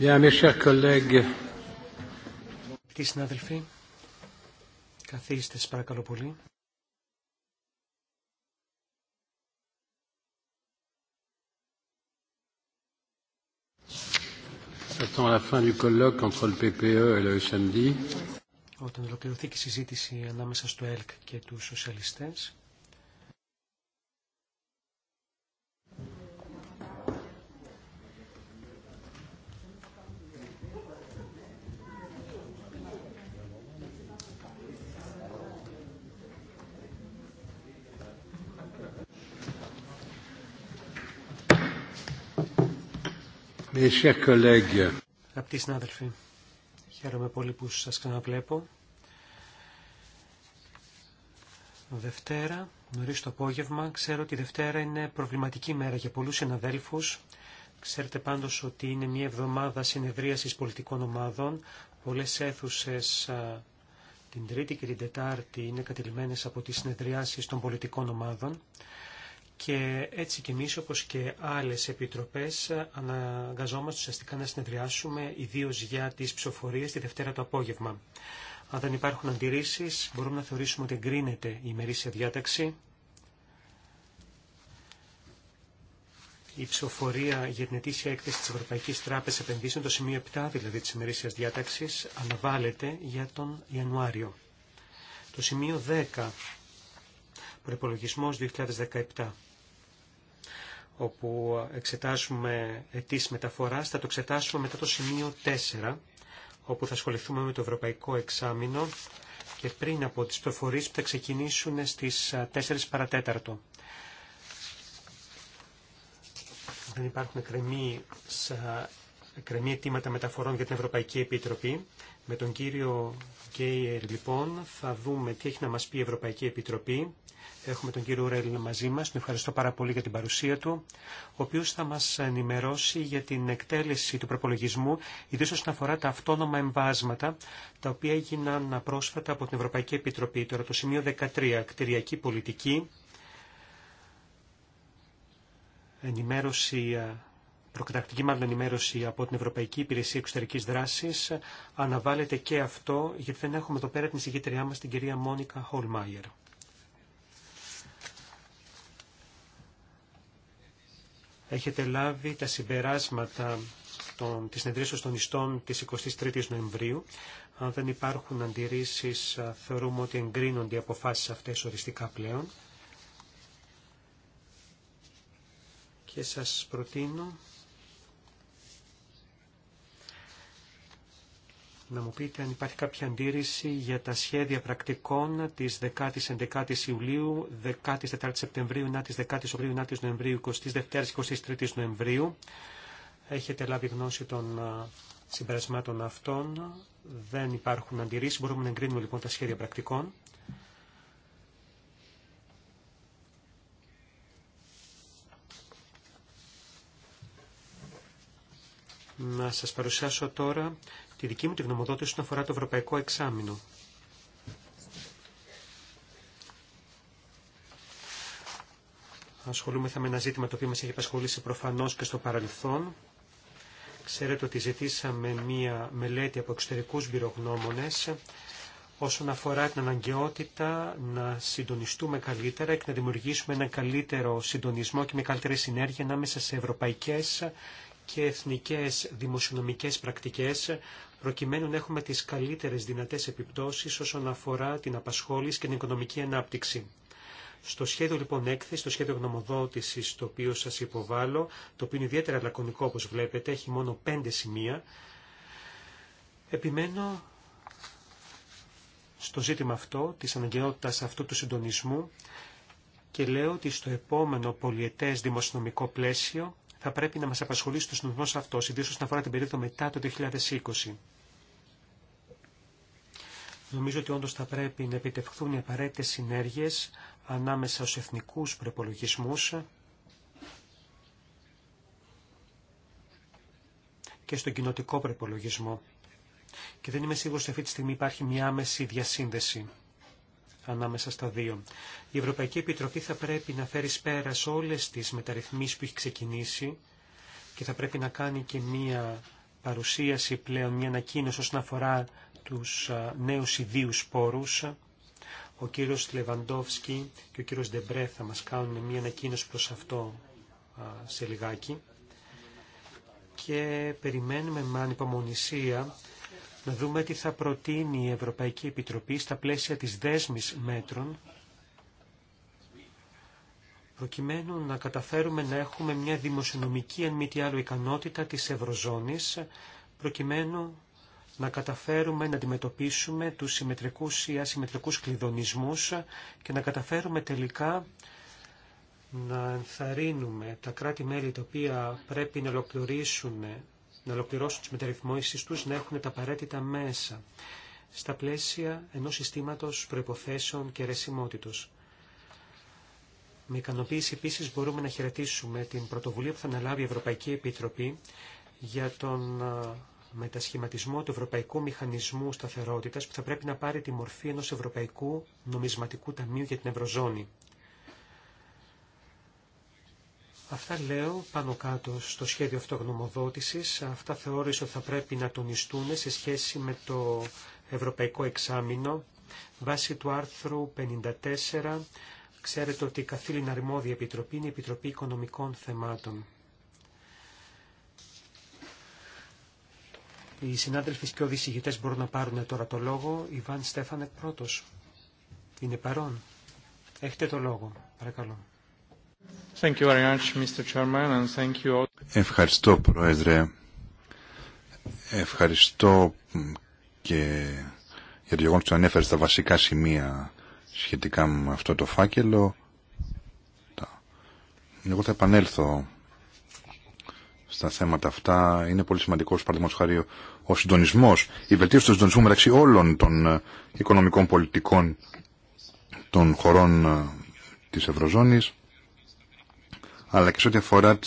Αγαπητοί συνάδελφοι, καθίστε παρακαλώ πολύ. Όταν ολοκληρωθεί και η συζήτηση ανάμεσα στο ΕΛΚ και τους σοσιαλιστές, Αγαπητοί συνάδελφοι, χαίρομαι πολύ που σας ξαναβλέπω. Δευτέρα, νωρί το απόγευμα. Ξέρω ότι η Δευτέρα είναι προβληματική μέρα για πολλούς συναδέλφους. Ξέρετε πάντως ότι είναι μια εβδομάδα συνεδρίασης πολιτικών ομάδων. Πολλές αίθουσες την Τρίτη και την Τετάρτη είναι κατελημένες από τις συνεδριάσεις των πολιτικών ομάδων και έτσι κι εμείς όπως και άλλες επιτροπές αναγκαζόμαστε ουσιαστικά να συνεδριάσουμε ιδίω για τις ψηφοφορίες τη Δευτέρα το απόγευμα. Αν δεν υπάρχουν αντιρρήσεις μπορούμε να θεωρήσουμε ότι εγκρίνεται η ημερήσια διάταξη. Η ψηφοφορία για την ετήσια έκθεση της Ευρωπαϊκής Τράπεζας Επενδύσεων, το σημείο 7 δηλαδή της ημερήσιας διάταξης, αναβάλλεται για τον Ιανουάριο. Το σημείο 10, Προπολογισμό 2017 όπου εξετάζουμε αιτήσει μεταφοράς, θα το εξετάσουμε μετά το σημείο 4, όπου θα ασχοληθούμε με το Ευρωπαϊκό Εξάμεινο και πριν από τις προφορίες που θα ξεκινήσουν στις 4 ε, παρατέταρτο. Δεν υπάρχουν κρεμμοί ε, εκκρεμεί αιτήματα μεταφορών για την Ευρωπαϊκή Επιτροπή. Με τον κύριο Γκέιερ, λοιπόν, θα δούμε τι έχει να μας πει η Ευρωπαϊκή Επιτροπή. Έχουμε τον κύριο Ρέλ μαζί μας, τον ευχαριστώ πάρα πολύ για την παρουσία του, ο οποίος θα μας ενημερώσει για την εκτέλεση του προπολογισμού, ιδίως όσον αφορά τα αυτόνομα εμβάσματα, τα οποία έγιναν πρόσφατα από την Ευρωπαϊκή Επιτροπή. Τώρα το σημείο 13, κτηριακή πολιτική, ενημέρωση προκατακτική μάλλον ενημέρωση από την Ευρωπαϊκή Υπηρεσία Εξωτερικής Δράσης αναβάλλεται και αυτό, γιατί δεν έχουμε εδώ πέρα την συγκεκριά μας την κυρία Μόνικα Χολμάιερ. Έχετε λάβει τα συμπεράσματα των, της συνεδρίσεως των ιστών της 23ης Νοεμβρίου. Αν δεν υπάρχουν αντιρρήσεις, θεωρούμε ότι εγκρίνονται οι αποφάσεις αυτές οριστικά πλέον. Και σας προτείνω να μου πείτε αν υπάρχει κάποια αντίρρηση για τα σχέδια πρακτικών της 10ης-11ης 11 η 14ης η 9ης 10ης Οκτωβρίου, 9ης η νοεμβριου 22ης-23ης Νοεμβρίου. η νοεμβριου λάβει γνώση των συμπερασμάτων αυτών. Δεν υπάρχουν αντιρρήσεις. Μπορούμε να εγκρίνουμε λοιπόν τα σχέδια πρακτικών. Να σας παρουσιάσω τώρα τη δική μου τη γνωμοδότηση όσον αφορά το Ευρωπαϊκό Εξάμεινο. Ασχολούμεθα με ένα ζήτημα το οποίο μας έχει απασχολήσει προφανώς και στο παρελθόν. Ξέρετε ότι ζητήσαμε μία μελέτη από εξωτερικούς πυρογνώμονε όσον αφορά την αναγκαιότητα να συντονιστούμε καλύτερα και να δημιουργήσουμε έναν καλύτερο συντονισμό και με καλύτερη συνέργεια ανάμεσα σε ευρωπαϊκές και εθνικές δημοσιονομικές πρακτικές προκειμένου να έχουμε τις καλύτερες δυνατές επιπτώσεις όσον αφορά την απασχόληση και την οικονομική ανάπτυξη. Στο σχέδιο λοιπόν έκθεση, στο σχέδιο γνωμοδότησης το οποίο σας υποβάλλω, το οποίο είναι ιδιαίτερα λακωνικό όπως βλέπετε, έχει μόνο πέντε σημεία, επιμένω στο ζήτημα αυτό, της αναγκαιότητας αυτού του συντονισμού και λέω ότι στο επόμενο πολιετές δημοσιονομικό πλαίσιο θα πρέπει να μας απασχολήσει το συνολικό αυτός, ιδίως όσον αφορά την περίοδο μετά το 2020. Νομίζω ότι όντως θα πρέπει να επιτευχθούν οι απαραίτητες συνέργειες ανάμεσα στους εθνικούς προπολογισμούς και στον κοινοτικό προπολογισμό. Και δεν είμαι σίγουρος ότι αυτή τη στιγμή υπάρχει μια άμεση διασύνδεση ανάμεσα στα δύο. Η Ευρωπαϊκή Επιτροπή θα πρέπει να φέρει πέρα όλες τις μεταρρυθμίσεις που έχει ξεκινήσει και θα πρέπει να κάνει και μία παρουσίαση πλέον, μία ανακοίνωση όσον αφορά τους νέους ιδίους πόρους. Ο κύριος Λεβαντόφσκι και ο κύριος Ντεμπρέ θα μας κάνουν μία ανακοίνωση προς αυτό σε λιγάκι και περιμένουμε με ανυπομονησία να δούμε τι θα προτείνει η Ευρωπαϊκή Επιτροπή στα πλαίσια της δέσμης μέτρων προκειμένου να καταφέρουμε να έχουμε μια δημοσιονομική αν μη τι άλλο ικανότητα της Ευρωζώνης προκειμένου να καταφέρουμε να αντιμετωπίσουμε τους συμμετρικούς ή ασυμμετρικούς κλειδονισμούς και να καταφέρουμε τελικά να ενθαρρύνουμε τα κράτη-μέλη τα οποία πρέπει να ολοκληρώσουν να ολοκληρώσουν τις μεταρρυθμίσεις τους, να έχουν τα απαραίτητα μέσα στα πλαίσια ενός συστήματος προϋποθέσεων και ρεσιμότητος. Με ικανοποίηση επίση μπορούμε να χαιρετήσουμε την πρωτοβουλία που θα αναλάβει η Ευρωπαϊκή Επιτροπή για τον μετασχηματισμό του Ευρωπαϊκού Μηχανισμού Σταθερότητας που θα πρέπει να πάρει τη μορφή ενός Ευρωπαϊκού Νομισματικού Ταμείου για την Ευρωζώνη. Αυτά λέω πάνω κάτω στο σχέδιο αυτογνωμοδότησης. Αυτά θεώρησα ότι θα πρέπει να τονιστούν σε σχέση με το Ευρωπαϊκό Εξάμεινο βάσει του άρθρου 54. Ξέρετε ότι η καθήλυνα αρμόδια επιτροπή είναι η Επιτροπή Οικονομικών Θεμάτων. Οι συνάδελφοι και οδησηγητές μπορούν να πάρουν τώρα το λόγο. Ιβάν Στέφανε πρώτος. Είναι παρόν. Έχετε το λόγο. Παρακαλώ. Ευχαριστώ, Πρόεδρε. Ευχαριστώ και για το γεγονό που ανέφερε στα βασικά σημεία σχετικά με αυτό το φάκελο. Εγώ θα επανέλθω στα θέματα αυτά. Είναι πολύ σημαντικό, παραδείγματο χάρη, ο συντονισμό, η βελτίωση του συντονισμού μεταξύ όλων των ε, οικονομικών πολιτικών των χωρών ε, της Ευρωζώνης αλλά και σε ό,τι αφορά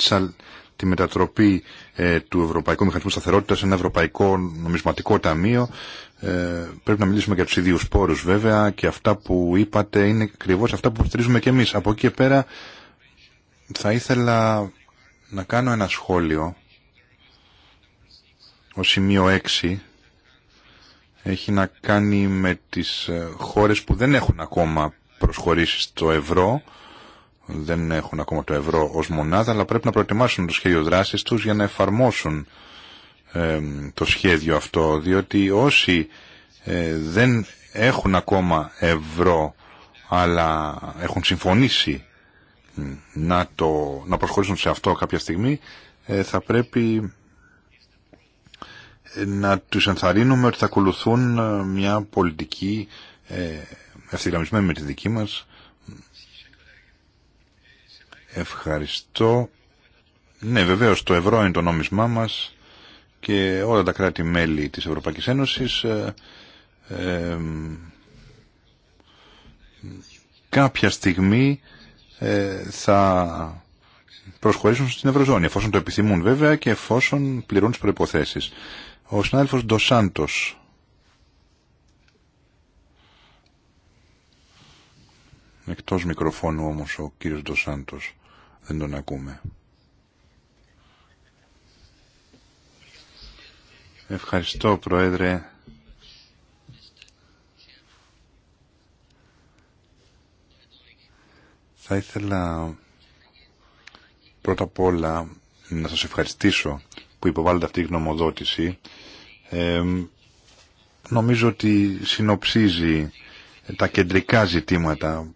τη μετατροπή ε, του Ευρωπαϊκού Μηχανισμού Σταθερότητα σε ένα Ευρωπαϊκό Νομισματικό Ταμείο. Ε, πρέπει να μιλήσουμε για του ιδίου πόρου βέβαια και αυτά που είπατε είναι ακριβώ αυτά που στηρίζουμε και εμεί. Από εκεί και πέρα θα ήθελα να κάνω ένα σχόλιο. Ο σημείο 6 έχει να κάνει με τις ε, χώρες που δεν έχουν ακόμα προσχωρήσει στο ευρώ δεν έχουν ακόμα το ευρώ ως μονάδα, αλλά πρέπει να προετοιμάσουν το σχέδιο δράσης τους για να εφαρμόσουν ε, το σχέδιο αυτό, διότι όσοι ε, δεν έχουν ακόμα ευρώ, αλλά έχουν συμφωνήσει να, το, να προσχωρήσουν σε αυτό κάποια στιγμή, ε, θα πρέπει ε, να τους ενθαρρύνουμε ότι θα ακολουθούν μια πολιτική ευθυγραμμισμένη με τη δική μας Ευχαριστώ. Ναι, βεβαίως το ευρώ είναι το νόμισμά μας και όλα τα κράτη-μέλη της Ευρωπαϊκής Ένωσης ε, κάποια στιγμή ε, θα προσχωρήσουν στην Ευρωζώνη, εφόσον το επιθυμούν βέβαια και εφόσον πληρούν τις προϋποθέσεις. Ο συνάδελφος Ντοσάντος. Εκτός μικροφώνου όμως ο κύριος Ντοσάντος δεν τον ακούμε. Ευχαριστώ Πρόεδρε. Θα ήθελα πρώτα απ' όλα να σας ευχαριστήσω που υποβάλλετε αυτή η γνωμοδότηση. νομίζω ότι συνοψίζει τα κεντρικά ζητήματα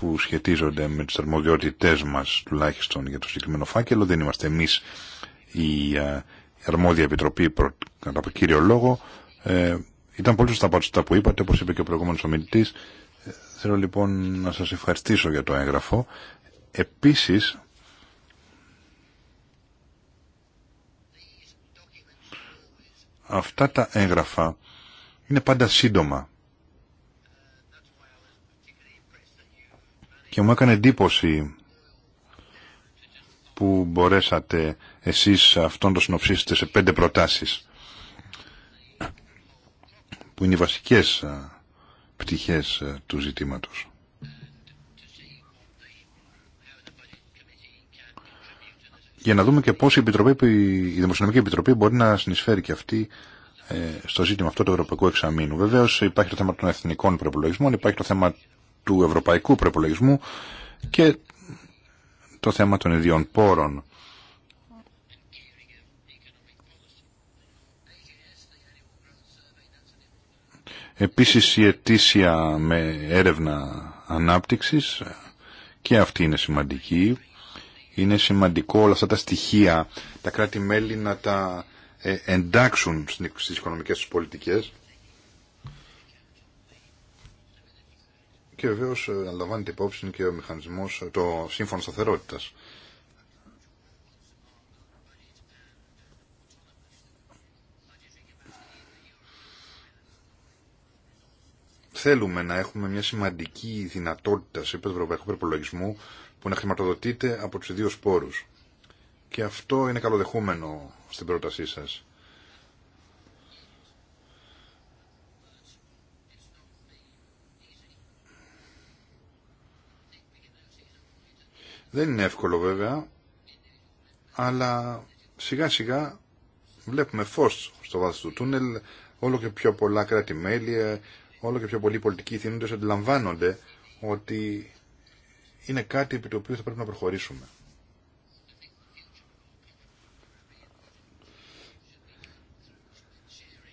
που σχετίζονται με τις αρμοδιότητές μας τουλάχιστον για το συγκεκριμένο φάκελο. Δεν είμαστε εμείς η αρμόδια επιτροπή κατά κατά κύριο λόγο. Ε, ήταν πολύ σωστά πάντως που είπατε, όπως είπε και ο προηγούμενος ομιλητής. Ε, θέλω λοιπόν να σας ευχαριστήσω για το έγγραφο. Επίσης, αυτά τα έγγραφα είναι πάντα σύντομα. και μου έκανε εντύπωση που μπορέσατε εσείς αυτόν το συνοψίσετε σε πέντε προτάσεις που είναι οι βασικές πτυχές του ζητήματος. Για να δούμε και πώς η, Επιτροπή, η Δημοσιονομική Επιτροπή μπορεί να συνεισφέρει και αυτή ε, στο ζήτημα αυτό του Ευρωπαϊκού Εξαμήνου. Βεβαίως υπάρχει το θέμα των εθνικών προπολογισμών, υπάρχει το θέμα του ευρωπαϊκού προπολογισμού και το θέμα των ιδιών πόρων. Επίσης η αιτήσια με έρευνα ανάπτυξης και αυτή είναι σημαντική. Είναι σημαντικό όλα αυτά τα στοιχεία τα κράτη-μέλη να τα ε, εντάξουν στις οικονομικές τους πολιτικές. και βεβαίω ε, λαμβάνεται υπόψη και ο μηχανισμό ε, το σύμφωνο σταθερότητα. θέλουμε να έχουμε μια σημαντική δυνατότητα σε επίπεδο ευρωπαϊκού προπολογισμού που να χρηματοδοτείται από του δύο σπόρου. Και αυτό είναι καλοδεχούμενο στην πρότασή σα. Δεν είναι εύκολο βέβαια, αλλά σιγά σιγά βλέπουμε φως στο βάθος του τούνελ, όλο και πιο πολλά κράτη-μέλη, όλο και πιο πολλοί πολιτικοί θυνούντες αντιλαμβάνονται ότι είναι κάτι επί το οποίο θα πρέπει να προχωρήσουμε.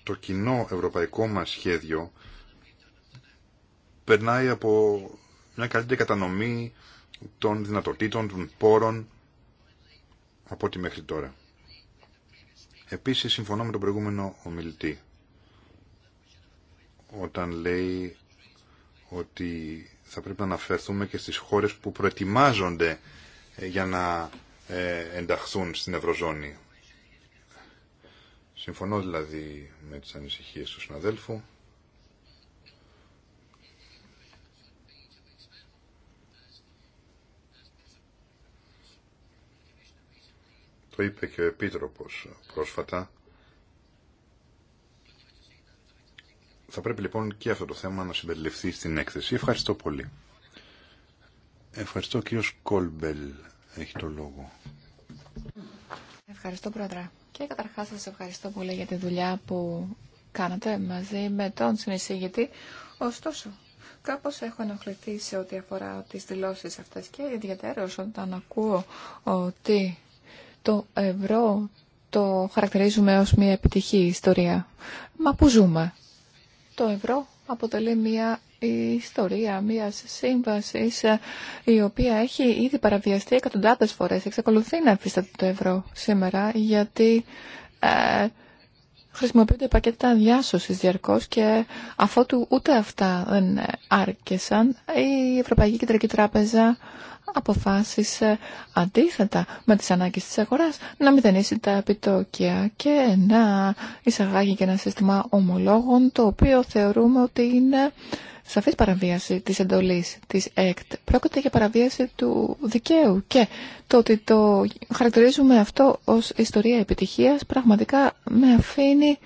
Το κοινό ευρωπαϊκό μας σχέδιο περνάει από μια καλύτερη κατανομή των δυνατοτήτων, των πόρων από ό,τι μέχρι τώρα. Επίσης συμφωνώ με τον προηγούμενο ομιλητή όταν λέει ότι θα πρέπει να αναφερθούμε και στις χώρες που προετοιμάζονται ε, για να ε, ενταχθούν στην Ευρωζώνη. Συμφωνώ δηλαδή με τις ανησυχίες του συναδέλφου. Το είπε και ο Επίτροπος πρόσφατα. Θα πρέπει λοιπόν και αυτό το θέμα να συμπεριληφθεί στην έκθεση. Ευχαριστώ πολύ. Ευχαριστώ κύριος Κόλμπελ. Έχει το λόγο. Ευχαριστώ πρόεδρα. Και καταρχάς σας ευχαριστώ πολύ για τη δουλειά που κάνατε μαζί με τον συνεισήγητη. Ωστόσο, κάπως έχω ενοχληθεί σε ό,τι αφορά τις δηλώσεις αυτές και ιδιαίτερα όταν ακούω ότι το ευρώ το χαρακτηρίζουμε ως μια επιτυχή ιστορία. Μα που ζούμε. Το ευρώ αποτελεί μια ιστορία μία σύμβαση ε, η οποία έχει ήδη παραβιαστεί εκατοντάδες φορές. Εξακολουθεί να εμφίσταται το ευρώ σήμερα γιατί ε, χρησιμοποιούνται πακέτα διάσωσης διαρκώς και αφότου ούτε αυτά δεν ε, άρκεσαν η Ευρωπαϊκή Κεντρική Τράπεζα αποφάσισε αντίθετα με τις ανάγκες της αγοράς να μηδενίσει τα επιτόκια και να εισαγάγει και ένα σύστημα ομολόγων το οποίο θεωρούμε ότι είναι σαφής παραβίαση της εντολής της ΕΚΤ. Πρόκειται για παραβίαση του δικαίου και το ότι το χαρακτηρίζουμε αυτό ως ιστορία επιτυχίας πραγματικά με αφήνει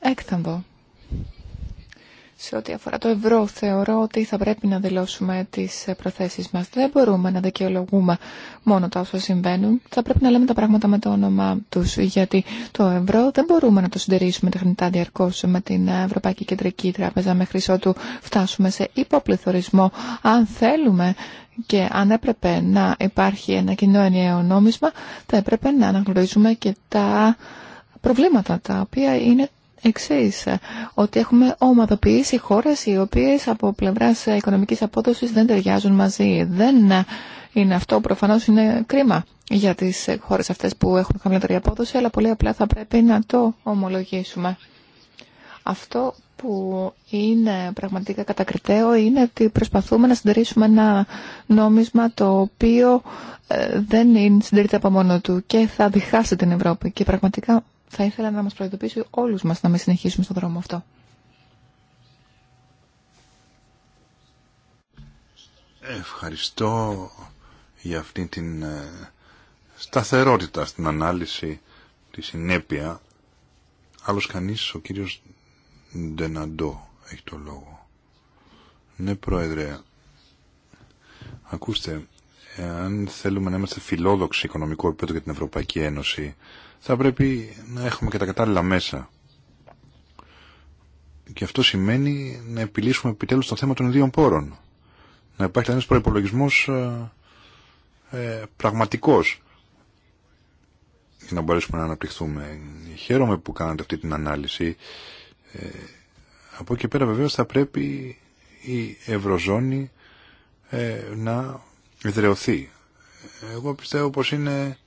έκθαμβο. Σε ό,τι αφορά το ευρώ, θεωρώ ότι θα πρέπει να δηλώσουμε τις ε, προθέσεις μας. Δεν μπορούμε να δικαιολογούμε μόνο τα όσα συμβαίνουν. Θα πρέπει να λέμε τα πράγματα με το όνομα τους, γιατί το ευρώ δεν μπορούμε να το συντηρήσουμε τεχνητά διαρκώς με την Ευρωπαϊκή Κεντρική Τράπεζα μέχρι ότου φτάσουμε σε υποπληθωρισμό. Αν θέλουμε και αν έπρεπε να υπάρχει ένα κοινό ενιαίο νόμισμα, θα έπρεπε να αναγνωρίζουμε και τα προβλήματα τα οποία είναι εξή, ότι έχουμε ομαδοποιήσει χώρες οι οποίες από πλευράς οικονομικής απόδοσης δεν ταιριάζουν μαζί. Δεν είναι αυτό, προφανώς είναι κρίμα για τις χώρες αυτές που έχουν χαμηλότερη απόδοση, αλλά πολύ απλά θα πρέπει να το ομολογήσουμε. Αυτό που είναι πραγματικά κατακριτέο είναι ότι προσπαθούμε να συντηρήσουμε ένα νόμισμα το οποίο ε, δεν είναι συντηρείται από μόνο του και θα διχάσει την Ευρώπη. Και πραγματικά θα ήθελα να μας προειδοποιήσει όλους μας να μην συνεχίσουμε στον δρόμο αυτό. Ευχαριστώ για αυτή την ε, σταθερότητα στην ανάλυση, τη συνέπεια. Άλλος κανείς, ο κύριος Ντεναντό έχει το λόγο. Ναι, Πρόεδρε, ακούστε, αν θέλουμε να είμαστε φιλόδοξοι οικονομικό επίπεδο για την Ευρωπαϊκή Ένωση, θα πρέπει να έχουμε και τα κατάλληλα μέσα. Και αυτό σημαίνει να επιλύσουμε επιτέλους το θέμα των ιδίων πόρων. Να υπάρχει ένας προϋπολογισμός ε, ε πραγματικός για να μπορέσουμε να αναπτυχθούμε. Χαίρομαι που κάνατε αυτή την ανάλυση. Ε, από εκεί πέρα βεβαίως θα πρέπει η Ευρωζώνη ε, να εδραιωθεί. Εγώ πιστεύω πως είναι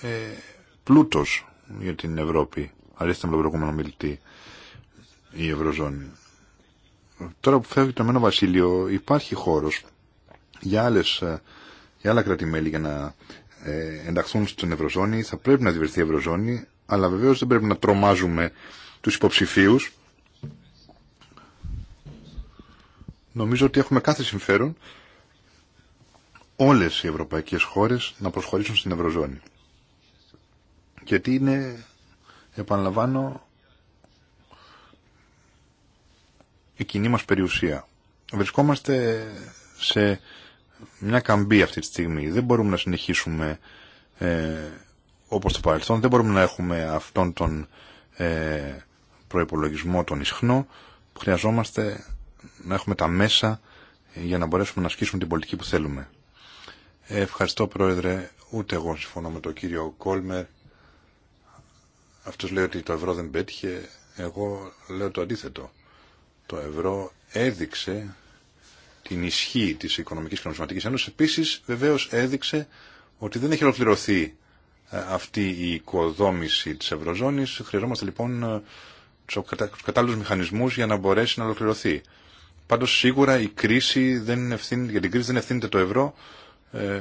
ε, πλούτος για την Ευρώπη. να με τον προηγούμενο μιλητή η Ευρωζώνη. Τώρα που φεύγει το Μένο Βασίλειο υπάρχει χώρος για, ε, για άλλα για να ε, ενταχθούν στην Ευρωζώνη. Θα πρέπει να διβερθεί η Ευρωζώνη, αλλά βεβαίως δεν πρέπει να τρομάζουμε τους υποψηφίους. Νομίζω ότι έχουμε κάθε συμφέρον όλες οι ευρωπαϊκές χώρες να προσχωρήσουν στην Ευρωζώνη γιατί είναι, επαναλαμβάνω, η κοινή μας περιουσία. Βρισκόμαστε σε μια καμπή αυτή τη στιγμή. Δεν μπορούμε να συνεχίσουμε ε, όπως το παρελθόν. Δεν μπορούμε να έχουμε αυτόν τον ε, προϋπολογισμό τον ισχνό. Χρειαζόμαστε να έχουμε τα μέσα για να μπορέσουμε να ασκήσουμε την πολιτική που θέλουμε. Ε, ευχαριστώ Πρόεδρε. Ούτε εγώ συμφωνώ με τον κύριο Κόλμερ αυτός λέει ότι το ευρώ δεν πέτυχε. Εγώ λέω το αντίθετο. Το ευρώ έδειξε την ισχύ της Οικονομικής και Νομισματικής Ένωσης. Επίσης, βεβαίως, έδειξε ότι δεν έχει ολοκληρωθεί ε, αυτή η οικοδόμηση της Ευρωζώνης. Χρειαζόμαστε λοιπόν ε, τους κατάλληλους μηχανισμούς για να μπορέσει να ολοκληρωθεί. Πάντως σίγουρα η κρίση δεν ευθύνει, για την κρίση δεν ευθύνεται το ευρώ ε,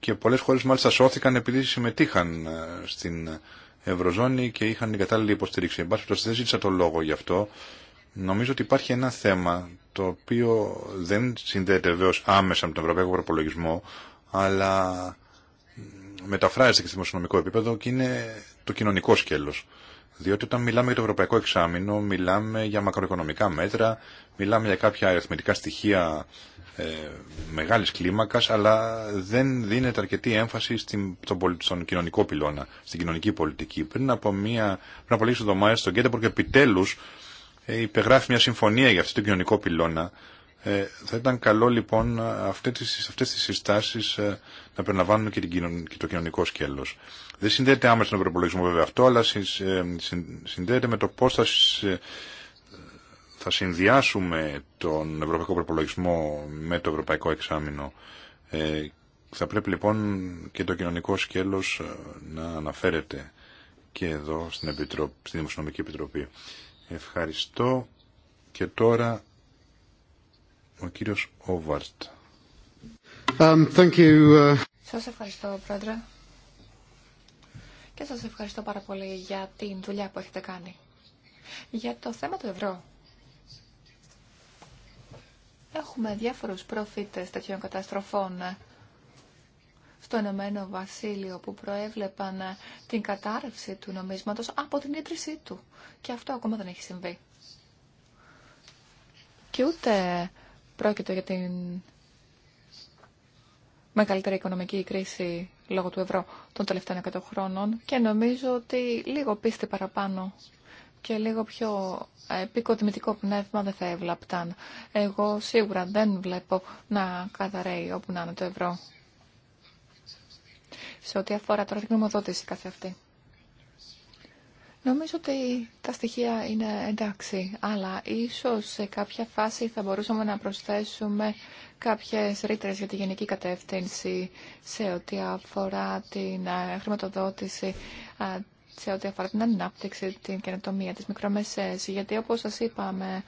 και πολλές χώρες μάλιστα σώθηκαν επειδή συμμετείχαν στην Ευρωζώνη και είχαν την κατάλληλη υποστήριξη. Εν πάση δεν ζήτησα το λόγο γι' αυτό. Νομίζω ότι υπάρχει ένα θέμα το οποίο δεν συνδέεται βέβαιω άμεσα με τον Ευρωπαϊκό Προπολογισμό, αλλά μεταφράζεται και στο δημοσιονομικό επίπεδο και είναι το κοινωνικό σκέλος. Διότι όταν μιλάμε για το Ευρωπαϊκό Εξάμεινο, μιλάμε για μακροοικονομικά μέτρα, μιλάμε για κάποια αριθμητικά στοιχεία ε, μεγάλης κλίμακας, αλλά δεν δίνεται αρκετή έμφαση στην, στον, στον κοινωνικό πυλώνα, στην κοινωνική πολιτική. Πριν από, μία, πριν από λίγες εβδομάδες στον Κέντεμπορκ επιτέλους ε, υπεγράφει μια πριν απο λιγες αυτό στον κεντεμπορκ επιτελους υπεγραφει μια συμφωνια για αυτό τον κοινωνικό πυλώνα, ε, θα ήταν καλό λοιπόν αυτές τις, αυτές τις συστάσεις ε, να περιλαμβάνουν και, και το κοινωνικό σκέλος. Δεν συνδέεται άμεσα με τον προπολογισμό βέβαια αυτό, αλλά ε, συνδέεται με το πώς θα, θα συνδυάσουμε τον ευρωπαϊκό προπολογισμό με το ευρωπαϊκό εξάμεινο. θα πρέπει λοιπόν και το κοινωνικό σκέλος να αναφέρεται και εδώ στην, Επιτροπή, στην Δημοσιονομική Επιτροπή. Ευχαριστώ και τώρα ο κύριος Όβαρτ. Um, uh, σας ευχαριστώ, Πρόεδρε. Και σας ευχαριστώ πάρα πολύ για την δουλειά που έχετε κάνει. Για το θέμα του ευρώ. Έχουμε διάφορους προφήτες τέτοιων καταστροφών στο Ενωμένο Βασίλειο που προέβλεπαν την κατάρρευση του νομίσματος από την ίδρυσή του. Και αυτό ακόμα δεν έχει συμβεί. Και ούτε Πρόκειται για την μεγαλύτερη οικονομική κρίση λόγω του ευρώ των τελευταίων 100 χρόνων και νομίζω ότι λίγο πίστη παραπάνω και λίγο πιο επικοδημητικό πνεύμα δεν θα έβλαπταν. Εγώ σίγουρα δεν βλέπω να καταραίει όπου να είναι το ευρώ. Σε ό,τι αφορά τώρα την γνωμοδότηση κάθε Νομίζω ότι τα στοιχεία είναι εντάξει, αλλά ίσως σε κάποια φάση θα μπορούσαμε να προσθέσουμε κάποιες ρήτρε για τη γενική κατεύθυνση σε ό,τι αφορά την ε, χρηματοδότηση, σε ό,τι αφορά την ανάπτυξη, την καινοτομία, τις μικρομεσαίες. Γιατί όπως σας είπαμε,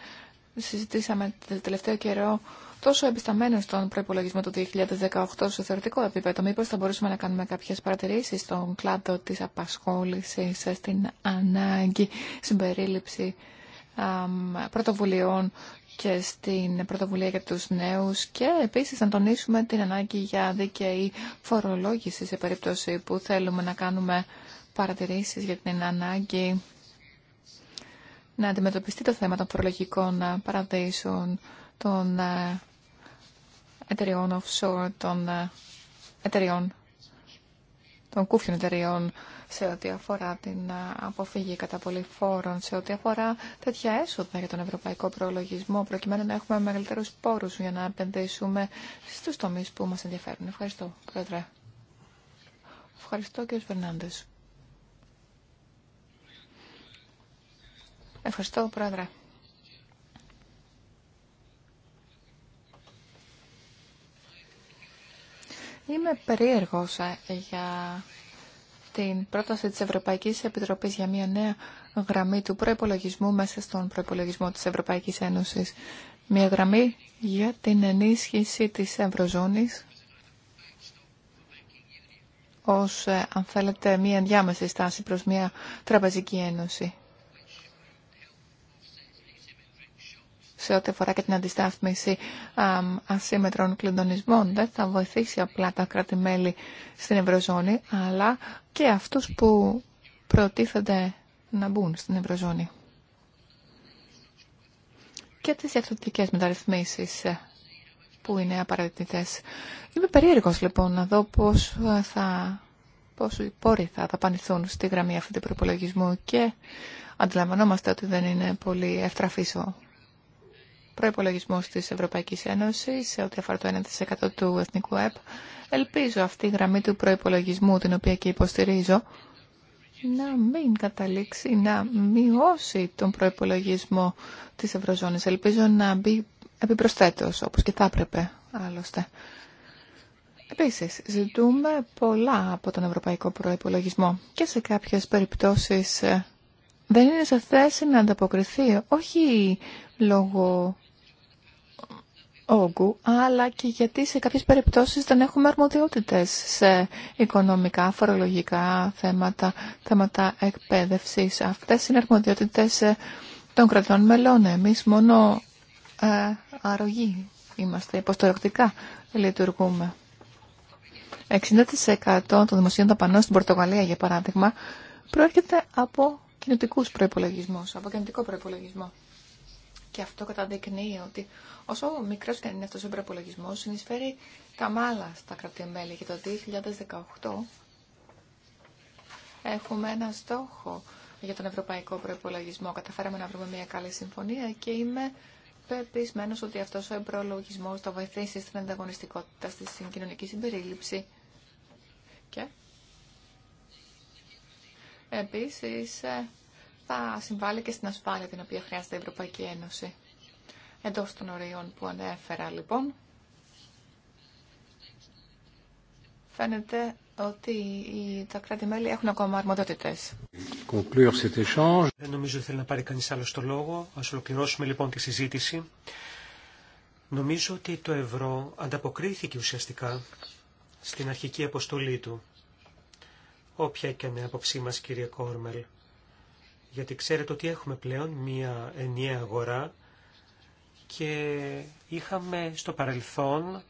συζητήσαμε το τελευταίο καιρό τόσο εμπισταμένο στον προπολογισμό του 2018 σε θεωρητικό επίπεδο. Μήπως θα μπορούσαμε να κάνουμε κάποιες παρατηρήσεις στον κλάδο της απασχόλησης, στην ανάγκη συμπερίληψη πρωτοβουλειών και στην πρωτοβουλία για τους νέους και επίσης να τονίσουμε την ανάγκη για δίκαιη φορολόγηση σε περίπτωση που θέλουμε να κάνουμε παρατηρήσεις για την ανάγκη να αντιμετωπιστεί το θέμα των φορολογικών παραδείσων, των ε, εταιριών offshore, των ε, εταιριών, των κούφιων εταιριών σε ό,τι αφορά την ε, αποφύγη κατά φόρων, σε ό,τι αφορά τέτοια έσοδα για τον ευρωπαϊκό προλογισμό, προκειμένου να έχουμε μεγαλύτερου πόρου για να επενδύσουμε στου τομεί που μα ενδιαφέρουν. Ευχαριστώ, Πρόεδρε. Ευχαριστώ, κύριος Φερνάντε. Ευχαριστώ, Πρόεδρε. Είμαι περίεργος ε, για την πρόταση της Ευρωπαϊκής Επιτροπής για μια νέα γραμμή του προϋπολογισμού μέσα στον προϋπολογισμό της Ευρωπαϊκής Ένωσης. Μια γραμμή για την ενίσχυση της Ευρωζώνης ως, ε, αν θέλετε, μια ενδιάμεση στάση προς μια τραπεζική ένωση. σε ό,τι αφορά και την αντιστάθμιση ασύμετρων κλειδονισμών. Δεν θα βοηθήσει απλά τα κράτη-μέλη στην Ευρωζώνη, αλλά και αυτούς που προτίθενται να μπουν στην Ευρωζώνη. Και τις διαφορετικές μεταρρυθμίσεις ε, που είναι απαραίτητες. Είμαι περίεργος λοιπόν να δω πώς ε, θα πώς οι πόροι θα δαπανηθούν στη γραμμή αυτού του προπολογισμού και αντιλαμβανόμαστε ότι δεν είναι πολύ ευτραφής προπολογισμό τη Ευρωπαϊκή Ένωση, σε ό,τι αφορά το 1% του Εθνικού ΕΠ. Ελπίζω αυτή η γραμμή του προπολογισμού, την οποία και υποστηρίζω, να μην καταλήξει, να μειώσει τον προπολογισμό τη Ευρωζώνης. Ελπίζω να μπει επιπροσθέτω, όπως και θα έπρεπε άλλωστε. Επίσης, ζητούμε πολλά από τον Ευρωπαϊκό προπολογισμό και σε κάποιε περιπτώσει. Ε, δεν είναι σε θέση να ανταποκριθεί, όχι λόγω όγκου, αλλά και γιατί σε κάποιες περιπτώσεις δεν έχουμε αρμοδιότητες σε οικονομικά, φορολογικά θέματα, θέματα εκπαίδευσης. Αυτές είναι αρμοδιότητες ε, των κρατών μελών. Εμείς μόνο ε, είμαστε, υποστηρικτικά λειτουργούμε. 60% των δημοσίων ταπανών στην Πορτογαλία, για παράδειγμα, προέρχεται από κοινωτικούς προϋπολογισμούς, από κοινωτικό προϋπολογισμό. Και αυτό καταδεικνύει ότι όσο μικρός και αν είναι αυτός ο προπολογισμό, συνεισφέρει τα μάλα στα κρατημέλη. Και το 2018 έχουμε ένα στόχο για τον ευρωπαϊκό προπολογισμό. Καταφέραμε να βρούμε μια καλή συμφωνία και είμαι πεπισμένο ότι αυτός ο προϋπολογισμός θα βοηθήσει στην ανταγωνιστικότητα, στη συγκοινωνική συμπερίληψη και επίσης ε, θα συμβάλλει και στην ασφάλεια την οποία χρειάζεται η Ευρωπαϊκή Ένωση. Εντό των ορίων που ανέφερα λοιπόν, φαίνεται ότι τα κράτη-μέλη έχουν ακόμα αρμοδότητε. Δεν νομίζω ότι θέλει να πάρει κανεί άλλο το λόγο. Α ολοκληρώσουμε λοιπόν τη συζήτηση. Νομίζω ότι το ευρώ ανταποκρίθηκε ουσιαστικά στην αρχική αποστολή του όποια και αν είναι άποψή μας κύριε Κόρμελ. Γιατί ξέρετε ότι έχουμε πλέον μία ενιαία αγορά και είχαμε στο παρελθόν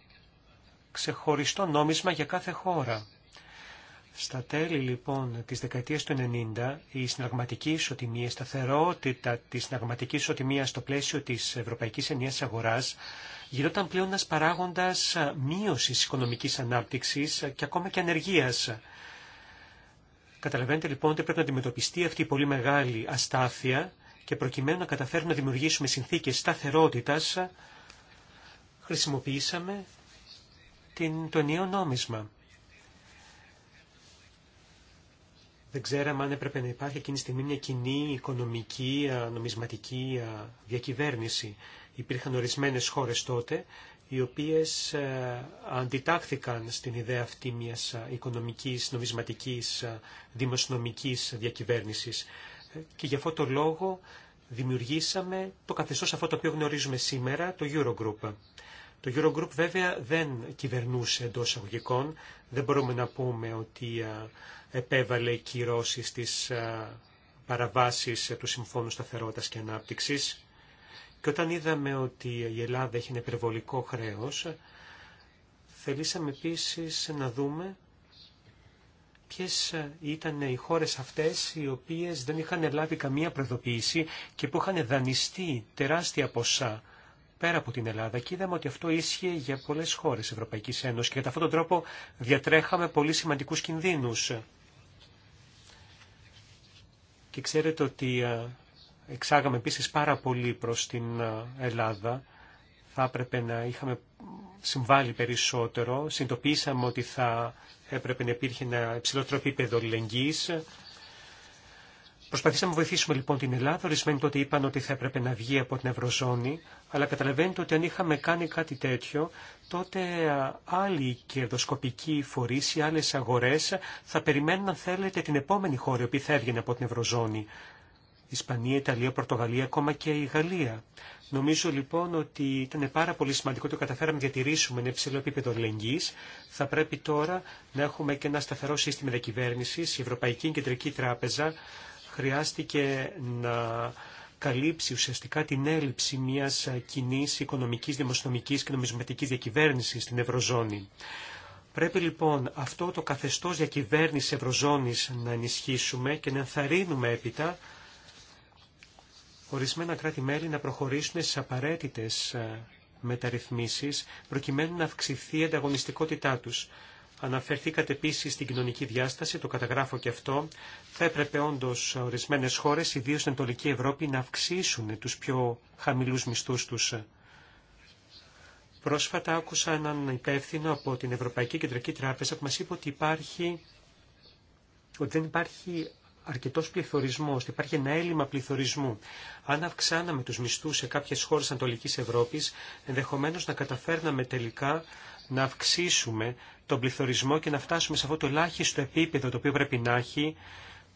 ξεχωριστό νόμισμα για κάθε χώρα. Στα τέλη λοιπόν της δεκαετίας του 90 η συναγματική ισοτιμία, η σταθερότητα της συναγματική ισοτιμία στο πλαίσιο της Ευρωπαϊκής Ενιαίας Αγοράς γινόταν πλέον ένας παράγοντας μείωσης οικονομικής ανάπτυξης και ακόμα και ανεργίας. Καταλαβαίνετε λοιπόν ότι πρέπει να αντιμετωπιστεί αυτή η πολύ μεγάλη αστάθεια και προκειμένου να καταφέρουμε να δημιουργήσουμε συνθήκες σταθερότητας χρησιμοποιήσαμε την, το νέο νόμισμα. Δεν ξέραμε αν έπρεπε να υπάρχει εκείνη τη στιγμή μια κοινή οικονομική, ε, νομισματική ε, διακυβέρνηση. Υπήρχαν ορισμένες χώρες τότε, οι οποίες ε, αντιτάχθηκαν στην ιδέα αυτή μιας οικονομικής, νομισματικής, δημοσιονομικής διακυβέρνησης. Και για αυτό το λόγο δημιουργήσαμε το καθεστώς αυτό το οποίο γνωρίζουμε σήμερα, το Eurogroup. Το Eurogroup βέβαια δεν κυβερνούσε εντό αγωγικών. Δεν μπορούμε να πούμε ότι επέβαλε κυρώσει στι παραβάσεις ε, του Συμφώνου σταθερότητα και ανάπτυξη. Και όταν είδαμε ότι η Ελλάδα έχει ένα υπερβολικό χρέος, θελήσαμε επίσης να δούμε ποιε ήταν οι χώρες αυτές οι οποίες δεν είχαν λάβει καμία προειδοποίηση και που είχαν δανειστεί τεράστια ποσά πέρα από την Ελλάδα και είδαμε ότι αυτό ίσχυε για πολλές χώρες Ευρωπαϊκής Ένωσης και κατά αυτόν τον τρόπο διατρέχαμε πολύ σημαντικούς κινδύνους. Και ξέρετε ότι ε, εξάγαμε επίσης πάρα πολύ προς την ε, Ελλάδα. Θα έπρεπε να είχαμε συμβάλει περισσότερο. Συντοπίσαμε ότι θα έπρεπε να υπήρχε ένα υψηλότερο επίπεδο λεγγύης Προσπαθήσαμε να βοηθήσουμε λοιπόν την Ελλάδα. Ορισμένοι τότε είπαν ότι θα έπρεπε να βγει από την Ευρωζώνη, αλλά καταλαβαίνετε ότι αν είχαμε κάνει κάτι τέτοιο, τότε άλλοι κερδοσκοπικοί φορεί ή άλλε αγορέ θα περιμένουν, αν θέλετε, την επόμενη χώρα η οποία θα έβγαινε από την Ευρωζώνη. Ισπανία, Ιταλία, Πορτογαλία, ακόμα και η Γαλλία. Νομίζω λοιπόν ότι ήταν πάρα πολύ σημαντικό ότι καταφέραμε να διατηρήσουμε ένα υψηλό επίπεδο ελεγγύη. Θα πρέπει τώρα να έχουμε και ένα σταθερό σύστημα διακυβέρνηση. Η Ευρωπαϊκή Κεντρική Τράπεζα χρειάστηκε να καλύψει ουσιαστικά την έλλειψη μιας κοινή οικονομικής, δημοσιονομικής και νομισματικής διακυβέρνησης στην Ευρωζώνη. Πρέπει λοιπόν αυτό το καθεστώς διακυβέρνησης Ευρωζώνης να ενισχύσουμε και να ενθαρρύνουμε έπειτα ορισμένα κράτη-μέλη να προχωρήσουν στις απαραίτητες μεταρρυθμίσεις προκειμένου να αυξηθεί η ανταγωνιστικότητά τους. Αναφερθήκατε επίση στην κοινωνική διάσταση, το καταγράφω και αυτό. Θα έπρεπε όντω ορισμένε χώρε, ιδίω στην Ανατολική Ευρώπη, να αυξήσουν του πιο χαμηλού μισθού του. Πρόσφατα άκουσα έναν υπεύθυνο από την Ευρωπαϊκή Κεντρική Τράπεζα που μα είπε ότι, υπάρχει, ότι δεν υπάρχει αρκετό πληθωρισμό, ότι υπάρχει ένα έλλειμμα πληθωρισμού. Αν αυξάναμε του μισθού σε κάποιε χώρε Ανατολική Ευρώπη, ενδεχομένω να καταφέρναμε τελικά να αυξήσουμε τον πληθωρισμό και να φτάσουμε σε αυτό το ελάχιστο επίπεδο το οποίο πρέπει να έχει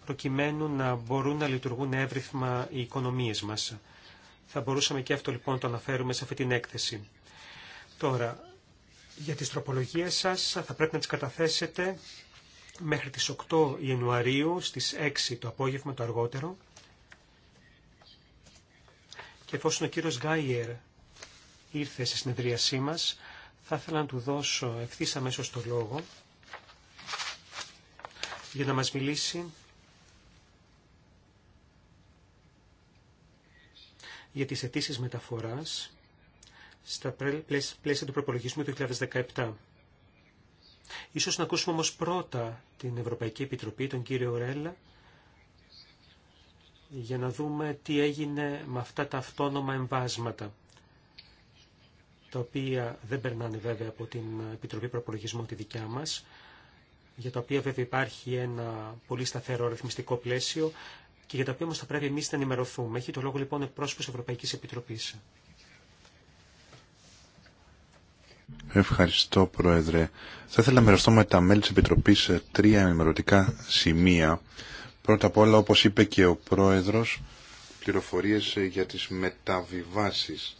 προκειμένου να μπορούν να λειτουργούν εύρυθμα οι οικονομίες μας. Θα μπορούσαμε και αυτό λοιπόν να το αναφέρουμε σε αυτή την έκθεση. Τώρα, για τις τροπολογίες σας θα πρέπει να τις καταθέσετε μέχρι τις 8 Ιανουαρίου στις 6 το απόγευμα το αργότερο και εφόσον ο κύριος Γκάιερ ήρθε στη συνεδρίασή μας θα ήθελα να του δώσω ευθύ αμέσω το λόγο για να μας μιλήσει για τις αιτήσει μεταφοράς στα πλαίσια του προπολογισμού του 2017. Ίσως να ακούσουμε όμως πρώτα την Ευρωπαϊκή Επιτροπή, τον κύριο Ρέλα, για να δούμε τι έγινε με αυτά τα αυτόνομα εμβάσματα τα οποία δεν περνάνε βέβαια από την Επιτροπή Προπολογισμού τη δικιά μας, για τα οποία βέβαια υπάρχει ένα πολύ σταθερό ρυθμιστικό πλαίσιο και για τα οποία όμως θα πρέπει εμείς να ενημερωθούμε. Έχει το λόγο λοιπόν εκπρόσωπος Ευρωπαϊκής Επιτροπής. Ευχαριστώ Πρόεδρε. Θα ήθελα να μοιραστώ με τα μέλη της Επιτροπής τρία ενημερωτικά σημεία. Πρώτα απ' όλα, όπως είπε και ο Πρόεδρος, πληροφορίες για τις μεταβιβάσεις.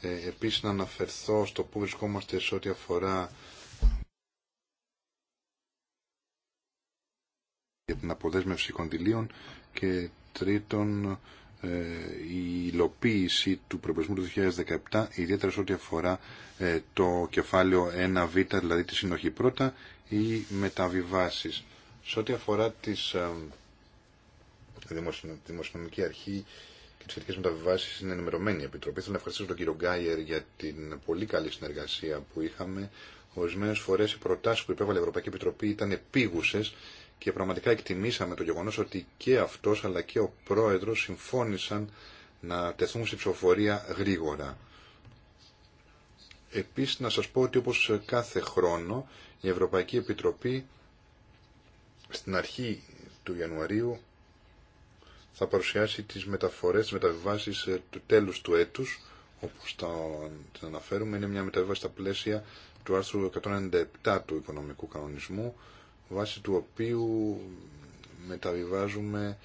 Ε, επίσης να αναφερθώ στο που βρισκόμαστε σε ό,τι αφορά για την αποδέσμευση κονδυλίων και τρίτον ε, η υλοποίηση του προπλησμού του 2017 ιδιαίτερα σε ό,τι αφορά ε, το κεφάλαιο 1β δηλαδή τη συνοχή πρώτα ή μεταβιβάσεις σε ό,τι αφορά τις, δημοσιονομική αρχή τι σχετικέ μεταβιβάσει είναι ενημερωμένη η Επιτροπή. Θέλω να ευχαριστήσω τον κύριο Γκάιερ για την πολύ καλή συνεργασία που είχαμε. Ορισμένε φορέ οι προτάσει που υπέβαλε η Ευρωπαϊκή Επιτροπή ήταν επίγουσε και πραγματικά εκτιμήσαμε το γεγονό ότι και αυτό αλλά και ο πρόεδρο συμφώνησαν να τεθούν στη ψηφοφορία γρήγορα. Επίσης να σας πω ότι όπως κάθε χρόνο η Ευρωπαϊκή Επιτροπή στην αρχή του Ιανουαρίου θα παρουσιάσει τις μεταφορές, τις μεταβιβάσεις ε, του τέλους του έτους, όπως τα, αναφέρουμε. Είναι μια μεταβίβαση στα πλαίσια του άρθρου 197 του οικονομικού κανονισμού, βάσει του οποίου μεταβιβάζουμε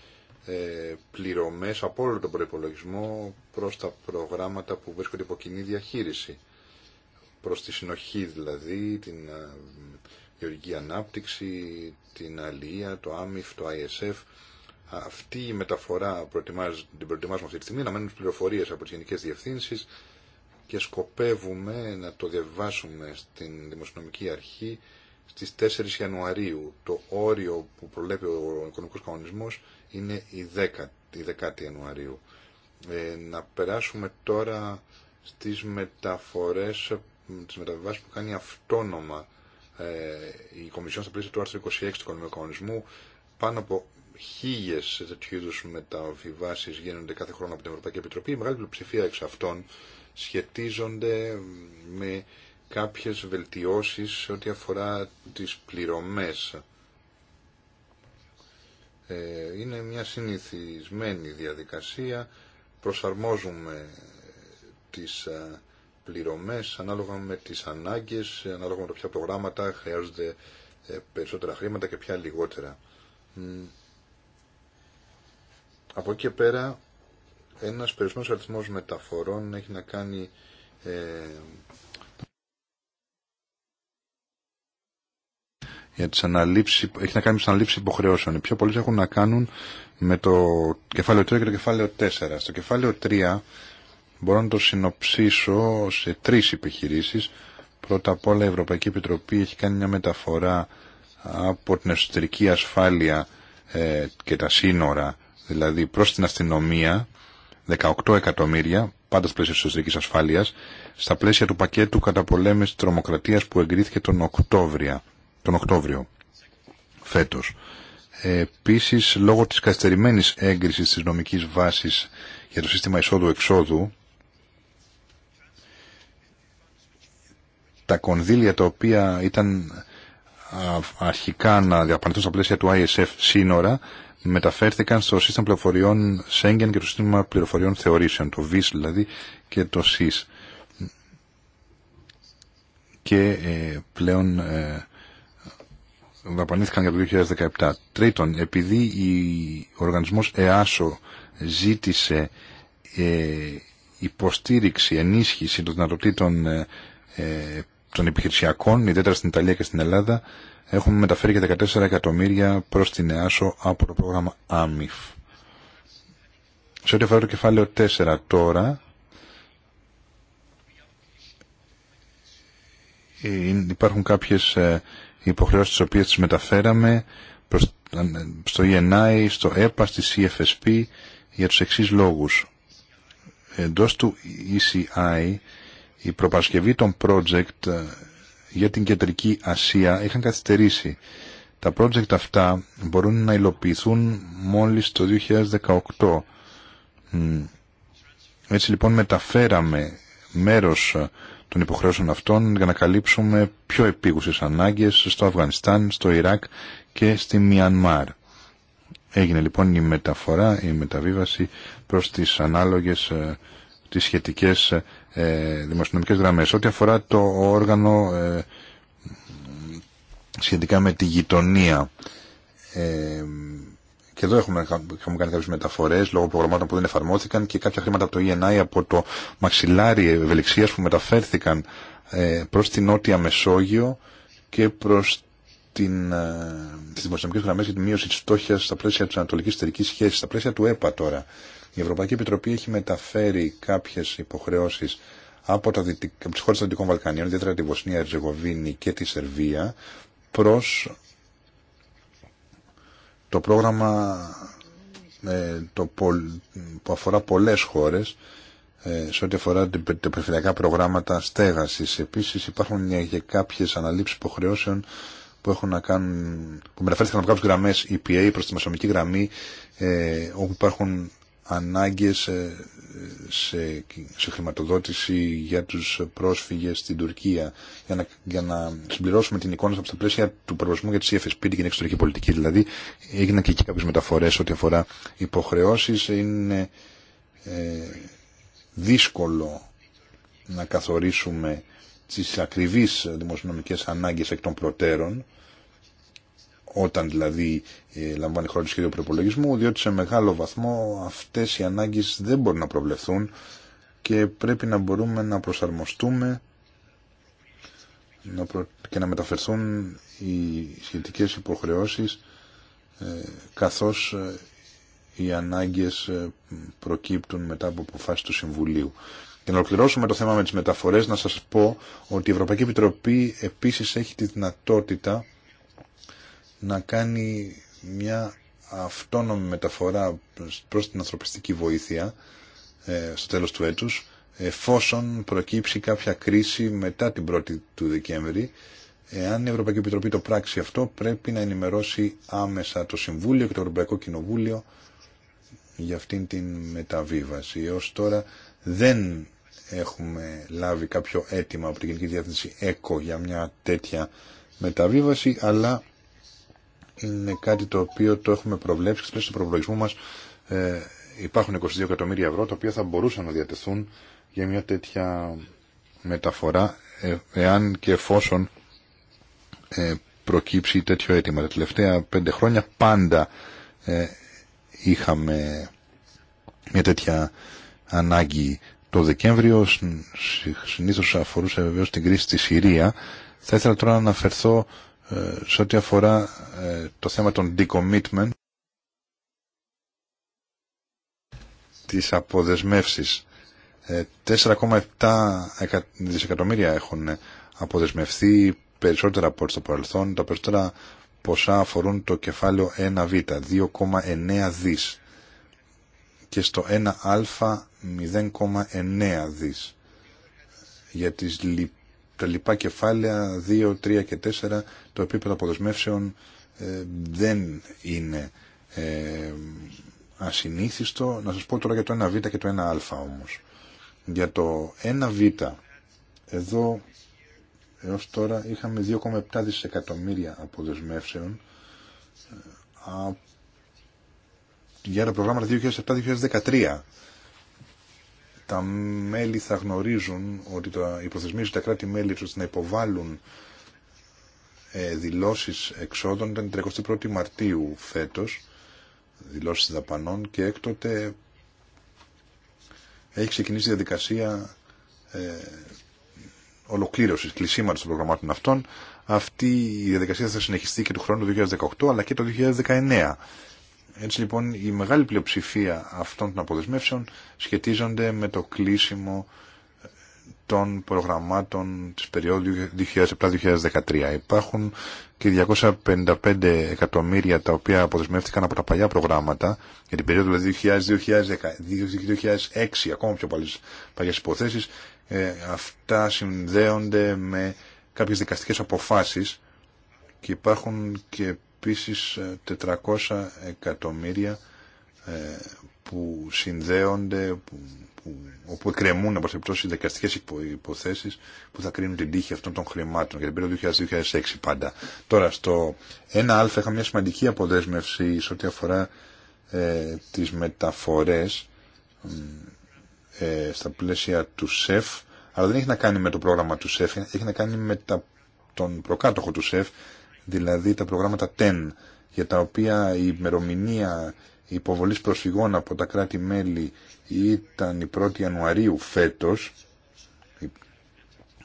ε, πληρωμές από όλο τον προπολογισμό προς τα προγράμματα που βρίσκονται υπό κοινή διαχείριση. Προς τη συνοχή δηλαδή, την ε, γεωργική ανάπτυξη, την αλληλεία, το ΆΜΙΦ, το ISF, αυτή η μεταφορά την προετοιμάζουμε αυτή τη στιγμή, να μένουν πληροφορίες από τις γενικές διευθύνσεις και σκοπεύουμε να το διαβάσουμε στην Δημοσιονομική Αρχή στις 4 Ιανουαρίου. Το όριο που προλέπει ο οικονομικός κανονισμός είναι η 10, η 10 Ιανουαρίου. Ε, να περάσουμε τώρα στις μεταφορές, τις μεταβιβάσεις που κάνει αυτόνομα ε, η Κομισιόν στα πλαίσια του άρθρου 26 του Οικονομικού Κανονισμού πάνω από χίλιε τέτοιου είδου μεταβιβάσει γίνονται κάθε χρόνο από την Ευρωπαϊκή Επιτροπή. Η μεγάλη πλειοψηφία εξ αυτών σχετίζονται με κάποιε βελτιώσει σε ό,τι αφορά τις πληρωμές. Ε, είναι μια συνηθισμένη διαδικασία. Προσαρμόζουμε τις ε, πληρωμές ανάλογα με τις ανάγκες, ανάλογα με το ποια προγράμματα χρειάζονται ε, περισσότερα χρήματα και ποια λιγότερα. Από εκεί και πέρα, ένας περισσότερος αριθμός μεταφορών έχει να κάνει ε, για τις αναλήψεις, έχει να κάνει με τις αναλήψεις υποχρεώσεων. Οι πιο πολλές έχουν να κάνουν με το κεφάλαιο 3 και το κεφάλαιο 4. Στο κεφάλαιο 3 μπορώ να το συνοψίσω σε τρεις επιχειρήσεις. Πρώτα απ' όλα η Ευρωπαϊκή Επιτροπή έχει κάνει μια μεταφορά από την εσωτερική ασφάλεια ε, και τα σύνορα δηλαδή προς την αστυνομία, 18 εκατομμύρια, πάντα στο πλαίσιο της εσωτερικής ασφάλειας, στα πλαίσια του πακέτου καταπολέμησης τρομοκρατίας που εγκρίθηκε τον, Οκτώβριο τον Οκτώβριο φέτος. Επίσης, λόγω της καθυστερημένης έγκρισης της νομικής βάσης για το σύστημα εισόδου-εξόδου, τα κονδύλια τα οποία ήταν αρχικά να διαπανηθούν στα πλαίσια του ISF σύνορα, μεταφέρθηκαν στο σύστημα πληροφοριών Σέγγεν και το σύστημα πληροφοριών θεωρήσεων, το VIS δηλαδή και το SIS. Και ε, πλέον ε, δαπανήθηκαν για το 2017. Τρίτον, επειδή ο οργανισμός ΕΑΣΟ ζήτησε ε, υποστήριξη, ενίσχυση των δυνατοτήτων ε, ε των επιχειρησιακών, ιδιαίτερα στην Ιταλία και στην Ελλάδα, έχουμε μεταφέρει και 14 εκατομμύρια προς την ΕΑΣΟ από το πρόγραμμα ΑΜΙΦ. Σε ό,τι αφορά το κεφάλαιο 4 τώρα, ε, υπάρχουν κάποιες ε, υποχρεώσεις τις οποίες τις μεταφέραμε προς, ε, στο ENI, στο ΕΠΑ, στη CFSP για τους εξής λόγους. Εντός του ECI η προπαρασκευή των project ε, για την Κεντρική Ασία είχαν καθυστερήσει. Τα project αυτά μπορούν να υλοποιηθούν μόλις το 2018. Έτσι λοιπόν μεταφέραμε μέρος ε, των υποχρέωσεων αυτών για να καλύψουμε πιο επίγουσες ανάγκες στο Αφγανιστάν, στο Ιράκ και στη Μιανμάρ. Έγινε λοιπόν η μεταφορά, η μεταβίβαση προς τις ανάλογες ε, τις σχετικές ε, ε, δημοσιονομικές γραμμές. Ό,τι αφορά το όργανο ε, σχετικά με τη γειτονία, ε, και εδώ έχουμε, έχουμε κάνει κάποιες μεταφορές λόγω προγραμμάτων που δεν εφαρμόθηκαν και κάποια χρήματα από το ENI από το μαξιλάρι ευελιξίας που μεταφέρθηκαν ε, προς την Νότια Μεσόγειο και προς την, ε, τις δημοσιονομικές γραμμές για τη μείωση της στόχιας στα πλαίσια της ανατολικής εταιρικής σχέσης, στα πλαίσια του ΕΠΑ τώρα. Η Ευρωπαϊκή Επιτροπή έχει μεταφέρει κάποιε υποχρεώσει από, από τις των Δυτικών Βαλκανίων, ιδιαίτερα τη Βοσνία, Ερζεγοβίνη και τη Σερβία, προ το πρόγραμμα ε, το που αφορά πολλές χώρες, ε, σε ό,τι αφορά τα περιφερειακά προγράμματα στέγασης. Επίσης υπάρχουν και κάποιες αναλήψεις υποχρεώσεων που έχουν να κάνουν, που μεταφέρθηκαν από κάποιες γραμμές EPA προς τη μεσομική γραμμή, ε, όπου υπάρχουν ανάγκες σε, σε, χρηματοδότηση για τους πρόσφυγες στην Τουρκία για να, συμπληρώσουμε την εικόνα από τα πλαίσια του προβλησμού για τη CFSP και την εξωτερική πολιτική δηλαδή έγιναν και εκεί κάποιες μεταφορές ό,τι αφορά υποχρεώσεις είναι ε, δύσκολο να καθορίσουμε τις ακριβείς δημοσιονομικές ανάγκες εκ των προτέρων όταν δηλαδή ε, λαμβάνει χρόνο του σχέδιο προπολογισμού, διότι σε μεγάλο βαθμό αυτές οι ανάγκες δεν μπορούν να προβλεφθούν και πρέπει να μπορούμε να προσαρμοστούμε και να μεταφερθούν οι σχετικές υποχρεώσεις ε, καθώς ε, οι ανάγκες προκύπτουν μετά από αποφάσεις του Συμβουλίου. Και να ολοκληρώσουμε το θέμα με τις μεταφορές, να σας πω ότι η Ευρωπαϊκή Επιτροπή επίσης έχει τη δυνατότητα να κάνει μια αυτόνομη μεταφορά προς την ανθρωπιστική βοήθεια ε, στο τέλος του έτους εφόσον προκύψει κάποια κρίση μετά την 1η του Δεκέμβρη. Εάν η Ευρωπαϊκή Επιτροπή το πράξει αυτό πρέπει να ενημερώσει άμεσα το Συμβούλιο και το Ευρωπαϊκό Κοινοβούλιο για αυτήν την μεταβίβαση. Έως τώρα δεν έχουμε λάβει κάποιο αίτημα από την Γενική Διεύθυνση ΕΚΟ για μια τέτοια μεταβίβαση αλλά είναι κάτι το οποίο το έχουμε προβλέψει και στο προπολογισμό μας ε, υπάρχουν 22 εκατομμύρια ευρώ τα οποία θα μπορούσαν να διατεθούν για μια τέτοια μεταφορά ε, εάν και εφόσον ε, προκύψει τέτοιο αίτημα. Τα τελευταία πέντε χρόνια πάντα ε, είχαμε μια τέτοια ανάγκη το Δεκέμβριο συνήθως αφορούσε βεβαίως την κρίση στη Συρία. Θα ήθελα τώρα να αναφερθώ ε, σε ό,τι αφορά ε, το θέμα των decommitment τις αποδεσμεύσεις 4,7 ε, δισεκατομμύρια έχουν αποδεσμευθεί περισσότερα από ό,τι στο παρελθόν τα περισσότερα ποσά αφορούν το κεφάλαιο 1β 2,9 δις και στο 1α 0,9 δις για τις λοιπές τα λοιπά κεφάλαια 2, 3 και 4 το επίπεδο αποδεσμεύσεων ε, δεν είναι ε, ασυνήθιστο. Να σας πω τώρα για το 1β και το 1α όμως. Για το 1β εδώ έως τώρα είχαμε 2,7 δισεκατομμύρια αποδεσμεύσεων ε, για τα προγραμμα 2007 2007-2013 τα μέλη θα γνωρίζουν ότι τα, οι τα κράτη-μέλη τους να υποβάλουν ε, δηλώσεις εξόδων ήταν 31η Μαρτίου φέτος, δηλώσεις δαπανών και έκτοτε έχει ξεκινήσει η διαδικασία ε, ολοκλήρωσης, κλεισίματος των προγραμμάτων αυτών. Αυτή η διαδικασία θα συνεχιστεί και του χρόνου του 2018 αλλά και το 2019. Έτσι λοιπόν η μεγάλη πλειοψηφία αυτών των αποδεσμεύσεων σχετίζονται με το κλείσιμο ε, των προγραμμάτων της περίοδου 2007-2013. Υπάρχουν και 255 εκατομμύρια τα οποία αποδεσμεύτηκαν από τα παλιά προγράμματα για την περιοδο 2000-2006, δηλαδή, ακόμα πιο πολλές παλιές υποθέσεις. Ε, αυτά συνδέονται με κάποιες δικαστικές αποφάσεις και υπάρχουν και επίσης 400 ε, εκατομμύρια ε, που συνδέονται, που, που, όπου εκκρεμούν από περιπτώσει δικαστικέ υποθέσει που θα κρίνουν την τύχη αυτών των χρημάτων για την περίοδο 2006 πάντα. Τώρα, στο 1α είχα μια σημαντική αποδέσμευση σε ό,τι αφορά ε, τι μεταφορέ ε, στα πλαίσια του ΣΕΦ, αλλά δεν έχει να κάνει με το πρόγραμμα του ΣΕΦ, έχει να κάνει με τα, τον προκάτοχο του ΣΕΦ, δηλαδή τα προγράμματα TEN, για τα οποία η ημερομηνία υποβολής προσφυγών από τα κράτη-μέλη ήταν η 1η Ιανουαρίου φέτος,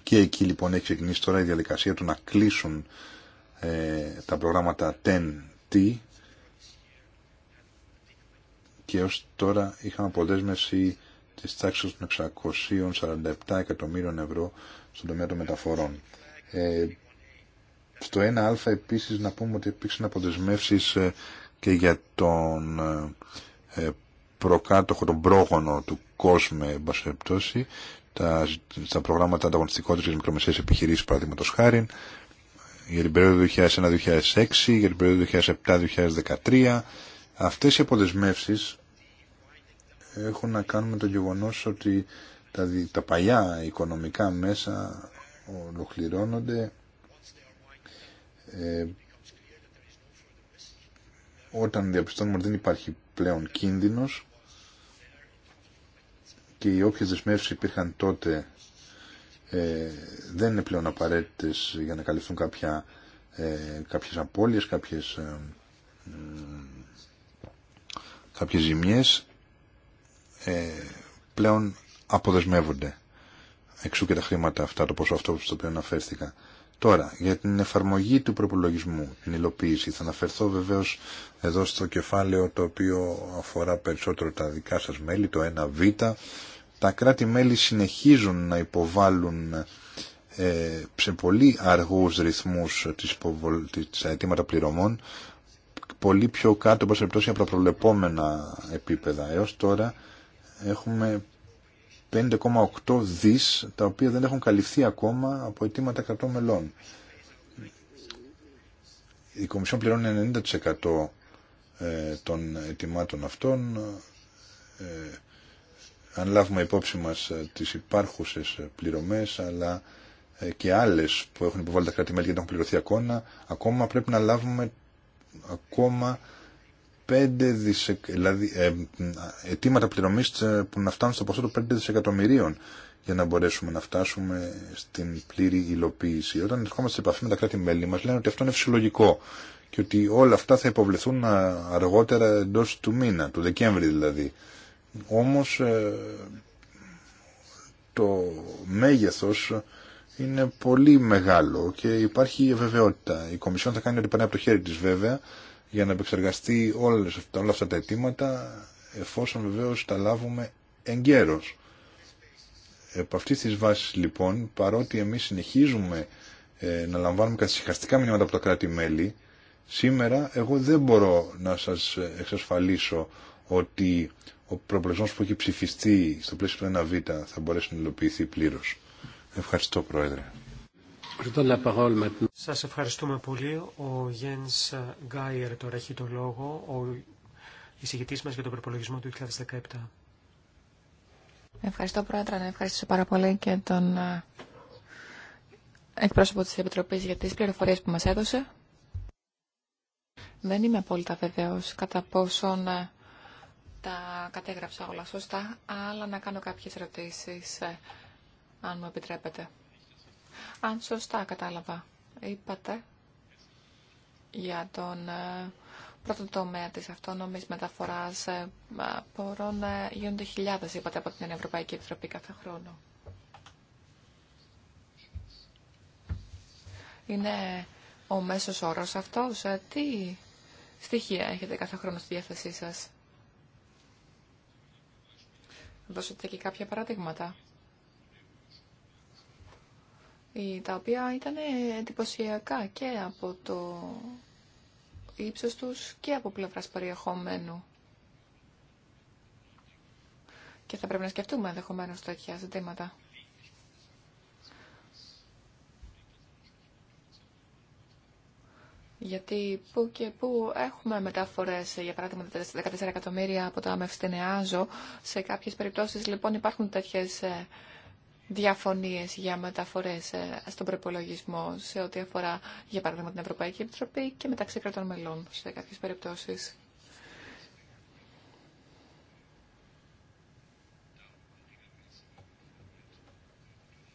και εκεί λοιπόν έχει ξεκινήσει τώρα η διαδικασία του να κλείσουν ε, τα προγράμματα TEN-T και ως τώρα είχαμε αποδέσμευση της τάξης των 647 εκατομμύριων ευρώ στον τομέα των μεταφορών. Ε, στο 1α επίσης να πούμε ότι υπήρξαν αποδεσμεύσεις ε, και για τον ε, ε, προκάτοχο, τον πρόγονο του κόσμου, εν τα, στα προγράμματα ανταγωνιστικότητα για μικρομεσαίε επιχειρήσει, παραδείγματο χάρη, για την περίοδο 2001-2006, για την περίοδο 2007-2013. Αυτέ οι αποδεσμεύσει έχουν να κάνουν με το γεγονό ότι τα, τα παλιά οικονομικά μέσα ολοκληρώνονται ε, όταν διαπιστώνουμε ότι δεν υπάρχει πλέον κίνδυνος και οι όποιες δεσμεύσεις υπήρχαν τότε ε, δεν είναι πλέον απαραίτητες για να καλυφθούν κάποια, ε, κάποιες απώλειες, κάποιες, ε, κάποιες ζημιές πλέον αποδεσμεύονται εξού και τα χρήματα αυτά, το ποσό αυτό στο οποίο αναφέρθηκα. Τώρα, για την εφαρμογή του προπολογισμού, την υλοποίηση, θα αναφερθώ βεβαίως εδώ στο κεφάλαιο το οποίο αφορά περισσότερο τα δικά σας μέλη, το 1β. Τα κράτη-μέλη συνεχίζουν να υποβάλλουν ε, σε πολύ αργούς ρυθμούς τις, αιτήματα πληρωμών, πολύ πιο κάτω, όπως περιπτώσει, από τα προβλεπόμενα επίπεδα. Έως τώρα έχουμε 5,8 δις τα οποία δεν έχουν καλυφθεί ακόμα από αιτήματα κρατών μελών. Η Κομισιόν πληρώνει 90% ε, των αιτημάτων αυτών. Ε, αν λάβουμε υπόψη μας ε, τις υπάρχουσες πληρωμές αλλά και άλλες που έχουν υποβάλει τα κράτη-μέλη και δεν έχουν πληρωθεί ακόμα, ακόμα πρέπει να λάβουμε ακόμα 5 δηλαδή, ε, αιτήματα πληρωμής ε, που να φτάνουν στο ποσό των 5 δισεκατομμυρίων για να μπορέσουμε να φτάσουμε στην πλήρη υλοποίηση. Όταν ερχόμαστε σε επαφή με τα κράτη-μέλη μας λένε ότι αυτό είναι φυσιολογικό και ότι όλα αυτά θα υποβληθούν ε, αργότερα εντός του μήνα, του Δεκέμβρη δηλαδή. Όμως ε, το μέγεθος είναι πολύ μεγάλο και υπάρχει βεβαιότητα. Η Κομισιόν θα κάνει ό,τι πανέ από το χέρι της βέβαια για να επεξεργαστεί όλες, όλα αυτά τα αιτήματα εφόσον βεβαίως τα λάβουμε εγκαίρως. Επ' αυτή τη βάση λοιπόν, παρότι εμείς συνεχίζουμε ε, να λαμβάνουμε καθυσυχαστικά μηνύματα από τα κράτη-μέλη, σήμερα εγώ δεν μπορώ να σας εξασφαλίσω ότι ο προπλεσμός που έχει ψηφιστεί στο πλαίσιο του 1β θα μπορέσει να υλοποιηθεί πλήρως. Ευχαριστώ Πρόεδρε. Σας ευχαριστούμε πολύ. Ο Γιένς Γκάιερ τώρα έχει το λόγο, ο εισηγητής μας για τον προπολογισμό του 2017. Ευχαριστώ Πρόεδρε, να ευχαριστήσω πάρα πολύ και τον ε, εκπρόσωπο της Επιτροπής για τις πληροφορίες που μας έδωσε. Δεν είμαι απόλυτα βεβαίως κατά πόσον ε, τα κατέγραψα όλα σωστά, αλλά να κάνω κάποιες ερωτήσεις, ε, αν μου επιτρέπετε. Αν σωστά κατάλαβα, είπατε για τον ε, πρώτο τομέα της αυτόνομης μεταφοράς να ε, ε, γίνονται χιλιάδες, είπατε, από την Ευρωπαϊκή Επιτροπή κάθε χρόνο. Είναι ο μέσος όρος αυτός. Τι στοιχεία έχετε κάθε χρόνο στη διάθεσή σας. Δώσετε και κάποια παραδείγματα τα οποία ήταν εντυπωσιακά και από το ύψος τους και από πλευράς περιεχομένου. Και θα πρέπει να σκεφτούμε ενδεχομένω τέτοια ζητήματα. Γιατί που και που έχουμε μεταφορές, για παράδειγμα 14 εκατομμύρια από τα Μευστενεάζω, σε κάποιες περιπτώσεις λοιπόν υπάρχουν τέτοιες ε, διαφωνίες για μεταφορές ε, στον προπολογισμό σε ό,τι αφορά, για παράδειγμα, την Ευρωπαϊκή Επιτροπή και μεταξύ κρατών μελών σε κάποιες περιπτώσεις.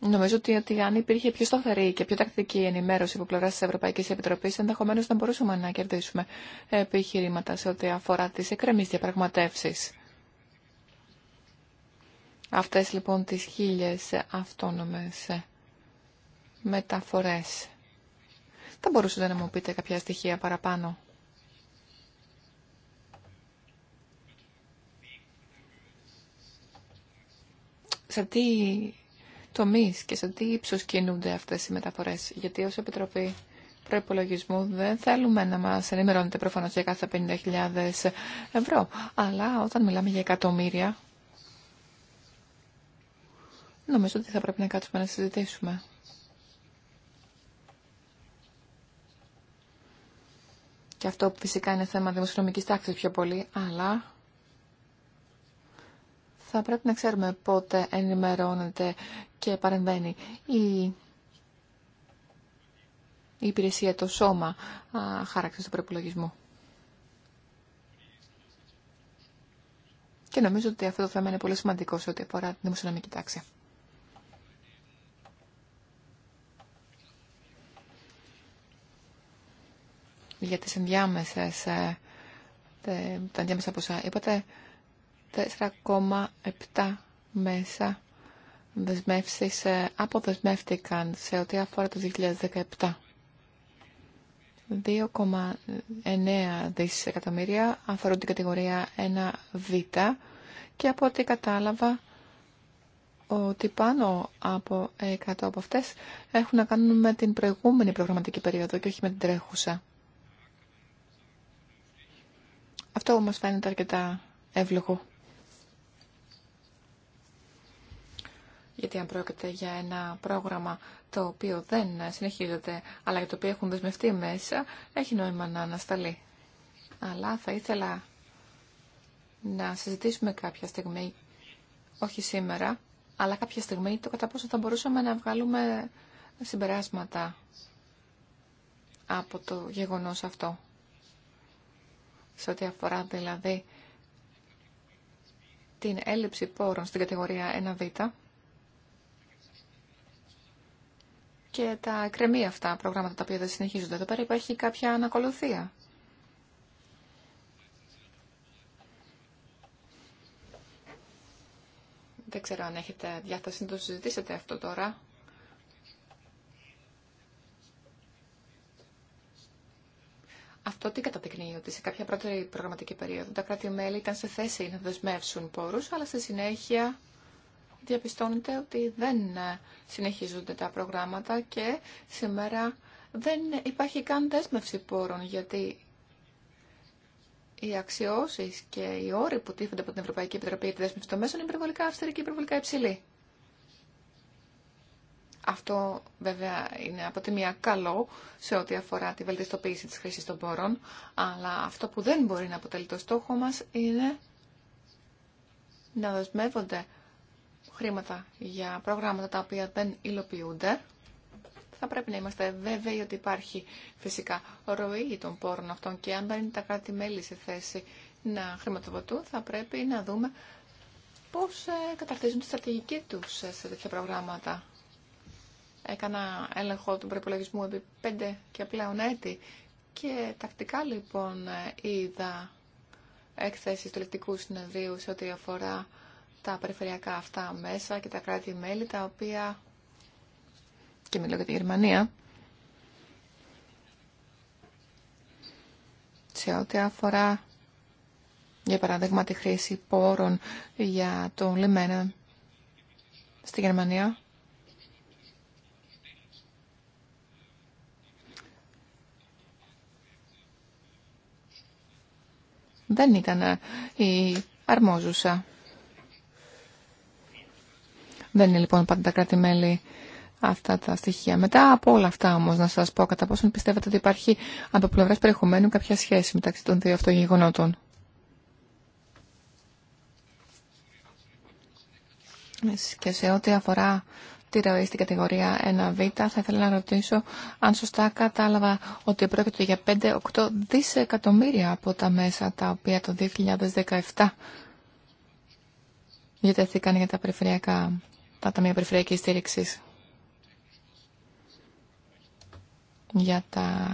Νομίζω ότι αν υπήρχε πιο σταθερή και πιο τακτική ενημέρωση από πλευρά τη Ευρωπαϊκή Επιτροπή, ενδεχομένω να μπορούσαμε να κερδίσουμε επιχειρήματα σε ό,τι αφορά τι εκκρεμίε διαπραγματεύσει. Αυτές λοιπόν τις χίλιες αυτόνομες μεταφορές. Θα μπορούσατε να μου πείτε κάποια στοιχεία παραπάνω. Σε τι τομείς και σε τι ύψος κινούνται αυτές οι μεταφορές. Γιατί ως Επιτροπή Προϋπολογισμού δεν θέλουμε να μας ενημερώνετε προφανώς για κάθε 50.000 ευρώ. Αλλά όταν μιλάμε για εκατομμύρια, νομίζω ότι θα πρέπει να κάτσουμε να συζητήσουμε. Και αυτό φυσικά είναι θέμα δημοσιονομικής τάξης πιο πολύ, αλλά θα πρέπει να ξέρουμε πότε ενημερώνεται και παρεμβαίνει η, η υπηρεσία, το σώμα χάραξης του προπολογισμού. Και νομίζω ότι αυτό το θέμα είναι πολύ σημαντικό σε ό,τι αφορά τη δημοσιονομική τάξη. για τις ενδιάμεσες, ε, τα ενδιάμεσα ποσά. Είπατε 4,7 μέσα δεσμεύσεις ε, αποδεσμεύτηκαν σε ό,τι αφορά το 2017. 2,9 δισεκατομμύρια αφορούν την κατηγορία 1β και από ό,τι κατάλαβα ότι πάνω από 100 από αυτές έχουν να κάνουν με την προηγούμενη προγραμματική περίοδο και όχι με την τρέχουσα. Αυτό μας φαίνεται αρκετά εύλογο. γιατί αν πρόκειται για ένα πρόγραμμα το οποίο δεν συνεχίζεται, αλλά για το οποίο έχουν δεσμευτεί μέσα, έχει νόημα να ανασταλεί. Αλλά θα ήθελα να συζητήσουμε κάποια στιγμή, όχι σήμερα, αλλά κάποια στιγμή το κατά πόσο θα μπορούσαμε να βγάλουμε συμπεράσματα από το γεγονός αυτό σε ό,τι αφορά δηλαδή την έλλειψη πόρων στην κατηγορία 1β και τα κρεμία αυτά προγράμματα τα οποία δεν συνεχίζονται. Εδώ πέρα υπάρχει κάποια ανακολουθία. Δεν ξέρω αν έχετε διάθεση να το συζητήσετε αυτό τώρα. Αυτό τι καταδεικνύει, ότι σε κάποια πρώτη προγραμματική περίοδο τα κράτη-μέλη ήταν σε θέση να δεσμεύσουν πόρους, αλλά στη συνέχεια διαπιστώνεται ότι δεν ε, συνεχίζονται τα προγράμματα και σήμερα δεν υπάρχει καν δέσμευση πόρων, γιατί οι αξιώσεις και οι όροι που τύφονται από την Ευρωπαϊκή Επιτροπή για τη δέσμευση των μέσων είναι υπερβολικά αυστηροί και υπερβολικά υψηλοί. Αυτό βέβαια είναι από τη μία καλό σε ό,τι αφορά τη βελτιστοποίηση της χρήσης των πόρων, αλλά αυτό που δεν μπορεί να αποτελεί το στόχο μας είναι να δοσμεύονται χρήματα για προγράμματα τα οποία δεν υλοποιούνται. Θα πρέπει να είμαστε βέβαιοι ότι υπάρχει φυσικά ροή των πόρων αυτών και αν δεν είναι τα κράτη-μέλη σε θέση να χρηματοδοτούν, θα πρέπει να δούμε πώς ε, καταρτίζουν τη στρατηγική τους ε, σε τέτοια προγράμματα. Έκανα έλεγχο του προπολογισμού επί πέντε και πλέον έτη και τακτικά λοιπόν είδα έκθεση του λεκτικού συνεδρίου σε ό,τι αφορά τα περιφερειακά αυτά μέσα και τα κράτη-μέλη τα οποία και μιλώ για τη Γερμανία σε ό,τι αφορά για παράδειγμα τη χρήση πόρων για τον λιμένα στη Γερμανία δεν ήταν ε, η αρμόζουσα. Δεν είναι λοιπόν πάντα τα κράτη-μέλη αυτά τα στοιχεία. Μετά από όλα αυτά όμως να σας πω κατά πόσον πιστεύετε ότι υπάρχει από πλευράς περιεχομένου κάποια σχέση μεταξύ των δύο αυτών γεγονότων. Και σε ό,τι αφορά τη ροή στην κατηγορία 1Β. Θα ήθελα να ρωτήσω αν σωστά κατάλαβα ότι πρόκειται για 5-8 δισεκατομμύρια από τα μέσα τα οποία το 2017 διατεθήκαν για τα περιφερειακά, τα ταμεία περιφερειακής στήριξης για τα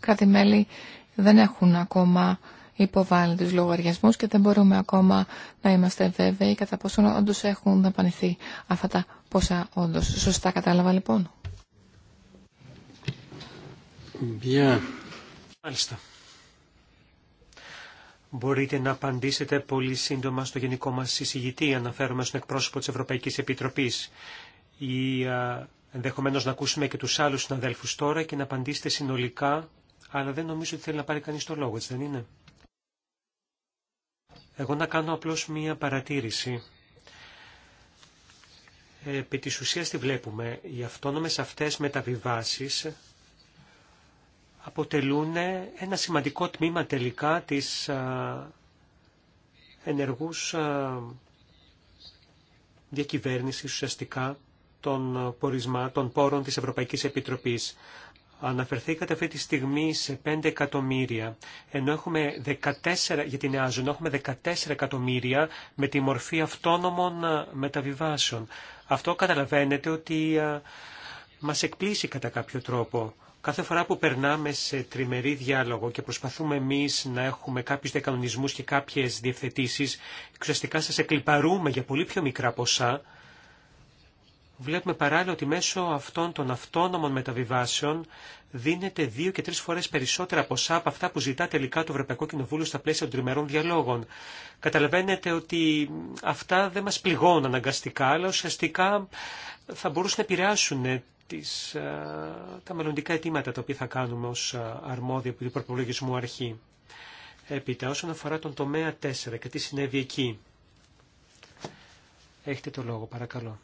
κράτη-μέλη δεν έχουν ακόμα υποβάλει τους λογαριασμούς και δεν μπορούμε ακόμα να είμαστε βέβαιοι κατά πόσο όντως έχουν δαπανηθεί αυτά τα πόσα όντως. Σωστά κατάλαβα λοιπόν. Μάλιστα. Μπορείτε να απαντήσετε πολύ σύντομα στο γενικό μας συζητητή. αναφέρομαι στον εκπρόσωπο της Ευρωπαϊκής Επιτροπής. Ή ενδεχομένως να ακούσουμε και τους άλλους συναδέλφους τώρα και να απαντήσετε συνολικά, αλλά δεν νομίζω ότι θέλει να πάρει κανείς το λόγο, έτσι δεν είναι. Εγώ να κάνω απλώς μία παρατήρηση επί της ουσίας τη βλέπουμε. Οι αυτόνομες αυτές μεταβιβάσεις αποτελούν ένα σημαντικό τμήμα τελικά της ενεργούς διακυβέρνησης ουσιαστικά των των πόρων της Ευρωπαϊκής Επιτροπής. Αναφερθήκατε αυτή τη στιγμή σε 5 εκατομμύρια, ενώ έχουμε 14, για την έχουμε 14 εκατομμύρια με τη μορφή αυτόνομων μεταβιβάσεων. Αυτό καταλαβαίνετε ότι ε, μας εκπλήσει κατά κάποιο τρόπο. Κάθε φορά που περνάμε σε τριμερή διάλογο και προσπαθούμε εμείς να έχουμε κάποιους διακανονισμούς και κάποιες διευθετήσεις, ουσιαστικά σας εκλυπαρούμε για πολύ πιο μικρά ποσά, βλέπουμε παράλληλα ότι μέσω αυτών των αυτόνομων μεταβιβάσεων δίνεται δύο και τρει φορέ περισσότερα ποσά από αυτά που ζητά τελικά το Ευρωπαϊκό Κοινοβούλιο στα πλαίσια των τριμερών διαλόγων. Καταλαβαίνετε ότι αυτά δεν μα πληγώνουν αναγκαστικά, αλλά ουσιαστικά θα μπορούσαν να επηρεάσουν τις, τα μελλοντικά αιτήματα τα οποία θα κάνουμε ω αρμόδια του προπολογισμού αρχή. Έπειτα, όσον αφορά τον τομέα 4 και τι συνέβη εκεί. Έχετε το λόγο, παρακαλώ.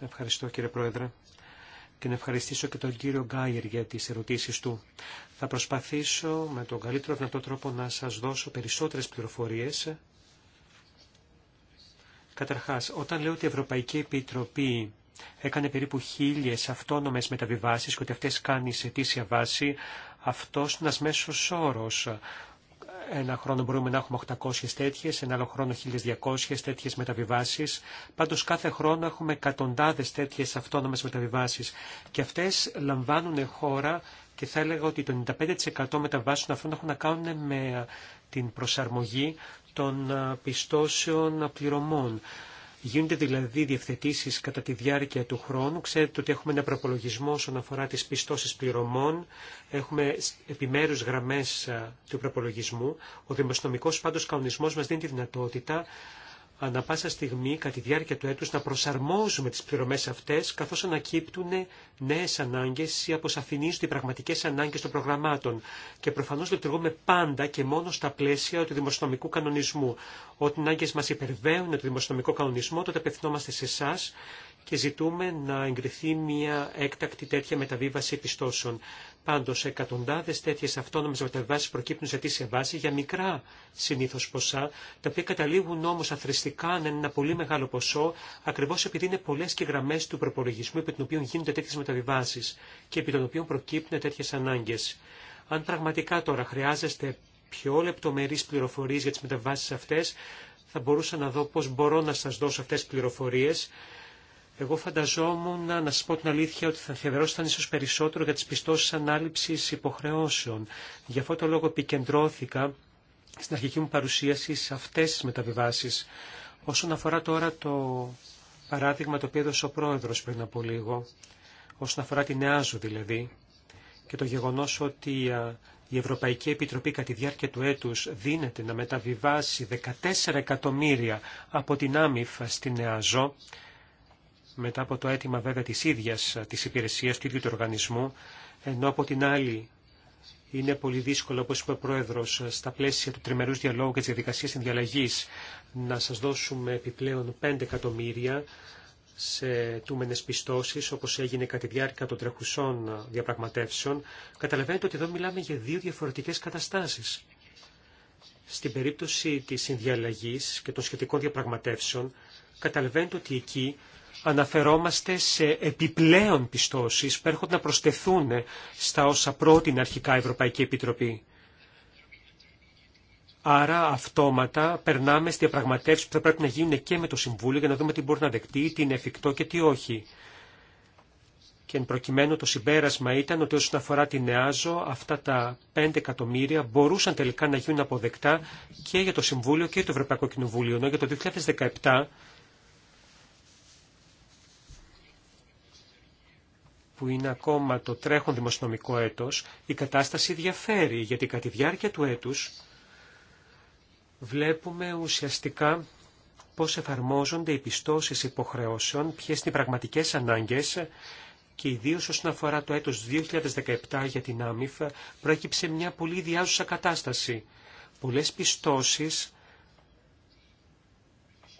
Ευχαριστώ κύριε Πρόεδρε και να ευχαριστήσω και τον κύριο Γκάιερ για τις ερωτήσεις του. Θα προσπαθήσω με τον καλύτερο δυνατό τρόπο να σας δώσω περισσότερες πληροφορίες. Καταρχάς, όταν λέω ότι η Ευρωπαϊκή Επιτροπή έκανε περίπου χίλιες αυτόνομες μεταβιβάσεις και ότι αυτές κάνει σε αιτήσια βάση, αυτός είναι ένας μέσος όρος ένα χρόνο μπορούμε να έχουμε 800 τέτοιε, ένα άλλο χρόνο 1200 τέτοιε μεταβιβάσει. Πάντω κάθε χρόνο έχουμε εκατοντάδε τέτοιε αυτόνομε μεταβιβάσει. Και αυτέ λαμβάνουν χώρα και θα έλεγα ότι το 95% μεταβάσεων αυτών έχουν να κάνουν με την προσαρμογή των πιστώσεων πληρωμών. Γίνονται δηλαδή διευθετήσεις κατά τη διάρκεια του χρόνου. Ξέρετε ότι έχουμε ένα προπολογισμό όσον αφορά τις πιστώσεις πληρωμών. Έχουμε επιμέρους γραμμές του προπολογισμού. Ο δημοσιονομικός πάντως κανονισμός μας δίνει τη δυνατότητα ανά πάσα στιγμή κατά τη διάρκεια του έτους να προσαρμόζουμε τις πληρωμές αυτές καθώς ανακύπτουν νέες ανάγκες ή αποσαφηνίζονται οι πραγματικές ανάγκες των προγραμμάτων και προφανώς λειτουργούμε πάντα και μόνο στα πλαίσια του δημοσιονομικού κανονισμού. Όταν ανάγκες μας υπερβαίνουν το δημοσιονομικό κανονισμό τότε απευθυνόμαστε σε εσά και ζητούμε να εγκριθεί μια έκτακτη τέτοια μεταβίβαση επιστώσεων. Πάντω, εκατοντάδε τέτοιε αυτόνομε μεταβάσει προκύπτουν σε τέτοια βάση για μικρά συνήθω ποσά, τα οποία καταλήγουν όμω αθρηστικά να είναι ένα πολύ μεγάλο ποσό, ακριβώ επειδή είναι πολλέ και γραμμέ του προπολογισμού επί των οποίων γίνονται τέτοιε μεταβιβάσει και επί των οποίων προκύπτουν τέτοιε ανάγκε. Αν πραγματικά τώρα χρειάζεστε πιο λεπτομερεί πληροφορίε για τι μεταβάσει αυτέ, θα μπορούσα να δω πώ μπορώ να σα δώσω αυτέ τι πληροφορίε. Εγώ φανταζόμουν, να σα πω την αλήθεια, ότι θα ενδιαφερόσασταν ίσω περισσότερο για τι πιστώσει ανάληψη υποχρεώσεων. Γι' αυτό το λόγο επικεντρώθηκα στην αρχική μου παρουσίαση σε αυτέ τι μεταβιβάσει. Όσον αφορά τώρα το παράδειγμα το οποίο έδωσε ο πρόεδρο πριν από λίγο, όσον αφορά την ΕΑΖΟ δηλαδή, και το γεγονό ότι η Ευρωπαϊκή Επιτροπή κατά τη διάρκεια του έτου δίνεται να μεταβιβάσει 14 εκατομμύρια από την Άμυφ στην ΕΑΖΟ, μετά από το αίτημα βέβαια της ίδιας ε, της υπηρεσίας του ίδιου του οργανισμού, ενώ από την άλλη είναι πολύ δύσκολο, όπως είπε ο Πρόεδρος, ε, στα πλαίσια του τριμερούς διαλόγου και της διαδικασίας συνδιαλλαγής να σας δώσουμε επιπλέον 5 εκατομμύρια σε τούμενες πιστώσεις, όπως έγινε κατά τη διάρκεια των τρεχουσών ε, διαπραγματεύσεων, καταλαβαίνετε ότι εδώ μιλάμε για δύο διαφορετικές καταστάσεις. Στην περίπτωση της συνδιαλλαγής και των σχετικών διαπραγματεύσεων, καταλαβαίνετε ότι εκεί αναφερόμαστε σε επιπλέον πιστώσεις που έρχονται να προστεθούν στα όσα πρότεινε αρχικά η Ευρωπαϊκή Επιτροπή. Άρα αυτόματα περνάμε στη διαπραγματεύσεις που θα πρέπει να γίνουν και με το Συμβούλιο για να δούμε τι μπορεί να δεκτεί, τι είναι εφικτό και τι όχι. Και εν προκειμένου το συμπέρασμα ήταν ότι όσον αφορά την ΕΑΖΟ αυτά τα 5 εκατομμύρια μπορούσαν τελικά να γίνουν αποδεκτά και για το Συμβούλιο και το Ευρωπαϊκό Κοινοβούλιο. Ενώ για το 2017 που είναι ακόμα το τρέχον δημοσιονομικό έτος, η κατάσταση διαφέρει, γιατί κατά τη διάρκεια του έτους βλέπουμε ουσιαστικά πώς εφαρμόζονται οι πιστώσεις υποχρεώσεων, ποιες είναι οι πραγματικές ανάγκες και ιδίως όσον αφορά το έτος 2017 για την άμυφα προέκυψε μια πολύ διάζουσα κατάσταση. Πολλές πιστώσεις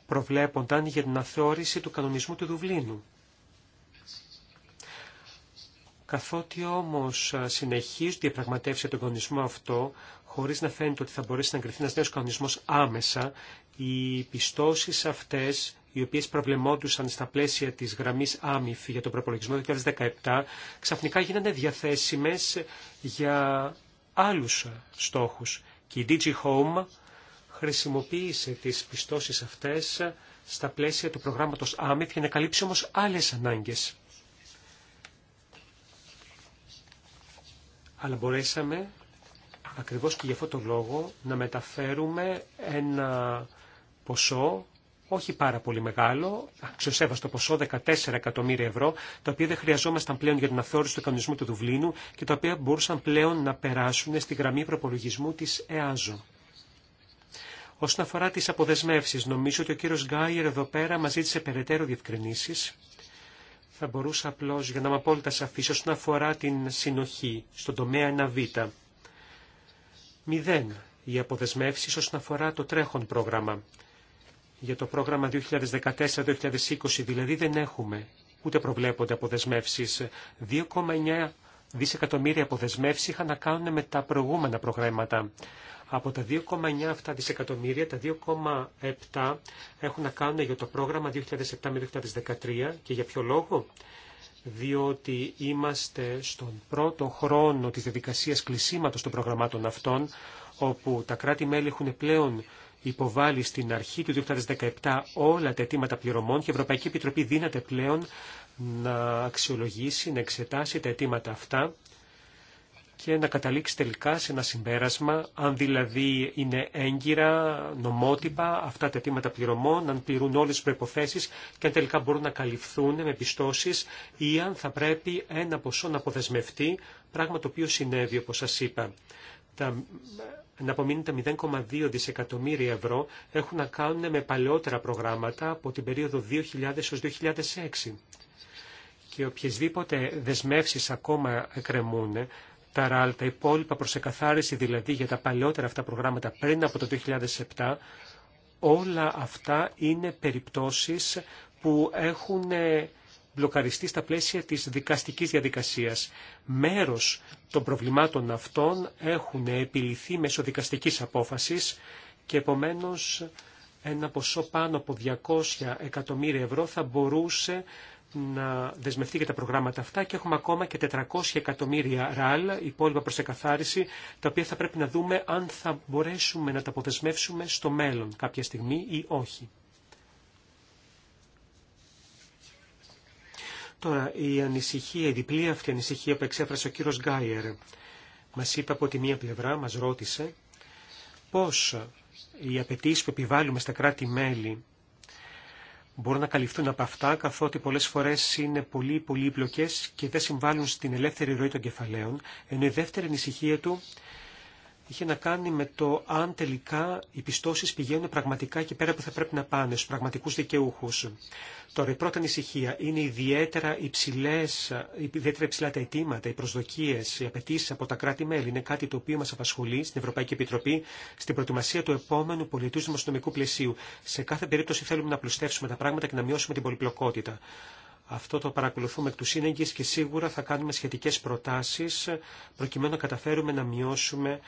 προβλέπονταν για την αθεώρηση του κανονισμού του Δουβλίνου. Καθότι όμως ε, συνεχίζουν διαπραγματεύσει τον κανονισμό αυτό, χωρίς να φαίνεται ότι θα μπορέσει να εγκριθεί ένας νέος κανονισμός άμεσα, οι πιστώσεις αυτές οι οποίες προβλεμόντουσαν στα πλαίσια της γραμμής άμυφη για τον προπολογισμό 2017, ξαφνικά γίνανε διαθέσιμες για άλλους στόχους. Και η DG Home χρησιμοποίησε τις πιστώσεις αυτές στα πλαίσια του προγράμματος Άμυφ για να καλύψει όμως άλλες ανάγκες. αλλά μπορέσαμε ακριβώς και για αυτό το λόγο να μεταφέρουμε ένα ποσό όχι πάρα πολύ μεγάλο, αξιοσέβαστο ποσό 14 εκατομμύρια ευρώ, τα οποία δεν χρειαζόμασταν πλέον για την αθόρυνση του κανονισμού του Δουβλίνου και τα οποία μπορούσαν πλέον να περάσουν στη γραμμή προπολογισμού της ΕΑΖΟ. Όσον αφορά τις αποδεσμεύσεις, νομίζω ότι ο κύριος Γκάιερ εδώ πέρα μας ζήτησε περαιτέρω διευκρινήσεις θα μπορούσα απλώς, για να είμαι απόλυτα σαφής, όσον αφορά την συνοχή στον τομέα 1β. Μηδέν οι αποδεσμεύσεις όσον αφορά το τρέχον πρόγραμμα. Για το πρόγραμμα 2014-2020 δηλαδή δεν έχουμε, ούτε προβλέπονται αποδεσμεύσεις. 2,9 δισεκατομμύρια αποδεσμεύσεις είχαν να κάνουν με τα προηγούμενα προγράμματα. Από τα 2,9 αυτά δισεκατομμύρια, τα 2,7 έχουν να κάνουν για το πρόγραμμα 2007-2013 και για ποιο λόγο διότι είμαστε στον πρώτο χρόνο της διαδικασίας κλεισίματος των προγραμμάτων αυτών, όπου τα κράτη-μέλη έχουν πλέον υποβάλει στην αρχή του 2017 όλα τα αιτήματα πληρωμών και η Ευρωπαϊκή Επιτροπή δύναται πλέον να αξιολογήσει, να εξετάσει τα αιτήματα αυτά και να καταλήξει τελικά σε ένα συμπέρασμα, αν δηλαδή είναι έγκυρα, νομότυπα αυτά τα αιτήματα πληρωμών, αν πληρούν όλες τις προϋποθέσεις και αν τελικά μπορούν να καλυφθούν με πιστώσεις ή αν θα πρέπει ένα ποσό να αποδεσμευτεί, πράγμα το οποίο συνέβη όπως σας είπα. Τα απομείνουν τα 0,2 δισεκατομμύρια ευρώ έχουν να κάνουν με παλαιότερα προγράμματα από την περίοδο 2000 έως 2006 και οποιασδήποτε δεσμεύσεις ακόμα εκκρεμούν τα ΡΑΛ, τα υπόλοιπα προσεκαθάριση δηλαδή για τα παλιότερα αυτά προγράμματα πριν από το 2007, όλα αυτά είναι περιπτώσεις που έχουν ε, μπλοκαριστεί στα πλαίσια της δικαστικής διαδικασίας. Μέρος των προβλημάτων αυτών έχουν επιληθεί μέσω δικαστικής απόφασης και επομένως ένα ποσό πάνω από 200 εκατομμύρια ευρώ θα μπορούσε να δεσμευτεί για τα προγράμματα αυτά και έχουμε ακόμα και 400 εκατομμύρια ραλ, υπόλοιπα προς εκαθάριση, τα οποία θα πρέπει να δούμε αν θα μπορέσουμε να τα αποδεσμεύσουμε στο μέλλον κάποια στιγμή ή όχι. Τώρα, η ανησυχία, η διπλή αυτή ανησυχία που εξέφρασε ο κύριος Γκάιερ, μας είπε από τη μία πλευρά, μας ρώτησε, πώς οι απαιτήσει που επιβάλλουμε στα κράτη-μέλη μπορούν να καλυφθούν από αυτά, καθότι πολλές φορές είναι πολύ πολύπλοκες και δεν συμβάλλουν στην ελεύθερη ροή των κεφαλαίων, ενώ η δεύτερη ανησυχία του είχε να κάνει με το αν τελικά οι πιστώσεις πηγαίνουν πραγματικά και πέρα που θα πρέπει να πάνε στους πραγματικούς δικαιούχους. Τώρα η πρώτη ανησυχία είναι ιδιαίτερα, υψηλές, ιδιαίτερα υψηλά τα αιτήματα, οι προσδοκίες, οι απαιτήσει από τα κράτη-μέλη. Είναι κάτι το οποίο μας απασχολεί στην Ευρωπαϊκή Επιτροπή στην προετοιμασία του επόμενου πολιτού δημοσιονομικού πλαισίου. Σε κάθε περίπτωση θέλουμε να πλουστεύσουμε τα πράγματα και να μειώσουμε την πολυπλοκότητα. Αυτό το παρακολουθούμε εκ του σύνεγγυς και σίγουρα θα κάνουμε σχετικές προτάσεις προκειμένου να καταφέρουμε να μειώσουμε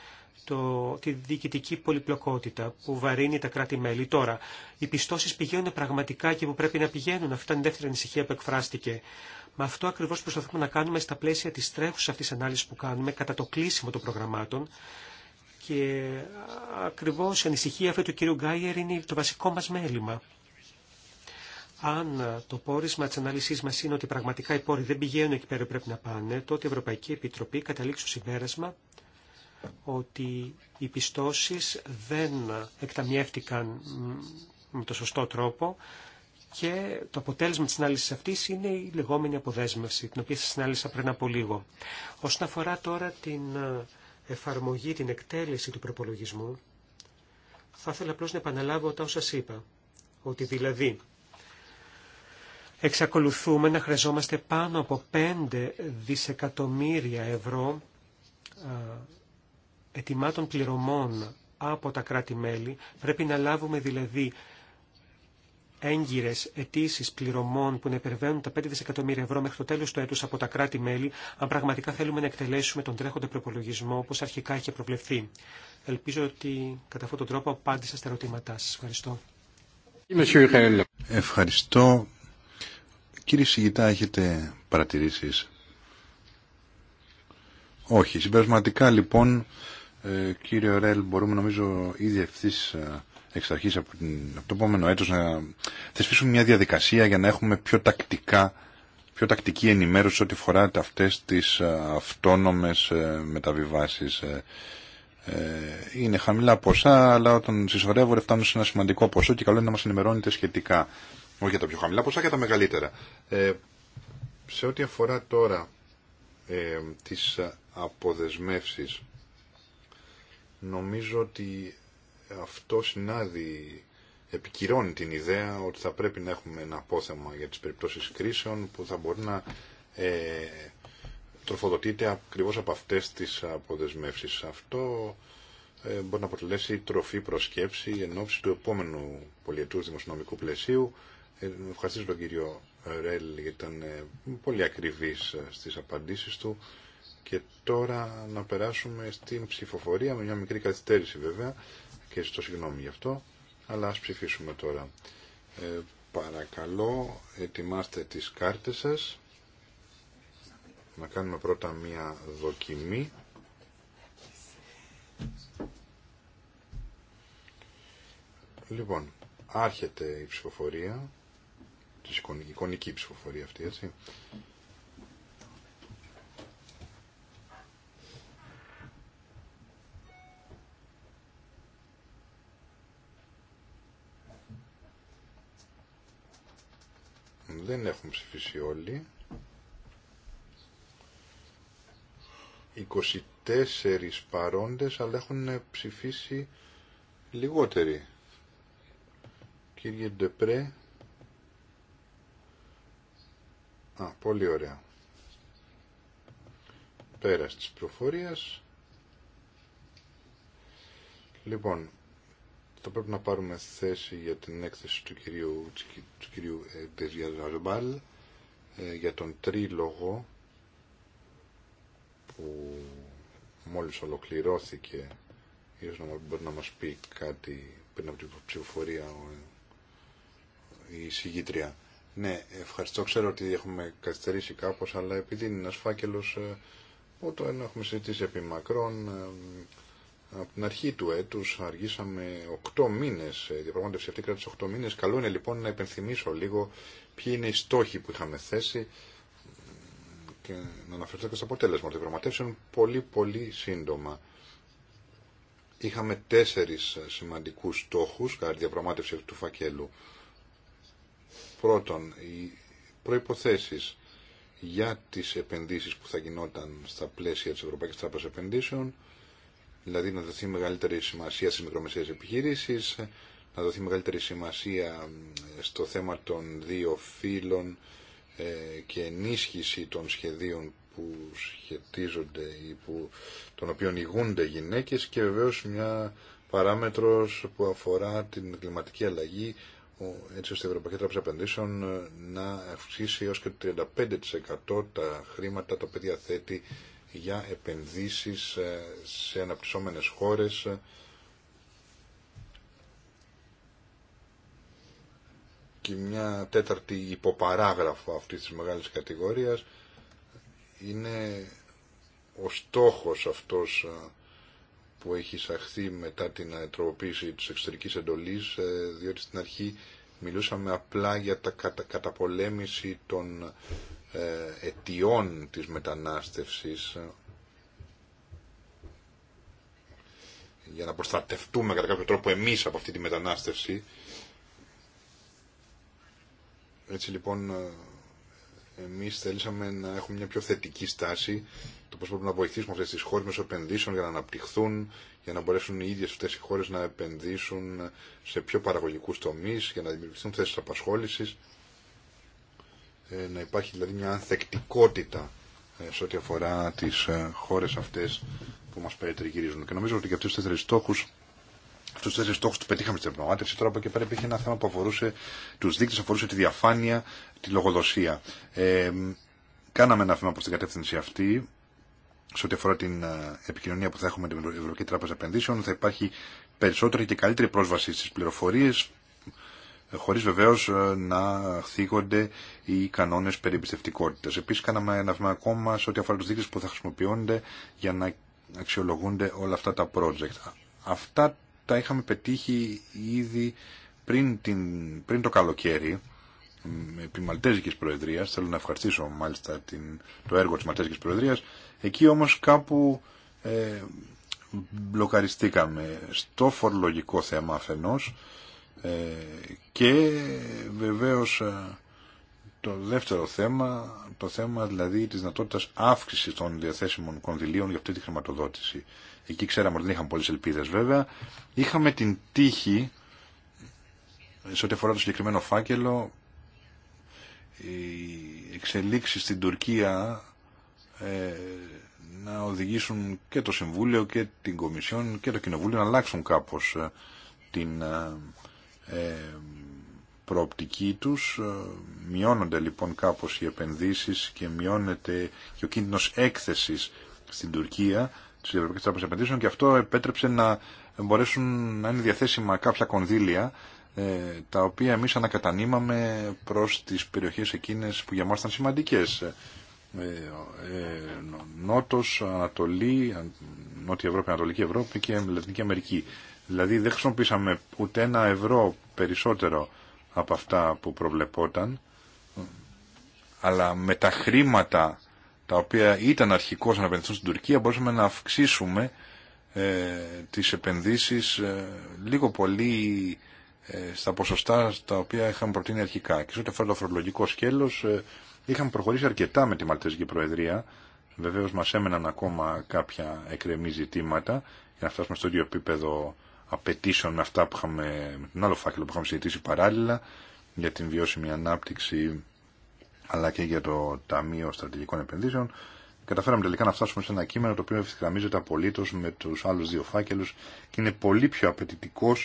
το, τη διοικητική πολυπλοκότητα που βαρύνει τα κράτη-μέλη. Τώρα, οι πιστώσεις πηγαίνουν πραγματικά και που πρέπει να πηγαίνουν. Αυτή ήταν η δεύτερη ανησυχία που εκφράστηκε. Με αυτό ακριβώς προσπαθούμε να κάνουμε στα πλαίσια της τρέχουσας αυτής ανάλυσης που κάνουμε κατά το κλείσιμο των προγραμμάτων και ακριβώς η ανησυχία αυτή του κυρίου Γκάιερ είναι το βασικό μας μέλημα. Αν το πόρισμα τη ανάλυση μα είναι ότι πραγματικά οι πόροι δεν πηγαίνουν εκεί πέρα που πρέπει να πάνε, τότε η Ευρωπαϊκή Επιτροπή καταλήξει στο συμπέρασμα ότι οι πιστώσει δεν εκταμιεύτηκαν με το σωστό τρόπο και το αποτέλεσμα της ανάλυσης αυτής είναι η λεγόμενη αποδέσμευση, την οποία σας ανάλυσα πριν από λίγο. Όσον αφορά τώρα την εφαρμογή, την εκτέλεση του προπολογισμού, θα ήθελα απλώς να επαναλάβω τα όσα σας είπα, ότι δηλαδή Εξακολουθούμε να χρειαζόμαστε πάνω από 5 δισεκατομμύρια ευρώ ετοιμάτων πληρωμών από τα κράτη-μέλη. Πρέπει να λάβουμε δηλαδή έγκυρες αιτήσει πληρωμών που να υπερβαίνουν τα 5 δισεκατομμύρια ευρώ μέχρι το τέλο του έτου από τα κράτη-μέλη, αν πραγματικά θέλουμε να εκτελέσουμε τον τρέχοντα προπολογισμό όπω αρχικά είχε προβλεφθεί. Ελπίζω ότι κατά αυτόν τον τρόπο απάντησα στα ερωτήματά σα. Ευχαριστώ. Ευχαριστώ Κύριε Σιγητά, έχετε παρατηρήσεις. Όχι. Συμπερασματικά λοιπόν, ε, κύριε Ρέλ, μπορούμε νομίζω ήδη ευθύς ε, εξ αρχής από, το επόμενο έτος να θεσπίσουμε μια διαδικασία για να έχουμε πιο τακτικά πιο τακτική ενημέρωση ό,τι φορά αυτές τις ε, αυτόνομες μεταβιβάσεις. Είναι χαμηλά ποσά, αλλά όταν συσσωρεύονται φτάνουν σε ένα σημαντικό ποσό και καλό είναι να μας ενημερώνετε σχετικά όχι για τα πιο χαμηλά ποσά, για τα μεγαλύτερα. Ε, σε ό,τι αφορά τώρα ε, τις αποδεσμεύσεις, νομίζω ότι αυτό συνάδει, επικυρώνει την ιδέα ότι θα πρέπει να έχουμε ένα απόθεμα για τις περιπτώσεις κρίσεων που θα μπορεί να ε, τροφοδοτείται ακριβώς από αυτές τις αποδεσμεύσεις. Αυτό ε, μπορεί να αποτελέσει τροφή προσκέψη εν του επόμενου πολιετούς δημοσιονομικού πλαισίου ε, Ευχαριστώ τον κύριο ε, Ρέλ γιατί ήταν ε, πολύ ακριβής στις απαντήσεις του και τώρα να περάσουμε στην ψηφοφορία με μια μικρή καθυστέρηση βέβαια και στο συγγνώμη γι' αυτό αλλά ας ψηφίσουμε τώρα. Ε, παρακαλώ ετοιμάστε τις κάρτες σας να κάνουμε πρώτα μια δοκιμή Λοιπόν, άρχεται η ψηφοφορία της εικονική ψηφοφορία αυτή, έτσι. Δεν έχουν ψηφίσει όλοι. 24 παρόντες, αλλά έχουν ψηφίσει λιγότεροι. Κύριε Ντεπρέ, πολύ ωραία. Πέρας της προφορίας. Λοιπόν, θα πρέπει να πάρουμε θέση για την έκθεση του κυρίου, του κυρίου ε, ε, για τον τρίλογο που μόλις ολοκληρώθηκε ίσως να μπορεί να μας πει κάτι πριν από την ψηφοφορία η συγγήτρια. Ναι, ευχαριστώ. Ξέρω ότι έχουμε καθυστερήσει κάπω, αλλά επειδή είναι ένα φάκελο που ε, το έχουμε συζητήσει επί μακρόν, ε, από την αρχή του έτου αργήσαμε 8 μήνε. Ε, η διαπραγμάτευση αυτή κράτησε 8 μήνε. Καλό είναι λοιπόν να υπενθυμίσω λίγο ποιοι είναι οι στόχοι που είχαμε θέσει και να αναφερθώ και στο αποτέλεσμα των διαπραγματεύσεων πολύ πολύ σύντομα. Είχαμε τέσσερις σημαντικούς στόχους κατά τη διαπραγμάτευση του φακέλου. Πρώτον, οι προϋποθέσεις για τις επενδύσεις που θα γινόταν στα πλαίσια της Ευρωπαϊκής Τράπεζας Επενδύσεων, δηλαδή να δοθεί μεγαλύτερη σημασία στις μικρομεσαίες επιχειρήσεις, να δοθεί μεγαλύτερη σημασία στο θέμα των δύο φύλων ε, και ενίσχυση των σχεδίων που σχετίζονται ή που, των οποίων ηγούνται γυναίκες και βεβαίως μια παράμετρος που αφορά την κλιματική αλλαγή έτσι ώστε η Ευρωπαϊκή Τράπεζα Επενδύσεων ε, να αυξήσει έως και 35% τα χρήματα τα οποία διαθέτει για επενδύσεις ε, σε αναπτυσσόμενες χώρες και μια τέταρτη υποπαράγραφο αυτής της μεγάλης κατηγορίας είναι ο στόχος αυτός ε, που έχει εισαχθεί μετά την ε, τροποποίηση της εξωτερικής εντολής, ε, διότι στην αρχή μιλούσαμε απλά για τα καταπολέμηση των ε, αιτιών της μετανάστευσης, για να προστατευτούμε κατά κάποιο τρόπο εμείς από αυτή τη μετανάστευση. Έτσι λοιπόν εμείς θέλησαμε να έχουμε μια πιο θετική στάση Πώ πρέπει να βοηθήσουμε αυτέ τι χώρε μέσω επενδύσεων για να αναπτυχθούν, για να μπορέσουν οι ίδιε αυτέ οι χώρε να επενδύσουν σε πιο παραγωγικούς τομεί για να δημιουργηθούν θέσεις Ε, να υπάρχει δηλαδή μια ανθεκτικότητα ε, σε ό,τι αφορά τις ε, χώρε αυτέ που μα περιτριγυρίζουν. Και νομίζω ότι για αυτού του τέσσερις στόχους Αυτού του τέσσερι στόχου του πετύχαμε στην διαπραγμάτευση. Τώρα από εκεί πέρα υπήρχε ένα θέμα που αφορούσε του δείκτε, αφορούσε τη διαφάνεια, τη λογοδοσία. Ε, κάναμε ένα βήμα προ την κατεύθυνση αυτή σε ό,τι αφορά την ε, επικοινωνία που θα έχουμε με την Ευρωπαϊκή Τράπεζα Επενδύσεων, θα υπάρχει περισσότερη και καλύτερη πρόσβαση στι πληροφορίε, ε, χωρί βεβαίω, ε, να θίγονται οι κανόνε περί εμπιστευτικότητα. Επίση, κάναμε ένα βήμα ακόμα σε ό,τι αφορά του δείκτε που θα χρησιμοποιούνται για να αξιολογούνται όλα αυτά τα project. Αυτά τα είχαμε πετύχει ήδη πριν, την, πριν το καλοκαίρι, επί Μαλτέζικης Προεδρίας, θέλω να ευχαριστήσω μάλιστα την, το έργο τη Μαλτέζικης Προεδρία. Εκεί όμως κάπου ε, μπλοκαριστήκαμε στο φορολογικό θέμα αφενός ε, και βεβαίως ε, το δεύτερο θέμα, το θέμα δηλαδή της δυνατότητα αύξησης των διαθέσιμων κονδυλίων για αυτή τη χρηματοδότηση. Εκεί ξέραμε ότι δεν είχαμε πολλές ελπίδες βέβαια. Είχαμε την τύχη, σε ό,τι αφορά το συγκεκριμένο φάκελο, οι εξελίξεις στην Τουρκία ε, να οδηγήσουν και το Συμβούλιο και την Κομισιόν και το Κοινοβούλιο να αλλάξουν κάπως ε, την ε, ε, προοπτική τους. Μειώνονται λοιπόν κάπως οι επενδύσεις και μειώνεται και ο κίνδυνος έκθεσης στην Τουρκία της Ευρωπαϊκής Τράπεζας Επενδύσεων και αυτό επέτρεψε να μπορέσουν να είναι διαθέσιμα κάποια κονδύλια τα οποία εμείς ανακατανήμαμε προς τις περιοχές εκείνες που για μας ήταν σημαντικές. Ε, ε, νότος, Ανατολή, Νότια Ευρώπη, Ανατολική Ευρώπη και Λατινική Αμερική. Δηλαδή δεν χρησιμοποίησαμε ούτε ένα ευρώ περισσότερο από αυτά που προβλεπόταν, αλλά με τα χρήματα τα οποία ήταν αρχικώς να επενδυθούν στην Τουρκία μπορούσαμε να αυξήσουμε ε, τις επενδύσεις ε, λίγο πολύ στα ποσοστά τα οποία είχαμε προτείνει αρχικά. Και σε ό,τι αφορά το αφρολογικό σκέλος, Είχαμε προχωρήσει αρκετά με τη Μαλτέζικη Προεδρία. Βεβαίω μα έμεναν ακόμα κάποια εκρεμή ζητήματα για να φτάσουμε στο ίδιο επίπεδο απαιτήσεων με αυτά που είχαμε, με τον άλλο φάκελο που είχαμε συζητήσει παράλληλα για την βιώσιμη ανάπτυξη αλλά και για το Ταμείο Στρατηγικών Επενδύσεων. Καταφέραμε τελικά να φτάσουμε σε ένα κείμενο το οποίο ευθυγραμμίζεται απολύτω με του άλλου δύο φάκελου και είναι πολύ πιο απαιτητικό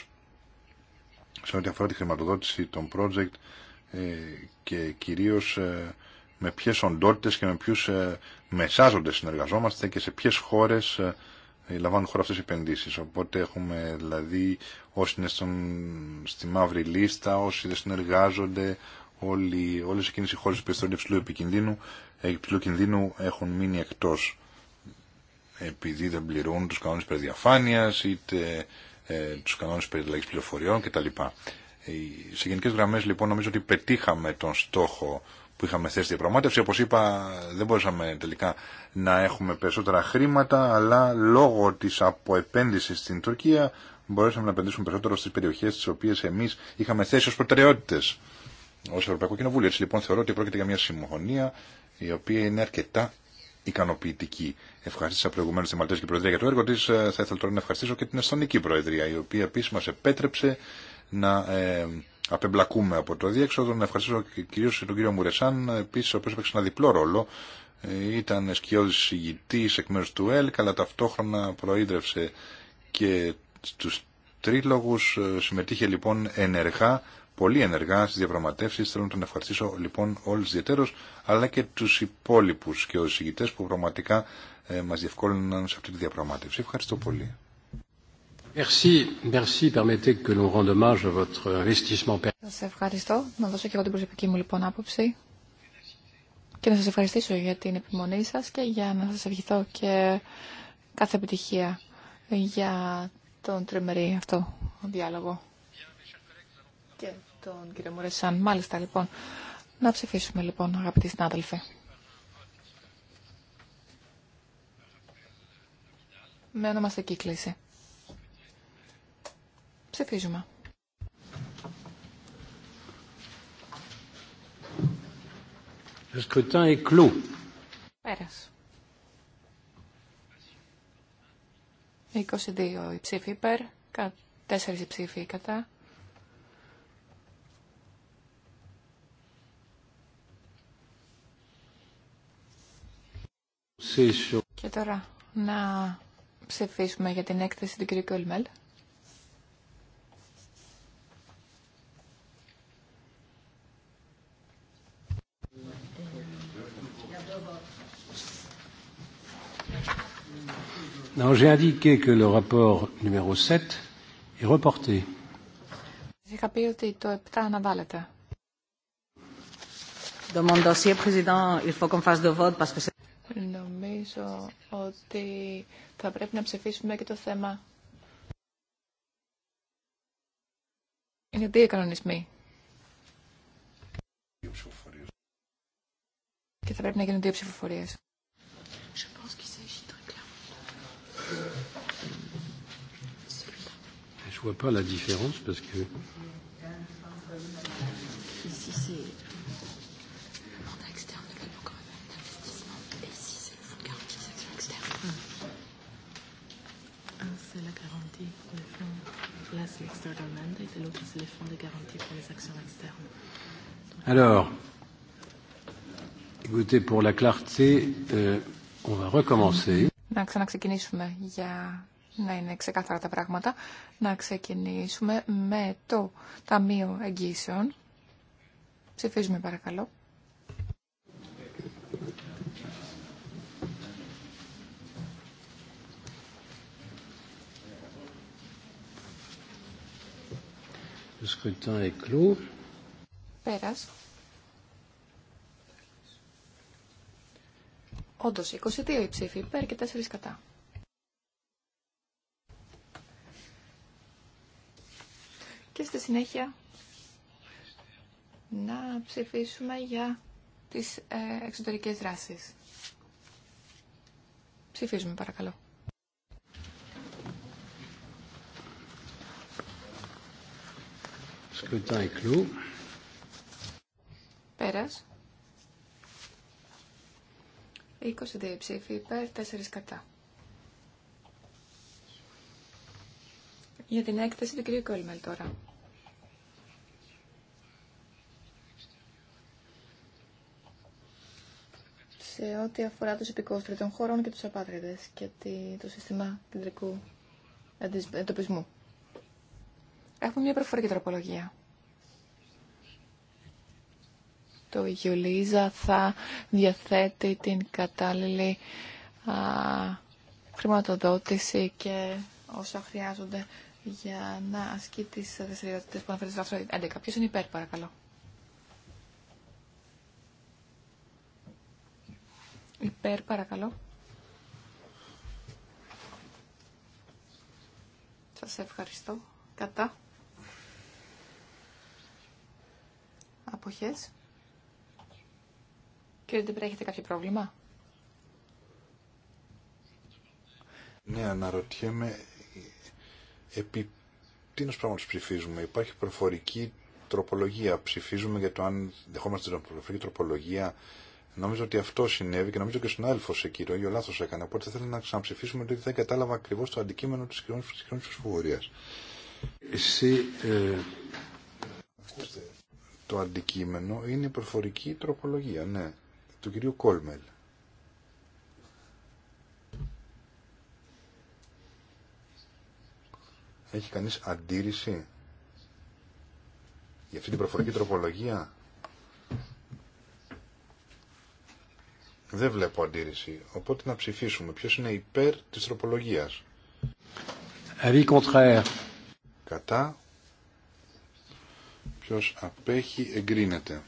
σε ό,τι αφορά τη χρηματοδότηση των project ε, και κυρίως ε, με ποιε οντότητε και με ποιους ε, μεσάζοντε συνεργαζόμαστε και σε ποιες χώρες ε, λαμβάνουν χώρα αυτέ οι επενδύσει. Οπότε έχουμε δηλαδή όσοι είναι στη μαύρη λίστα, όσοι δεν συνεργάζονται, όλε όλες οι χώρες που είναι υψηλού επικίνδυνου, ε, υψηλού κινδύνου έχουν μείνει εκτό επειδή δεν πληρούν του κανόνε περί είτε ε, τους κανόνες περί πληροφοριών κτλ. Σε γενικέ γραμμέ, λοιπόν νομίζω ότι πετύχαμε τον στόχο που είχαμε θέσει διαπραγμάτευση. όπω είπα δεν μπορούσαμε τελικά να έχουμε περισσότερα χρήματα αλλά λόγω της αποεπένδυσης στην Τουρκία μπορούσαμε να επενδύσουμε περισσότερο στι περιοχέ τι οποίε εμεί είχαμε θέσει ω προτεραιότητε ω Ευρωπαϊκό Κοινοβούλιο. Έτσι λοιπόν θεωρώ ότι πρόκειται για μια συμφωνία η οποία είναι αρκετά ικανοποιητική. Ευχαρίστησα προηγουμένω τη Μαλτέζικη Προεδρία για το έργο τη. Ε, θα ήθελα τώρα να ευχαριστήσω και την Εσθονική Προεδρία, η οποία επίση μα επέτρεψε να ε, απεμπλακούμε από το διέξοδο. Να ευχαριστήσω και κυρίως τον κύριο Μουρεσάν, Επίση, ο οποίο έπαιξε ένα διπλό ρόλο. Ε, ήταν σκιώδης συγητή εκ μέρου του ΕΛΚ, αλλά ταυτόχρονα προείδρευσε και τους τρίλογου. Ε, συμμετείχε λοιπόν ενεργά, πολύ ενεργά στι διαπραγματεύσει. Θέλω να τον ευχαριστήσω λοιπόν όλου ιδιαίτερω, αλλά και τους υπόλοιπου σκιώδης συγητέ που πραγματικά ε, μα διευκόλυναν σε αυτή τη διαπραγμάτευση. Ευχαριστώ πολύ. Merci, Σας ευχαριστώ. Να δώσω και εγώ την προσωπική μου λοιπόν άποψη και να σας ευχαριστήσω για την επιμονή σας και για να σας ευχηθώ και κάθε επιτυχία για τον τριμερή αυτό διάλογο και τον κύριο Μουρεσάν. Μάλιστα λοιπόν, να ψηφίσουμε λοιπόν αγαπητοί συνάδελφοι. Με ονομαστική κλίση. Ψηφίζουμε. Le scrutin est clos. Πέρας. 22 ψήφοι υπέρ, 4 ψήφοι κατά. Και τώρα να ψηφίσουμε για την έκθεση του κ. Κολμέλ. J'ai indiqué que le rapport numéro 7 est reporté. Είχα πει ότι το 7 αναβάλλεται. Νομίζω ότι θα πρέπει να ψηφίσουμε και το θέμα. Είναι δύο κανονισμοί. Και θα πρέπει να γίνουν δύο ψηφοφορίες. Je vois pas la différence parce que. Ici, c'est le mandat externe de la Banque européenne d'investissement et ici, c'est le fonds de garantie des actions externes. Un, c'est la garantie pour les fonds. Là, c'est l'external mandate et l'autre, c'est le fonds de garantie pour les actions externes. Alors, écoutez, pour la clarté, euh, on va recommencer. Να ξαναξεκινήσουμε για να είναι ξεκάθαρα τα πράγματα, να ξεκινήσουμε με το Ταμείο Εγγύσεων. Ψηφίζουμε παρακαλώ. Le scrutin Πέρας. Όντως, 22 ψήφοι υπέρ και 4 κατά. και στη συνέχεια να ψηφίσουμε για τις ε, εξωτερικές δράσεις. Ψηφίζουμε παρακαλώ. Πέρα. κλου. Πέρας. 22 ψήφοι υπέρ, 4 κατά. Για την έκθεση του κ. Κόλμελ τώρα. σε ό,τι αφορά τους υπηκόους των χωρών και τους απάτριδες και το σύστημα κεντρικού εντοπισμού. Έχουμε μια προφορική τροπολογία. Το Γιουλίζα θα διαθέτει την κατάλληλη χρηματοδότηση και όσα χρειάζονται για να ασκεί τις δραστηριότητες που αναφέρεται στο άρθρο 11. Ποιος είναι υπέρ, παρακαλώ. Υπέρ, παρακαλώ. Σας ευχαριστώ. Κατά. Αποχές. Κύριε να έχετε κάποιο πρόβλημα. Ναι, αναρωτιέμαι επί τίνος τους ψηφίζουμε. Υπάρχει προφορική τροπολογία. Ψηφίζουμε για το αν δεχόμαστε την προφορική τροπολογία Νομίζω ότι αυτό συνέβη και νομίζω και στον σε εκεί το ίδιο λάθο έκανε. Οπότε θα ήθελα να ξαναψηφίσουμε γιατί δεν κατάλαβα ακριβώ το αντικείμενο τη κοινωνική ψηφοφορία. Εσύ. Ε... Το αντικείμενο είναι η προφορική τροπολογία, ναι, του κυρίου Κόλμελ. Έχει κανείς αντίρρηση για αυτή την προφορική τροπολογία. Δεν βλέπω αντίρρηση. Οπότε να ψηφίσουμε. Ποιος είναι υπέρ της τροπολογίας. Κατά. Ποιος απέχει εγκρίνεται.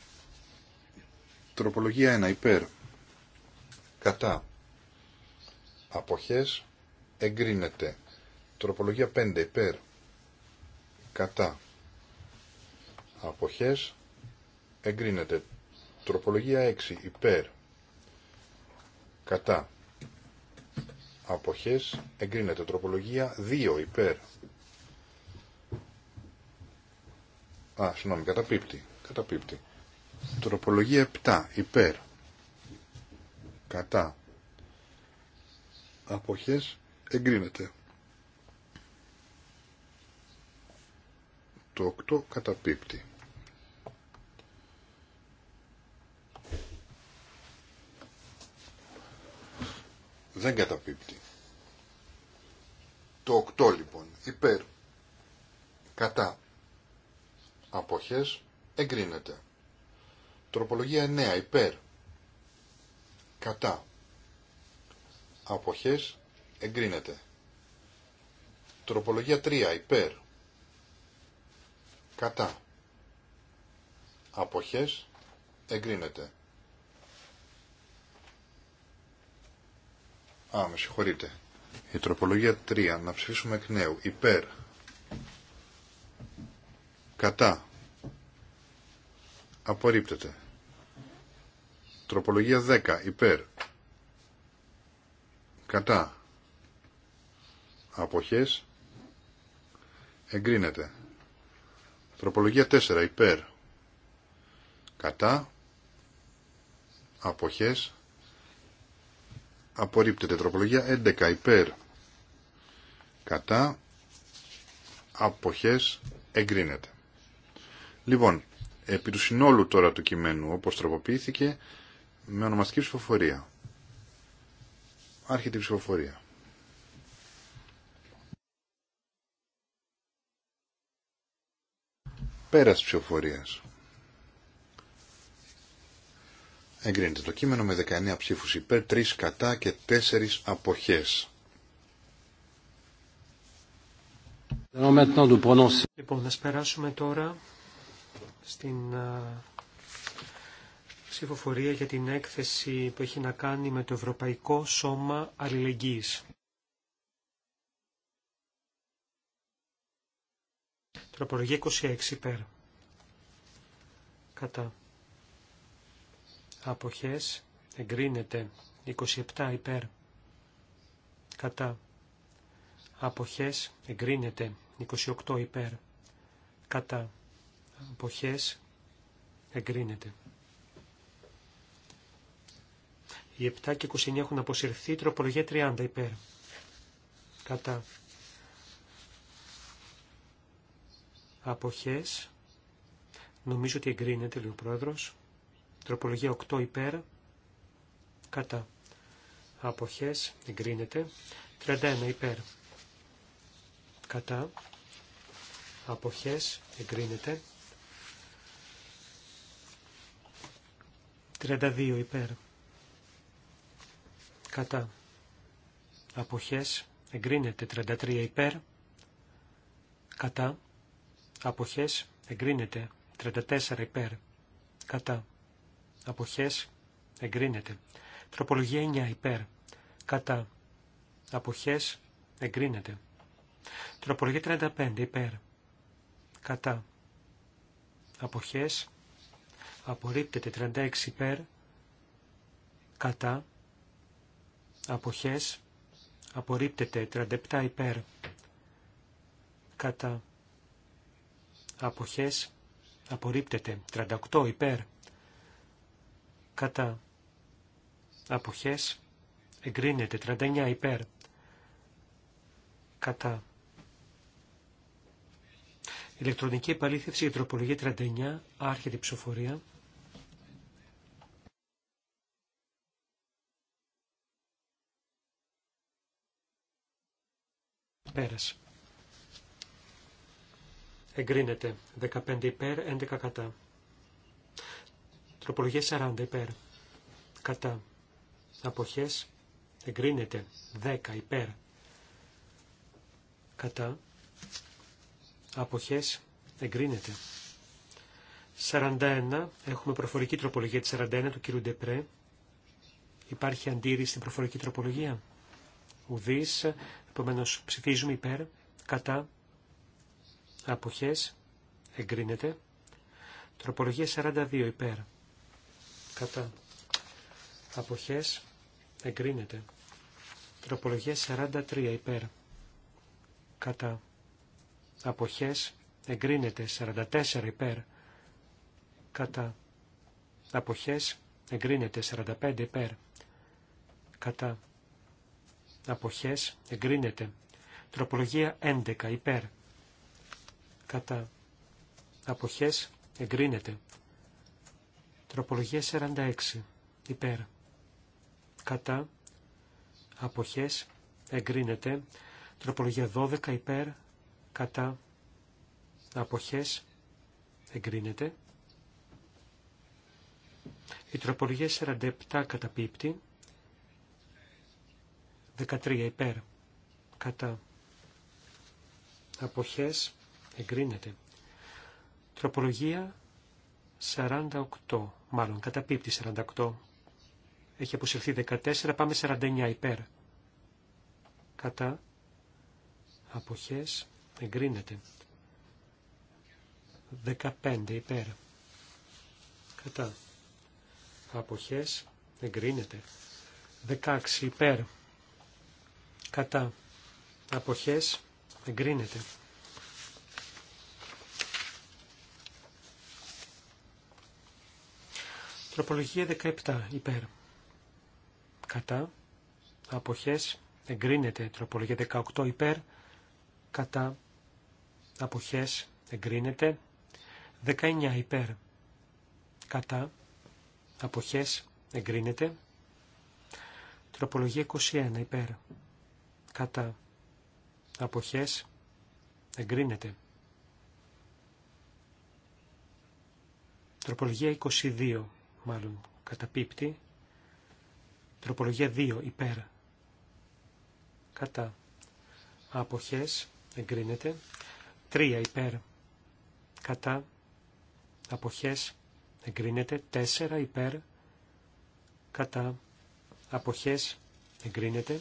Τροπολογία 1. Υπέρ. Κατά. Αποχές εγκρίνεται. Τροπολογία 5. Υπέρ. Κατά. Αποχές εγκρίνεται. Τροπολογία 6. Υπέρ κατά αποχές εγκρίνεται τροπολογία 2 υπέρ α, συγγνώμη, καταπίπτει καταπίπτει τροπολογία 7 υπέρ κατά αποχές εγκρίνεται το 8 καταπίπτει Δεν καταπίπτει. Το 8 λοιπόν. Υπέρ. Κατά. Αποχές. Εγκρίνεται. Τροπολογία 9. Υπέρ. Κατά. Αποχές. Εγκρίνεται. Τροπολογία 3. Υπέρ. Κατά. Αποχές. Εγκρίνεται. Α, με συγχωρείτε. Η τροπολογία 3. Να ψηφίσουμε εκ νέου. Υπέρ. Κατά. Απορρίπτεται. Τροπολογία 10. Υπέρ. Κατά. Αποχές. Εγκρίνεται. Τροπολογία 4. Υπέρ. Κατά. Αποχές απορρίπτεται. Τροπολογία 11 υπέρ κατά αποχές εγκρίνεται. Λοιπόν, επί του συνόλου τώρα του κειμένου όπως τροποποιήθηκε με ονομαστική ψηφοφορία. Άρχεται η ψηφοφορία. Πέρας ψηφοφορίας. Εγκρίνεται το κείμενο με 19 ψήφους υπέρ, 3 κατά και 4 αποχές. Λοιπόν, να περάσουμε τώρα στην ψηφοφορία για την έκθεση που έχει να κάνει με το Ευρωπαϊκό Σώμα Αλληλεγγύης. Τροπολογία 26 υπέρ. Κατά αποχές εγκρίνεται 27 υπέρ κατά αποχές εγκρίνεται 28 υπέρ κατά αποχές εγκρίνεται. Οι 7 και 29 έχουν αποσυρθεί, τροπολογία 30 υπέρ. Κατά αποχές, νομίζω ότι εγκρίνεται, λέει ο Τροπολογία 8 υπέρ, κατά. Αποχές, εγκρίνεται. 31 υπέρ, κατά. Αποχές, εγκρίνεται. 32 υπέρ, κατά. Αποχές, εγκρίνεται. 33 υπέρ, κατά. Αποχές, εγκρίνεται. 34 υπέρ, κατά αποχές εγκρίνεται. Τροπολογία 9 υπέρ κατά αποχές εγκρίνεται. Τροπολογία 35 υπέρ κατά αποχές απορρίπτεται 36 υπέρ κατά αποχές απορρίπτεται 37 υπέρ κατά αποχές απορρίπτεται 38 υπέρ κατά αποχές εγκρίνεται 39 υπέρ κατά ηλεκτρονική επαλήθευση για τροπολογία 39 άρχεται ψηφοφορία Πέρασε. εγκρίνεται 15 υπέρ 11 κατά Τροπολογία 40 υπέρ. Κατά. Αποχές. Εγκρίνεται. 10 υπέρ. Κατά. Αποχές. Εγκρίνεται. 41. Έχουμε προφορική τροπολογία της 41 του κύριου Ντεπρέ. Υπάρχει αντίρρηση στην προφορική τροπολογία. Ουδής. Επομένως ψηφίζουμε υπέρ. Κατά. Αποχές. Εγκρίνεται. Τροπολογία 42 υπέρ κατά αποχές εγκρίνεται. Τροπολογία 43 υπέρ κατά αποχές εγκρίνεται. 44 υπέρ κατά αποχές εγκρίνεται. 45 υπέρ κατά αποχές εγκρίνεται. Τροπολογία 11 υπέρ κατά αποχές εγκρίνεται. Τροπολογία 46. Υπέρ. Κατά. Αποχές. Εγκρίνεται. Τροπολογία 12. Υπέρ. Κατά. Αποχές. Εγκρίνεται. Η τροπολογία 47 καταπίπτει. 13. Υπέρ. Κατά. Αποχές. Εγκρίνεται. Τροπολογία 48, μάλλον καταπίπτει 48. Έχει αποσυρθεί 14, πάμε 49 υπέρ. Κατά αποχές εγκρίνεται. 15 υπέρ. Κατά αποχές εγκρίνεται. 16 υπέρ. Κατά αποχές εγκρίνεται. Τροπολογία 17 υπέρ. Κατά. Αποχές. Εγκρίνεται. Τροπολογία 18 υπέρ. Κατά. Αποχές. Εγκρίνεται. 19 υπέρ. Κατά. Αποχές. Εγκρίνεται. Τροπολογία 21 υπέρ. Κατά. Αποχές. Εγκρίνεται. Τροπολογία 22 μάλλον καταπίπτει. Τροπολογία 2 υπέρ κατά αποχές εγκρίνεται. 3 υπέρ κατά αποχές εγκρίνεται. 4 υπέρ κατά αποχές εγκρίνεται.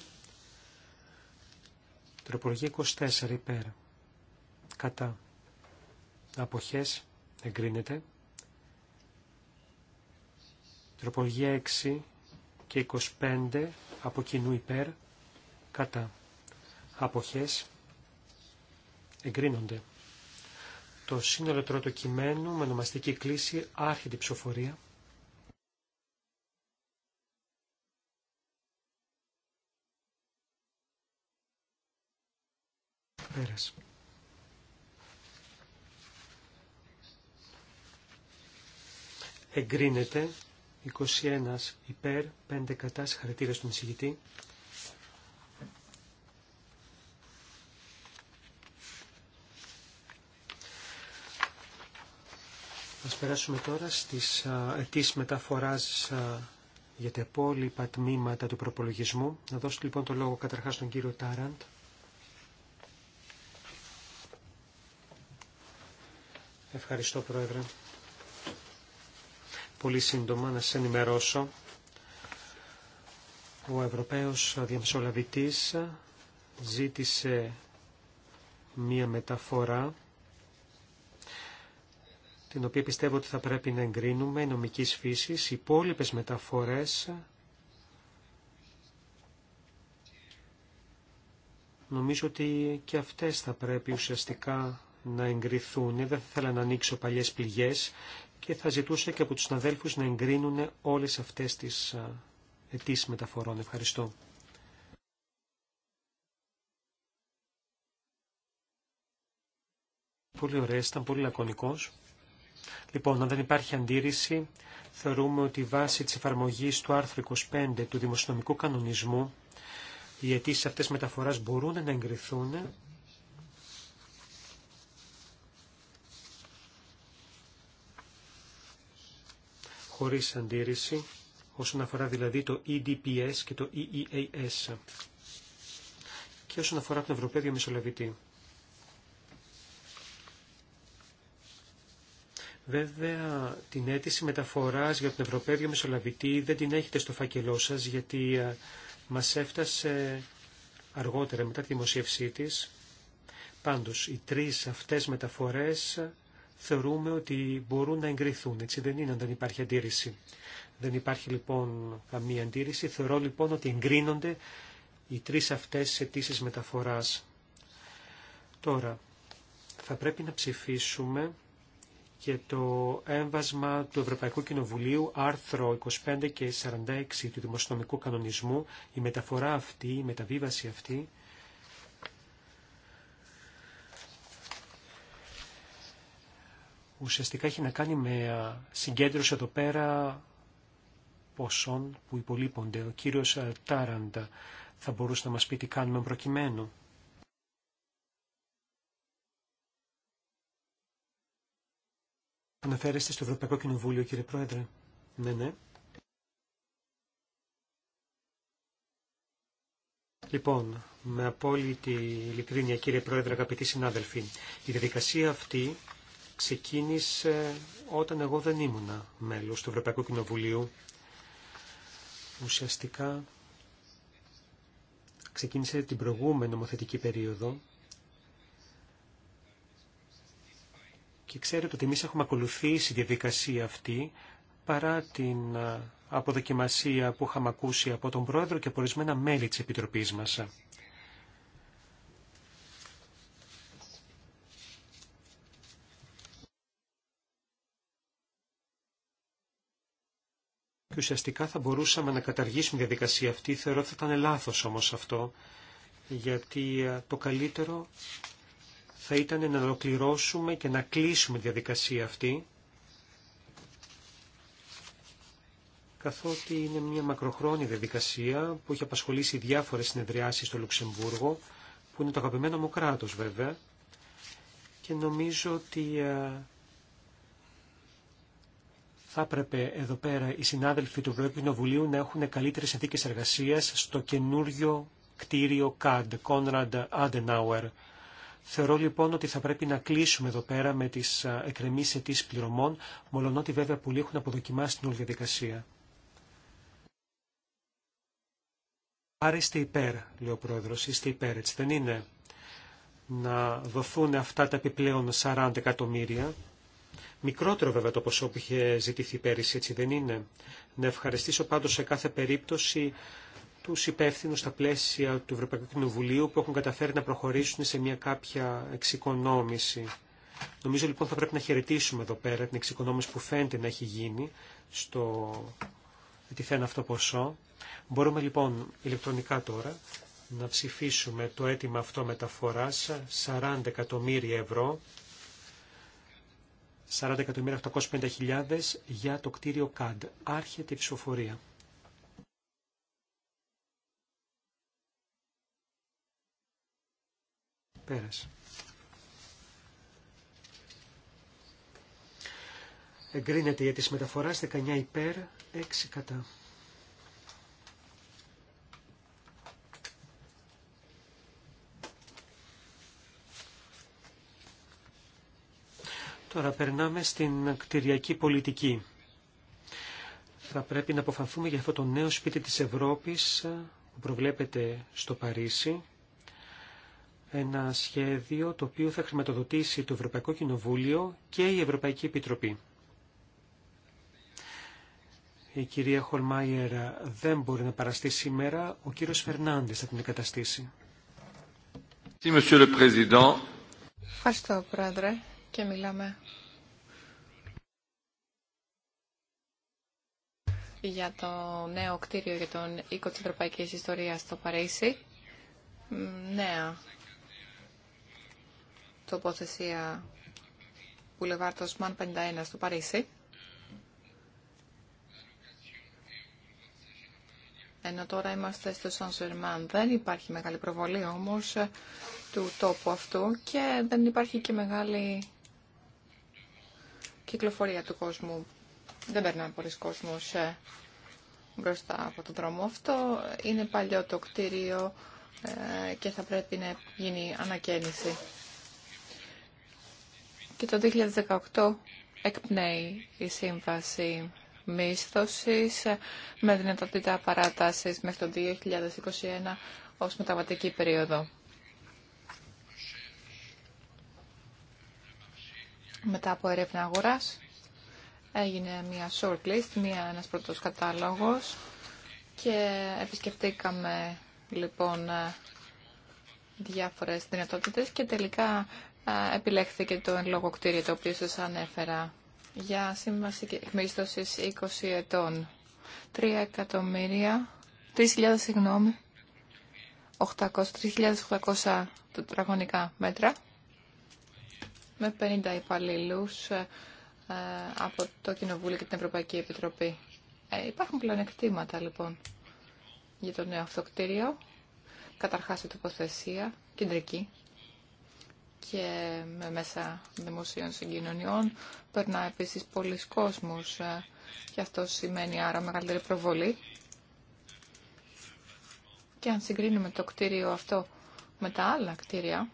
Τροπολογία 24 υπέρ κατά αποχές εγκρίνεται. Τροπολογία 6 και 25 από κοινού υπέρ, κατά. Αποχές εγκρίνονται. Το σύνολο τρώτο κειμένου με νομαστική κλίση άρχιτη ψηφοφορία. Εγκρίνεται 21 υπέρ, 5 κατά, συγχαρητήρια στον εισηγητή. Ας περάσουμε τώρα στις αιτήσεις μεταφοράς για τα υπόλοιπα τμήματα του προπολογισμού. Να δώσω λοιπόν το λόγο καταρχάς στον κύριο Τάραντ. Ευχαριστώ Πρόεδρε πολύ σύντομα να σας ενημερώσω. Ο Ευρωπαίος Διαμεσολαβητής ζήτησε μία μεταφορά την οποία πιστεύω ότι θα πρέπει να εγκρίνουμε νομικής φύσης. Οι υπόλοιπε μεταφορές νομίζω ότι και αυτές θα πρέπει ουσιαστικά να εγκριθούν. Δεν θα ήθελα να ανοίξω παλιές πληγές και θα ζητούσα και από τους συναδέλφους να εγκρίνουν όλες αυτές τις αιτήσει μεταφορών. Ευχαριστώ. Πολύ ωραία, ήταν πολύ λακωνικός. Λοιπόν, αν δεν υπάρχει αντίρρηση, θεωρούμε ότι βάσει της εφαρμογής του άρθρου 25 του Δημοσιονομικού Κανονισμού, οι αιτήσει αυτές μεταφοράς μπορούν να εγκριθούν χωρίς αντίρρηση, όσον αφορά δηλαδή το EDPS και το EEAS και όσον αφορά τον Ευρωπαίο Μισολαβητή. Βέβαια, την αίτηση μεταφοράς για τον Ευρωπαίο Μισολαβητή δεν την έχετε στο φάκελό σας, γιατί ε, μας έφτασε αργότερα μετά τη δημοσίευσή της. Πάντως, οι τρεις αυτές μεταφορές θεωρούμε ότι μπορούν να εγκριθούν. Έτσι δεν είναι αν δεν υπάρχει αντίρρηση. Δεν υπάρχει λοιπόν καμία αντίρρηση. Θεωρώ λοιπόν ότι εγκρίνονται οι τρεις αυτές αιτήσει μεταφοράς. Τώρα, θα πρέπει να ψηφίσουμε και το έμβασμα του Ευρωπαϊκού Κοινοβουλίου άρθρο 25 και 46 του Δημοσιονομικού Κανονισμού. Η μεταφορά αυτή, η μεταβίβαση αυτή ουσιαστικά έχει να κάνει με συγκέντρωση εδώ πέρα ποσών που υπολείπονται. Ο κύριος Τάραντα θα μπορούσε να μας πει τι κάνουμε προκειμένου. Αναφέρεστε στο Ευρωπαϊκό Κοινοβούλιο, κύριε Πρόεδρε. Ναι, ναι. Λοιπόν, με απόλυτη ειλικρίνεια, κύριε Πρόεδρε, αγαπητοί συνάδελφοι, η διαδικασία αυτή ξεκίνησε όταν εγώ δεν ήμουνα μέλος του Ευρωπαϊκού Κοινοβουλίου. Ουσιαστικά ξεκίνησε την προηγούμενη νομοθετική περίοδο και ξέρετε ότι εμεί έχουμε ακολουθήσει τη διαδικασία αυτή παρά την ε, αποδοκιμασία που είχαμε ακούσει από τον Πρόεδρο και από ορισμένα μέλη της Επιτροπής μας. και ουσιαστικά θα μπορούσαμε να καταργήσουμε τη διαδικασία αυτή. Θεωρώ ότι θα ήταν λάθος όμως αυτό, γιατί ε, το καλύτερο θα ήταν να ολοκληρώσουμε και να κλείσουμε τη διαδικασία αυτή, καθότι είναι μια μακροχρόνια διαδικασία που έχει απασχολήσει διάφορες συνεδριάσεις στο Λουξεμβούργο, που είναι το αγαπημένο μου κράτος βέβαια, και νομίζω ότι ε, θα έπρεπε εδώ πέρα οι συνάδελφοι του Ευρωπαϊκού Κοινοβουλίου να έχουν καλύτερες συνθήκες εργασίας στο καινούριο κτίριο ΚΑΔ, Κόνραντ Αντενάουερ. Θεωρώ λοιπόν ότι θα πρέπει να κλείσουμε εδώ πέρα με τις εκκρεμείς αιτήσεις πληρωμών, μολονότι βέβαια πολλοί έχουν αποδοκιμάσει την όλη διαδικασία. Άρα είστε υπέρ, λέει ο πρόεδρος, είστε υπέρ, έτσι δεν είναι, να δοθούν αυτά τα επιπλέον 40 εκατομμύρια Μικρότερο βέβαια το ποσό που είχε ζητηθεί πέρυσι, έτσι δεν είναι. Να ευχαριστήσω πάντως σε κάθε περίπτωση τους υπεύθυνους στα πλαίσια του Ευρωπαϊκού Κοινοβουλίου που έχουν καταφέρει να προχωρήσουν σε μια κάποια εξοικονόμηση. Νομίζω λοιπόν θα πρέπει να χαιρετήσουμε εδώ πέρα την εξοικονόμηση που φαίνεται να έχει γίνει στο ετηθέν αυτό ποσό. Μπορούμε λοιπόν ηλεκτρονικά τώρα να ψηφίσουμε το αίτημα αυτό μεταφοράς 40 εκατομμύρια ευρώ 40.850.000 για το κτίριο ΚΑΝΤ. Άρχεται η ψηφοφορία. Πέρασε. Εγκρίνεται για τις μεταφοράς 19 υπέρ, 6 κατά. Τώρα περνάμε στην κτηριακή πολιτική. Θα πρέπει να αποφανθούμε για αυτό το νέο σπίτι της Ευρώπης ε, που προβλέπεται στο Παρίσι. Ένα σχέδιο το οποίο θα χρηματοδοτήσει το Ευρωπαϊκό Κοινοβούλιο και η Ευρωπαϊκή Επιτροπή. Η κυρία Χολμάιερ δεν μπορεί να παραστεί σήμερα. Ο κύριος Φερνάντες θα την εγκαταστήσει. Ευχαριστώ, Πρόεδρε και μιλάμε για το νέο κτίριο για τον οίκο της Ευρωπαϊκής Ιστορίας στο Παρίσι. Νέα τοποθεσία Boulevard Μαν 51 στο Παρίσι. Ενώ τώρα είμαστε στο Σαν Σερμάν. Δεν υπάρχει μεγάλη προβολή όμως του τόπου αυτού και δεν υπάρχει και μεγάλη κυκλοφορία του κόσμου. Δεν περνάει πολλοί κόσμος ε, μπροστά από τον δρόμο αυτό. Είναι παλιό το κτίριο ε, και θα πρέπει να γίνει ανακαίνιση. Και το 2018 εκπνέει η σύμβαση μίσθωσης ε, με δυνατότητα παράτασης μέχρι το 2021 ως μεταβατική περίοδο. Μετά από έρευνα αγοράς έγινε μια shortlist, μια, ένας πρώτος κατάλογος και επισκεφτήκαμε λοιπόν ε, διάφορες δυνατότητες και τελικά ε, επιλέχθηκε το εν λόγω κτίριο το οποίο σας ανέφερα για σύμβαση εκμίστοσης 20 ετών. 3 εκατομμύρια, 3.000 συγγνώμη, 3.800 τετραγωνικά μέτρα με 50 υπαλλήλου ε, από το Κοινοβούλιο και την Ευρωπαϊκή Επιτροπή. Ε, υπάρχουν πλεονεκτήματα λοιπόν για το νέο αυτοκτήριο. Καταρχάς η τοποθεσία κεντρική και με μέσα δημοσίων συγκοινωνιών περνά επίσης πολλοί κόσμου ε, και αυτό σημαίνει άρα μεγαλύτερη προβολή. Και αν συγκρίνουμε το κτίριο αυτό με τα άλλα κτίρια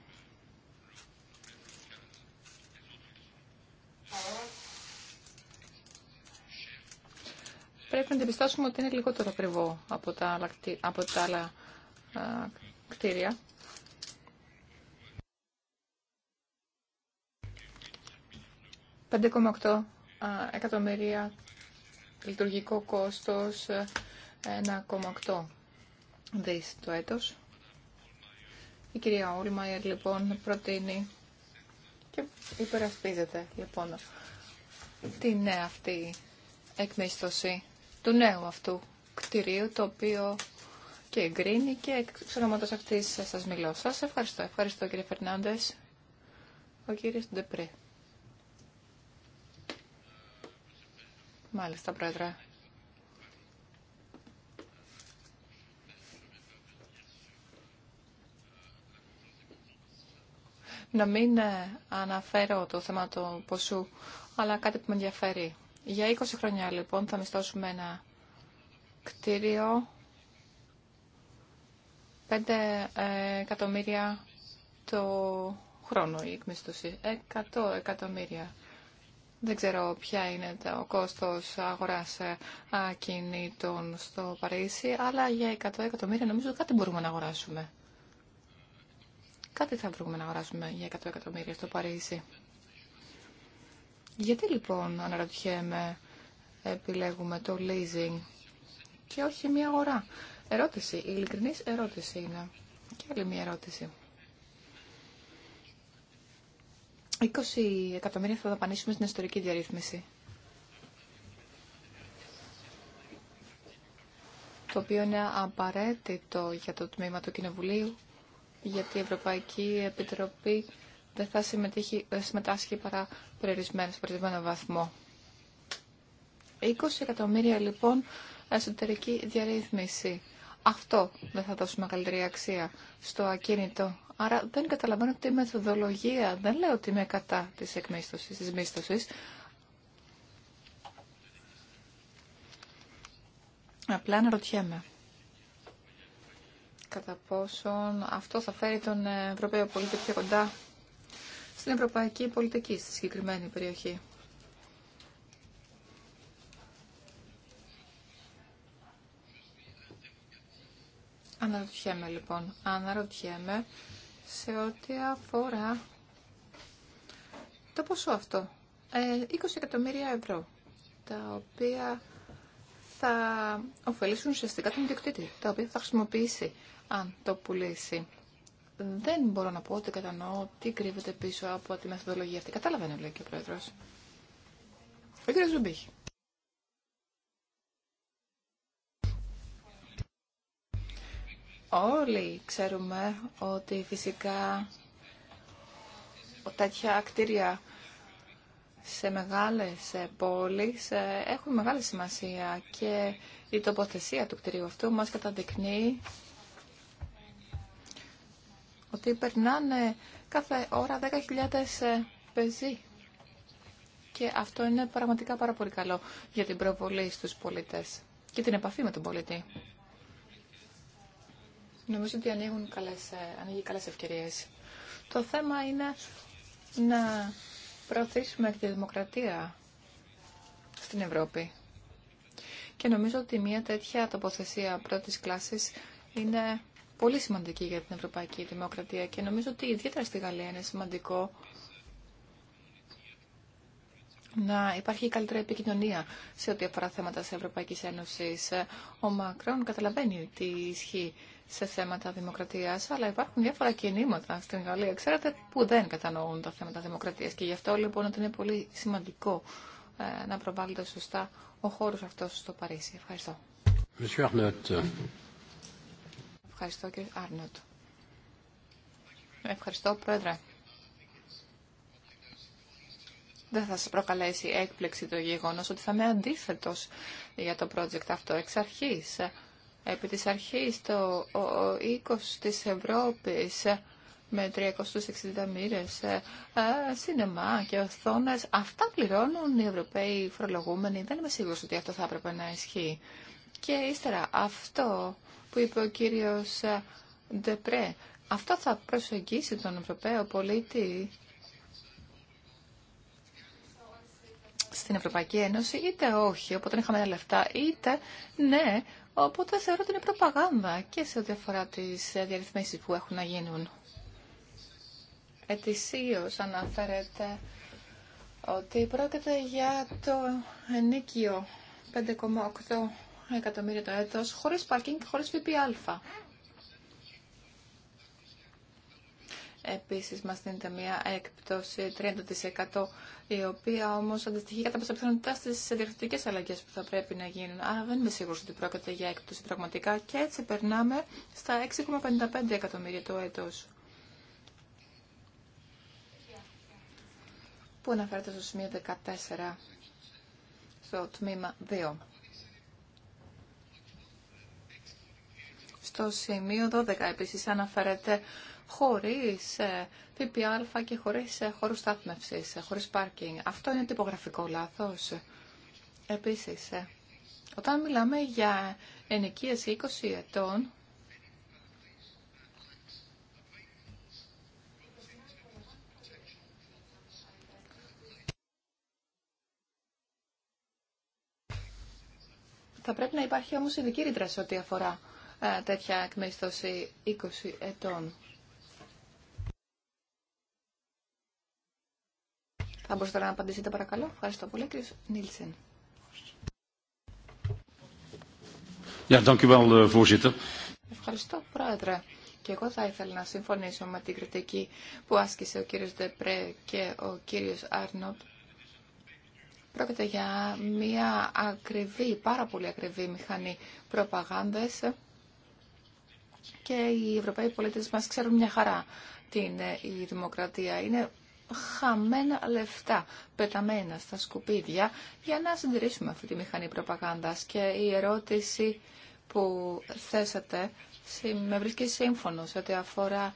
πρέπει να διαπιστώσουμε ότι είναι λιγότερο ακριβό από τα άλλα, από τα άλλα κτίρια. 5,8 εκατομμύρια λειτουργικό κόστος 1,8 δις το έτος. Η κυρία Όλμαϊερ λοιπόν προτείνει και υπερασπίζεται λοιπόν την αυτή εκμίσθωση του νέου αυτού κτηρίου, το οποίο και εγκρίνει και εξ ονόματος αυτής σας μιλώ. Σας ευχαριστώ. Ευχαριστώ κύριε Φερνάντες. Ο κύριος Ντεπρέ. Μάλιστα, πρόεδρε. Να μην ε, αναφέρω το θέμα του ποσού, αλλά κάτι που με ενδιαφέρει. Για 20 χρόνια λοιπόν θα μισθώσουμε ένα κτίριο 5 ε, εκατομμύρια το χρόνο η εκμισθώση. 100 εκατομμύρια. Δεν ξέρω ποια είναι το κόστος αγοράς ε, ακινήτων στο Παρίσι, αλλά για 100 εκατομμύρια νομίζω κάτι μπορούμε να αγοράσουμε. Κάτι θα μπορούμε να αγοράσουμε για 100 εκατομμύρια στο Παρίσι. Γιατί λοιπόν, αναρωτιέμαι, επιλέγουμε το leasing και όχι μια αγορά. Ερώτηση, ειλικρινής ερώτηση είναι. Και άλλη μια ερώτηση. 20 εκατομμύρια θα δαπανίσουμε στην ιστορική διαρρύθμιση. Το οποίο είναι απαραίτητο για το τμήμα του Κοινοβουλίου, γιατί η Ευρωπαϊκή Επιτροπή δεν θα συμμετέχει, ε, συμμετάσχει παρά περιορισμένο περιορισμένο βαθμό. 20 εκατομμύρια λοιπόν εσωτερική διαρρύθμιση. Αυτό δεν θα δώσει μεγαλύτερη αξία στο ακίνητο. Άρα δεν καταλαβαίνω τη μεθοδολογία. Δεν λέω ότι είμαι κατά τη εκμίσθωση, τη μίσθωση. Απλά αναρωτιέμαι κατά πόσον αυτό θα φέρει τον ε, Ευρωπαίο πολίτη πιο κοντά στην ευρωπαϊκή πολιτική στη συγκεκριμένη περιοχή. Αναρωτιέμαι λοιπόν, αναρωτιέμαι σε ό,τι αφορά το ποσό αυτό. 20 ε, εκατομμύρια ευρώ, τα οποία θα ωφελήσουν ουσιαστικά τον διοκτήτη, τα οποία θα χρησιμοποιήσει αν το πουλήσει δεν μπορώ να πω ότι κατανοώ τι κρύβεται πίσω από τη μεθοδολογία αυτή. Κατάλαβα λέει και ο πρόεδρο. Ο κ. Ζουμπίχη. Όλοι ξέρουμε ότι φυσικά τέτοια κτίρια σε μεγάλες πόλεις έχουν μεγάλη σημασία και η τοποθεσία του κτίριου αυτού μας καταδεικνύει ότι περνάνε κάθε ώρα 10.000 ε, πεζοί. Και αυτό είναι πραγματικά πάρα πολύ καλό για την προβολή στους πολίτες και την επαφή με τον πολίτη. Νομίζω ότι ανοίγουν καλές, ε, ανοίγει καλές ευκαιρίες. Το θέμα είναι να προωθήσουμε τη δημοκρατία στην Ευρώπη. Και νομίζω ότι μια τέτοια τοποθεσία πρώτης κλάσης είναι πολύ σημαντική για την Ευρωπαϊκή Δημοκρατία και νομίζω ότι ιδιαίτερα στη Γαλλία είναι σημαντικό να υπάρχει καλύτερη επικοινωνία σε ό,τι αφορά θέματα της Ευρωπαϊκής Ένωσης. Ο Μακρόν καταλαβαίνει τι ισχύει σε θέματα δημοκρατίας, αλλά υπάρχουν διάφορα κινήματα στην Γαλλία, ξέρετε, που δεν κατανοούν τα θέματα δημοκρατίας και γι' αυτό λοιπόν ότι είναι πολύ σημαντικό ε, να προβάλλεται σωστά ο χώρος αυτός στο Παρίσι. Ευχαριστώ. Ευχαριστώ κύριε Άρνοτ. Ευχαριστώ πρόεδρε. Δεν θα σας προκαλέσει έκπληξη το γεγονός ότι θα είμαι αντίθετος για το project αυτό εξ αρχής. Επί της αρχής το 20 της Ευρώπης με 360 μοίρες, ε, σινεμά και οθόνε. Αυτά πληρώνουν οι Ευρωπαίοι φορολογούμενοι. Δεν είμαι σίγουρος ότι αυτό θα έπρεπε να ισχύει. Και ύστερα αυτό που είπε ο κύριος ε, Ντεπρέ. Αυτό θα προσεγγίσει τον Ευρωπαίο πολίτη στην Ευρωπαϊκή Ένωση, είτε όχι, όποτε είχαμε τα λεφτά, είτε ναι, οπότε θεωρώ ότι είναι προπαγάνδα και σε ό,τι αφορά τις ε, διαρρυθμίσεις που έχουν να γίνουν. Ετησίως αναφέρεται ότι πρόκειται για το ενίκιο 5,8 εκατομμύρια το έτος, χωρίς πάρκινγκ και χωρίς ΦΠΑ. Επίσης μας δίνεται μια έκπτωση 30% η οποία όμως αντιστοιχεί κατά πάσα πιθανότητα στις αλλαγέ αλλαγές που θα πρέπει να γίνουν. Άρα δεν είμαι σίγουρος ότι πρόκειται για έκπτωση πραγματικά και έτσι περνάμε στα 6,55 εκατομμύρια το έτος. Που αναφέρεται στο σημείο 14 στο τμήμα 2. στο σημείο 12 επίσης αναφέρεται χωρίς ε, ΦΠΑ και χωρίς ε, χώρους στάθμευσης, ε, χωρίς πάρκινγκ. Αυτό είναι τυπογραφικό λάθος. Επίσης, όταν μιλάμε για ενοικίες 20 ετών, Θα πρέπει να υπάρχει όμως ειδική ρήτρα σε ό,τι αφορά τέτοια εκμίσθωση 20 ετών. Θα μπορούσατε να απαντήσετε παρακαλώ. Ευχαριστώ πολύ κύριε Νίλσεν. Eh, Ευχαριστώ πρόεδρε. Και εγώ θα ήθελα να συμφωνήσω με την κριτική που άσκησε ο κύριος Δεπρέ και ο κύριος Άρνοπ. Πρόκειται για μια ακριβή, πάρα πολύ ακριβή μηχανή προπαγάνδας και οι Ευρωπαίοι πολίτες μας ξέρουν μια χαρά τι είναι η δημοκρατία. Είναι χαμένα λεφτά πεταμένα στα σκουπίδια για να συντηρήσουμε αυτή τη μηχανή προπαγάνδας. Και η ερώτηση που θέσατε με βρίσκει σύμφωνο σε ό,τι αφορά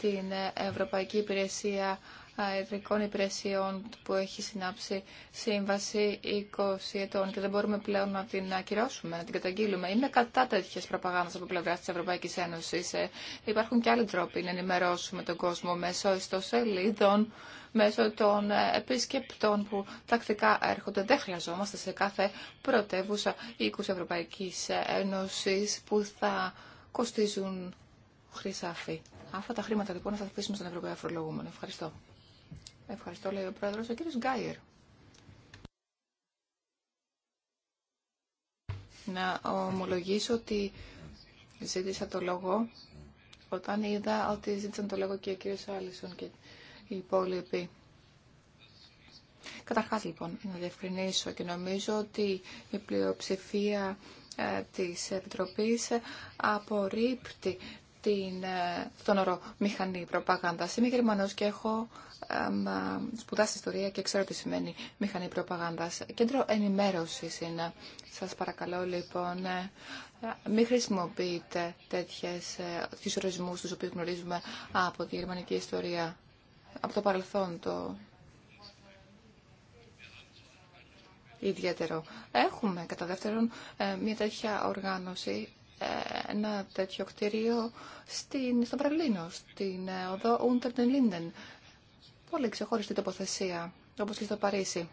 την Ευρωπαϊκή Υπηρεσία ιδρικών Υπηρεσιών που έχει συνάψει σύμβαση 20 ετών και δεν μπορούμε πλέον να την ακυρώσουμε, να την καταγγείλουμε. Είμαι κατά τέτοιες προπαγάνδε από πλευρά της Ευρωπαϊκής Ένωσης. Ε. Υπάρχουν και άλλοι τρόποι να ενημερώσουμε τον κόσμο μέσω ιστοσελίδων, μέσω των ε, επισκεπτών που τακτικά έρχονται. Δεν χρειαζόμαστε σε κάθε πρωτεύουσα οίκους Ευρωπαϊκής Ένωσης που θα κοστίζουν χρυσάφι. Αυτά τα χρήματα λοιπόν θα τα αφήσουμε στον Ευρωπαϊκό Αφρολογούμενο. Ευχαριστώ. Ευχαριστώ, λέει ο πρόεδρο, ο κύριο Γκάιερ. Να ομολογήσω ότι ζήτησα το λόγο όταν είδα ότι ζήτησαν το λόγο και ο κύριος Άλισον και οι υπόλοιποι. Καταρχάς λοιπόν, να διευκρινίσω και νομίζω ότι η πλειοψηφία ε, της Επιτροπής απορρίπτει την, ε, τον όρο μηχανή προπαγάνδα. Είμαι Γερμανός και έχω ε, σπουδάσει ιστορία και ξέρω τι σημαίνει μηχανή προπαγάνδας. Κέντρο ενημέρωσης είναι. Σας παρακαλώ λοιπόν ε, μην χρησιμοποιείτε τέτοιες, ορισμού του τους οποίους γνωρίζουμε από τη γερμανική ιστορία, από το παρελθόν το ιδιαίτερο. Έχουμε κατά δεύτερον μια τέτοια οργάνωση ένα τέτοιο κτίριο στην, στο Βερολίνο, στην ε, οδό Ούντερ Λίντεν. Πολύ ξεχωριστή τοποθεσία, όπως και στο Παρίσι.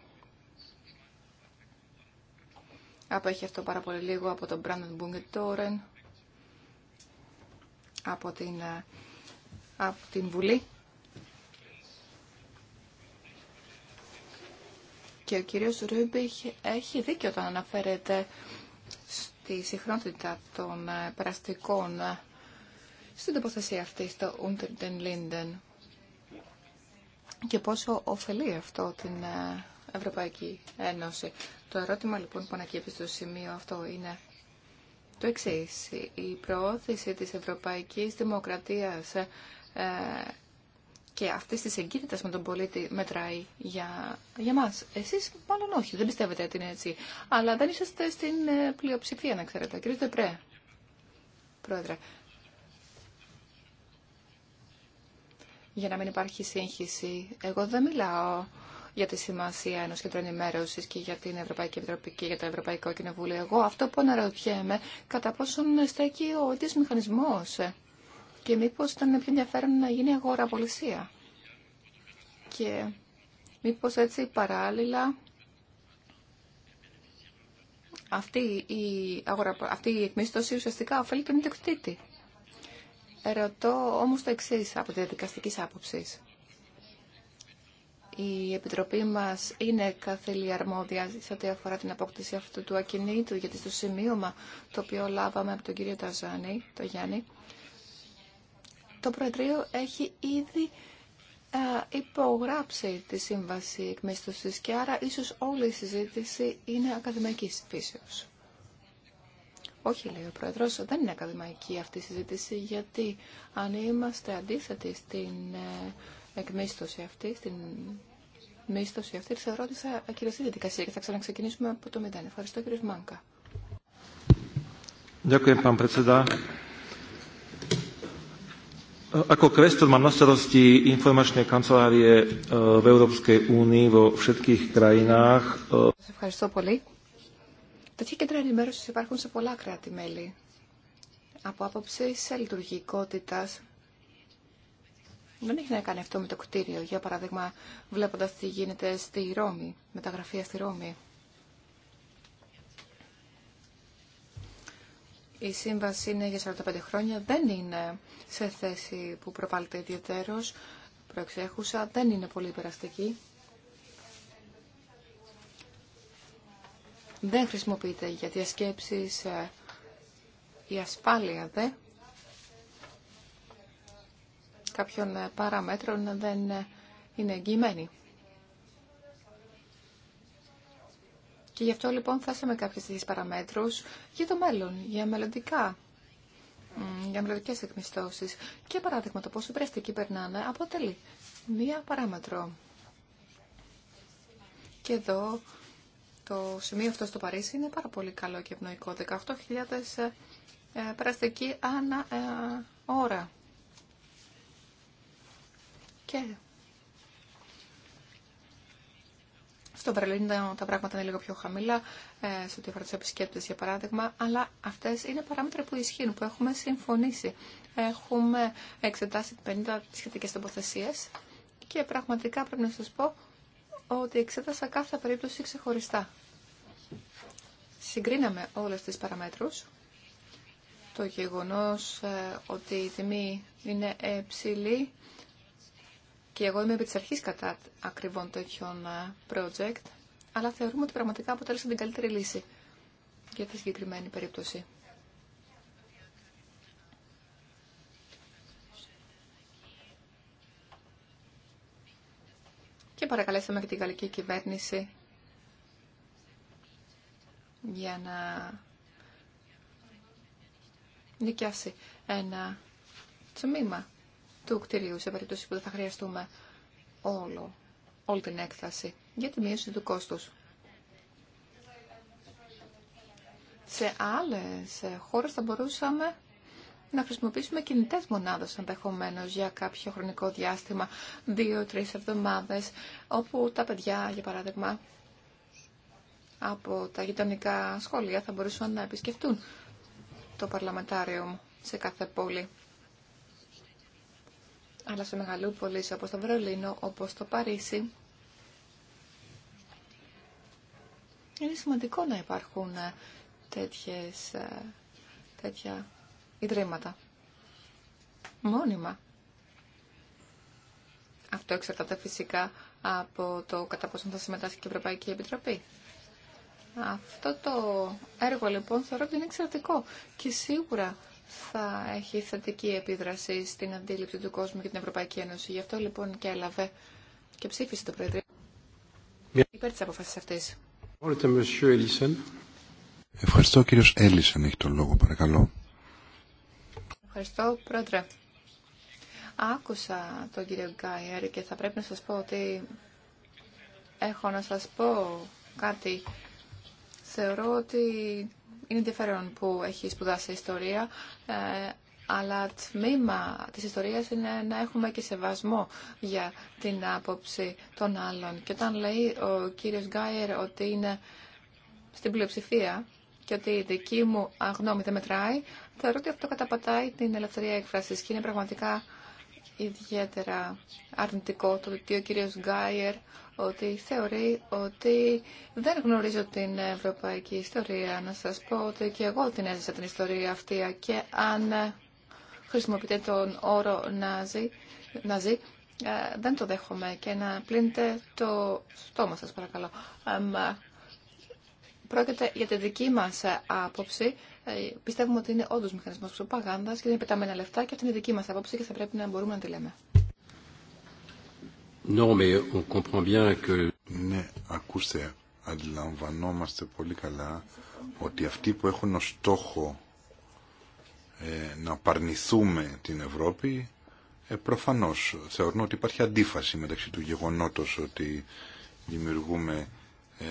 Απέχει αυτό πάρα πολύ λίγο από τον Brandenburg Toren, από την, ε, από την Βουλή. Και ο κύριος Ρούμπιχ έχει δίκιο όταν αναφέρεται τη συχνότητα των ε, περαστικών ε, στην τοποθεσία αυτή στο Unter Linden και πόσο ωφελεί αυτό την ε, Ευρωπαϊκή Ένωση. Το ερώτημα λοιπόν που ανακύπτει στο σημείο αυτό είναι το εξή. Η προώθηση της ευρωπαϊκής δημοκρατίας και αυτή τη εγκύτητα με τον πολίτη μετράει για, για μα. Εσεί, μάλλον όχι, δεν πιστεύετε ότι είναι έτσι. Αλλά δεν είσαστε στην ε, πλειοψηφία, να ξέρετε. Κύριε Δεπρέ, πρόεδρε. Για να μην υπάρχει σύγχυση, εγώ δεν μιλάω για τη σημασία ενό κέντρου ενημέρωση και για την Ευρωπαϊκή Επιτροπή και για το Ευρωπαϊκό Κοινοβούλιο. Εγώ αυτό που αναρωτιέμαι, κατά πόσον στέκει ο ίδιο μηχανισμό ε, και μήπω ήταν πιο ενδιαφέρον να γίνει αγοραπολισία. Και μήπω έτσι παράλληλα αυτή η, αγορα, αυτή η εκμίσθωση ουσιαστικά ωφέλει τον ιδιοκτήτη. Ερωτώ όμως το εξή από τη δικαστική άποψη. Η Επιτροπή μας είναι καθελή αρμόδια σε ό,τι αφορά την απόκτηση αυτού του ακινήτου, γιατί στο σημείωμα το οποίο λάβαμε από τον κύριο Ταζάνη, το Γιάννη, το Προεδρείο έχει ήδη υπογράψει τη σύμβαση εκμίσθωσης και άρα ίσως όλη η συζήτηση είναι ακαδημαϊκής φύσεως. Όχι, λέει ο Πρόεδρος, δεν είναι ακαδημαϊκή αυτή η συζήτηση, γιατί αν είμαστε αντίθετοι στην ε, εκμίσθωση αυτή, στην μίσθωση αυτή, θεωρώ ότι θα ακυρωθεί η δικασία και θα ξαναξεκινήσουμε από το μηδέν. Ευχαριστώ, κύριε Μάνκα. Ako kvestor e, e, ευχαριστώ πολύ. Τέτοια κέντρα ενημέρωση υπάρχουν σε πολλά κράτη-μέλη. Από άποψη σε λειτουργικότητα δεν έχει να κάνει αυτό με το κτίριο. Για παράδειγμα, βλέποντα τι γίνεται στη Ρώμη, με τα γραφεία στη Ρώμη. η σύμβαση είναι για 45 χρόνια, δεν είναι σε θέση που προβάλλεται ιδιαίτερος, προεξέχουσα, δεν είναι πολύ υπεραστική. Δεν χρησιμοποιείται για διασκέψεις ε, η ασφάλεια δε κάποιων ε, παραμέτρων δεν ε, είναι εγγυημένη. Και γι' αυτό λοιπόν θέσαμε κάποιες τέτοιες παραμέτρους για το μέλλον, για μελλοντικά για μελλοντικέ εκμιστώσεις. Και παράδειγμα, το πόσο πρέστικοι περνάνε αποτελεί μία παράμετρο. Και εδώ το σημείο αυτό στο Παρίσι είναι πάρα πολύ καλό και ευνοϊκό. 18.000 ε, πραστική ανά ε, ώρα. Και Στο Βερολίνο τα πράγματα είναι λίγο πιο χαμηλά, ε, σε ό,τι αφορά του επισκέπτε για παράδειγμα, αλλά αυτέ είναι παράμετρα που ισχύουν, που έχουμε συμφωνήσει. Έχουμε εξετάσει 50 σχετικέ τοποθεσίε και πραγματικά πρέπει να σα πω ότι εξέτασα κάθε περίπτωση ξεχωριστά. Συγκρίναμε όλες τις παραμέτρους. Το γεγονός ε, ότι η τιμή είναι υψηλή ε και εγώ είμαι επί τη αρχή κατά ακριβών τέτοιων ε, project, αλλά θεωρούμε ότι πραγματικά αποτέλεσαν την καλύτερη λύση για τη συγκεκριμένη περίπτωση. Και παρακαλέσαμε και την γαλλική κυβέρνηση για να νοικιάσει ένα τσμήμα του κτηρίου σε περίπτωση που δεν θα χρειαστούμε όλο, όλη την έκταση για τη μείωση του κόστους. Σε άλλες χώρες θα μπορούσαμε να χρησιμοποιήσουμε κινητέ μονάδες ενδεχομένω για κάποιο χρονικό διάστημα, δύο-τρει εβδομάδε, όπου τα παιδιά, για παράδειγμα, από τα γειτονικά σχολεία θα μπορούσαν να επισκεφτούν το Παρλαμετάριο σε κάθε πόλη αλλά σε μεγαλούπολεις όπως το Βερολίνο, όπως το Παρίσι, είναι σημαντικό να υπάρχουν ε, τέτοιες, ε, τέτοια ιδρύματα. Μόνιμα. Αυτό εξαρτάται φυσικά από το κατά πόσο θα συμμετάσχει και η Ευρωπαϊκή Επιτροπή. Αυτό το έργο λοιπόν θεωρώ ότι είναι εξαιρετικό και σίγουρα θα έχει θετική επίδραση στην αντίληψη του κόσμου και την Ευρωπαϊκή Ένωση. Γι' αυτό λοιπόν και έλαβε και ψήφισε το Προεδρείο υπέρ τη αποφάση αυτή. Ευχαριστώ κύριο Έλισεν, έχει τον λόγο παρακαλώ. Ευχαριστώ πρόεδρε. Άκουσα τον κύριο Γκάιερ και θα πρέπει να σας πω ότι έχω να σας πω κάτι. Θεωρώ ότι είναι ενδιαφέρον που έχει σπουδάσει ιστορία, ε, αλλά τμήμα της ιστορίας είναι να έχουμε και σεβασμό για την άποψη των άλλων. Και όταν λέει ο κύριος Γκάιερ ότι είναι στην πλειοψηφία και ότι η δική μου γνώμη δεν μετράει, θεωρώ ότι αυτό καταπατάει την ελευθερία έκφρασης και είναι πραγματικά ιδιαίτερα αρνητικό το ότι ο κύριος Γκάιερ ότι θεωρεί ότι δεν γνωρίζω την ευρωπαϊκή ιστορία. Να σας πω ότι και εγώ την έζησα την ιστορία αυτή και αν χρησιμοποιείτε τον όρο ναζί, ναζί ε, δεν το δέχομαι και να πλύνετε το στόμα σας παρακαλώ. Πρόκειται για τη δική μας άποψη. Ε, πιστεύουμε ότι είναι όντως μηχανισμός προπαγάνδας και είναι πεταμένα λεφτά και αυτή είναι η δική μας άποψη και θα πρέπει να μπορούμε να τη λέμε. Ναι, ακούστε, αντιλαμβανόμαστε πολύ καλά ότι αυτοί που έχουν ως στόχο ε, να παρνηθούμε την Ευρώπη ε, προφανώς θεωρούν ότι υπάρχει αντίφαση μεταξύ του γεγονότος ότι δημιουργούμε, ε,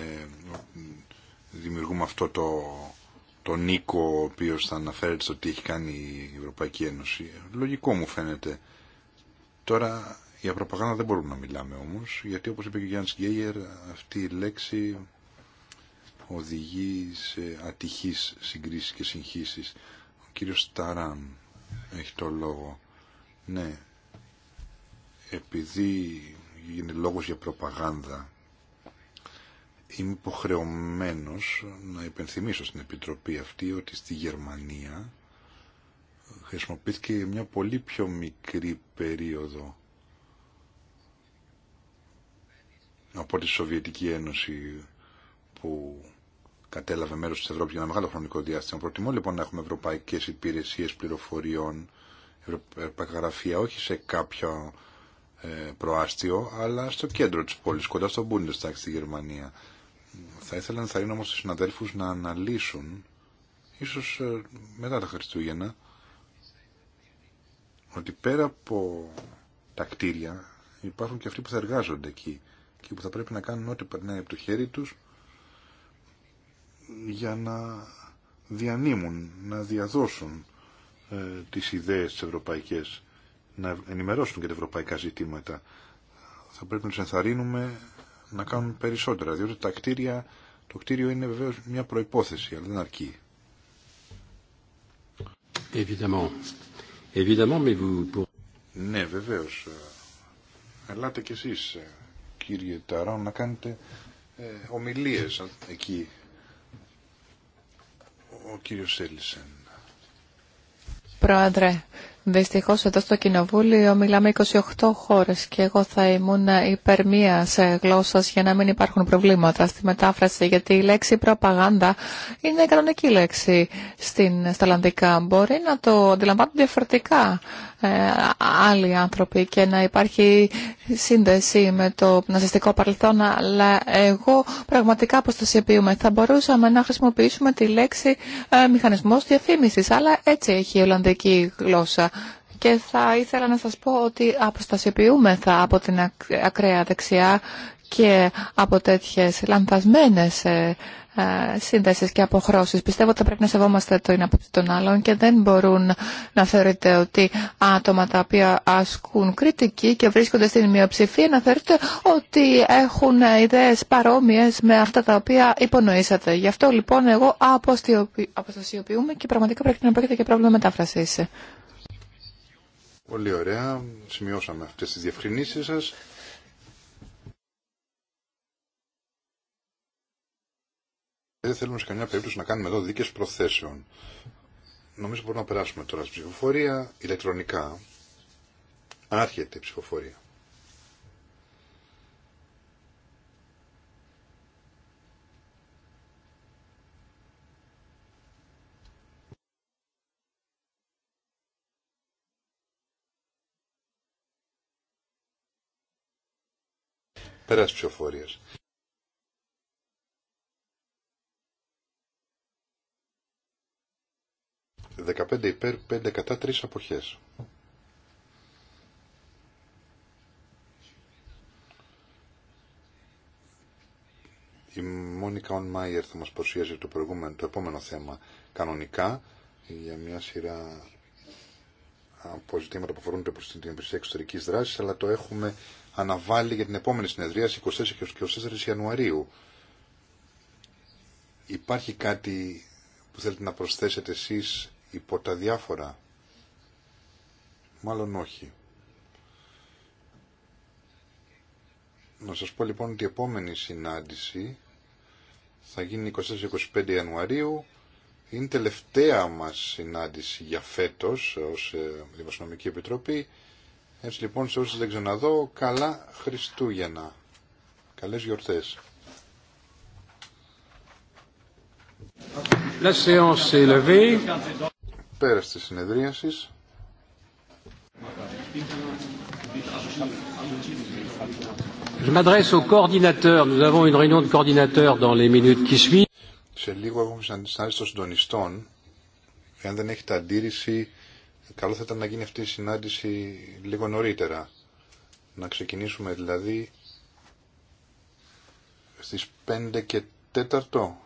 δημιουργούμε αυτό το, το νίκο ο οποίος θα αναφέρεται στο τι έχει κάνει η Ευρωπαϊκή Ένωση. Λογικό μου φαίνεται. Τώρα για προπαγάνδα δεν μπορούμε να μιλάμε όμως, γιατί όπως είπε και ο Γιάννης Γκέιερ, αυτή η λέξη οδηγεί σε ατυχείς συγκρίσεις και συγχύσεις. Ο κύριος Ταράν έχει το λόγο. Ναι, επειδή γίνει λόγος για προπαγάνδα, είμαι υποχρεωμένο να υπενθυμίσω στην Επιτροπή αυτή ότι στη Γερμανία χρησιμοποιήθηκε μια πολύ πιο μικρή περίοδο από τη Σοβιετική Ένωση που κατέλαβε μέρος της Ευρώπης για ένα μεγάλο χρονικό διάστημα. Προτιμώ λοιπόν να έχουμε ευρωπαϊκές υπηρεσίες πληροφοριών, ευρωπαϊκά γραφεία, όχι σε κάποιο ε, προάστιο, αλλά στο κέντρο της πόλης, κοντά στο Bundestag στη Γερμανία. Θα ήθελα να θαρρύνω όμως τους συναδέλφους να αναλύσουν, ίσως ε, μετά τα Χριστούγεννα, ότι πέρα από τα κτίρια υπάρχουν και αυτοί που θα εργάζονται εκεί και που θα πρέπει να κάνουν ό,τι περνάει από το χέρι τους για να διανύμουν, να διαδώσουν ε, τις ιδέες της ευρωπαϊκές, να ενημερώσουν και τα ευρωπαϊκά ζητήματα. Θα πρέπει να τους ενθαρρύνουμε να κάνουν περισσότερα, διότι τα κτίρια, το κτίριο είναι βεβαίω μια προϋπόθεση, αλλά δεν αρκεί. Évidemment. Évidemment, mais vous... Ναι, βεβαίως. Ε, ελάτε κι εσείς ε, κύριε Ταρόν να κάνετε ε, ομιλίες εκεί. Ο κύριος Έλισεν. Πρόεδρε, Δυστυχώς εδώ στο Κοινοβούλιο μιλάμε 28 χώρες και εγώ θα ήμουν υπέρ μίας ε, γλώσσας για να μην υπάρχουν προβλήματα στη μετάφραση γιατί η λέξη προπαγάνδα είναι η κανονική λέξη στην, στα Ολλανδικά. Μπορεί να το αντιλαμβάνουν διαφορετικά ε, άλλοι άνθρωποι και να υπάρχει σύνδεση με το ναζιστικό παρελθόν αλλά εγώ πραγματικά προστασιοποιούμε. Θα μπορούσαμε να χρησιμοποιήσουμε τη λέξη ε, μηχανισμός διαφήμισης αλλά έτσι έχει η Ολλανδική γλώσσα και θα ήθελα να σας πω ότι αποστασιοποιούμεθα από την ακραία δεξιά και από τέτοιες λανθασμένες ε, ε, σύνδεσεις και αποχρώσεις. Πιστεύω ότι θα πρέπει να σεβόμαστε το ένα από τον άλλον και δεν μπορούν να θεωρείται ότι άτομα τα οποία ασκούν κριτική και βρίσκονται στην μειοψηφία να θεωρείτε ότι έχουν ε, ιδέες παρόμοιες με αυτά τα οποία υπονοήσατε. Γι' αυτό λοιπόν εγώ αποστασιοποιούμε και πραγματικά πρέπει να υπάρχει και πρόβλημα μετάφρασης. Πολύ ωραία. Σημειώσαμε αυτές τις διευκρινήσεις σας. Δεν θέλουμε σε καμιά περίπτωση να κάνουμε εδώ δίκες προθέσεων. Νομίζω μπορούμε να περάσουμε τώρα στην ψηφοφορία ηλεκτρονικά. Άρχεται η ψηφοφορία. Πέρας ψηφοφορίας. 15 υπέρ, 5 κατά, 3 αποχές. Η Μόνικα Ονμάιερ θα μας προσφέρει το, το επόμενο θέμα κανονικά για μια σειρά από ζητήματα που αφορούν την υπηρεσία εξωτερική δράση, αλλά το έχουμε αναβάλει για την επόμενη συνεδρία στις 24 και 24 Ιανουαρίου. Υπάρχει κάτι που θέλετε να προσθέσετε εσείς υπό τα διάφορα. Μάλλον όχι. Να σας πω λοιπόν ότι η επόμενη συνάντηση θα γίνει 24-25 Ιανουαρίου. Είναι τελευταία μας συνάντηση για φέτος ως ε, Δημοσιονομική Επιτροπή. Έτσι λοιπόν σε όσους δεν ξαναδώ, καλά Χριστούγεννα. Καλές γιορτές. La séance est levée. Πέρας της συνεδρίασης. Je m'adresse aux coordinateurs. Nous avons une réunion de coordinateurs dans les minutes qui suivent. Σε λίγο έχουμε συνάντηση των συντονιστών. Εάν δεν έχετε αντίρρηση, καλό θα ήταν να γίνει αυτή η συνάντηση λίγο νωρίτερα. Να ξεκινήσουμε δηλαδή στις 5 και 4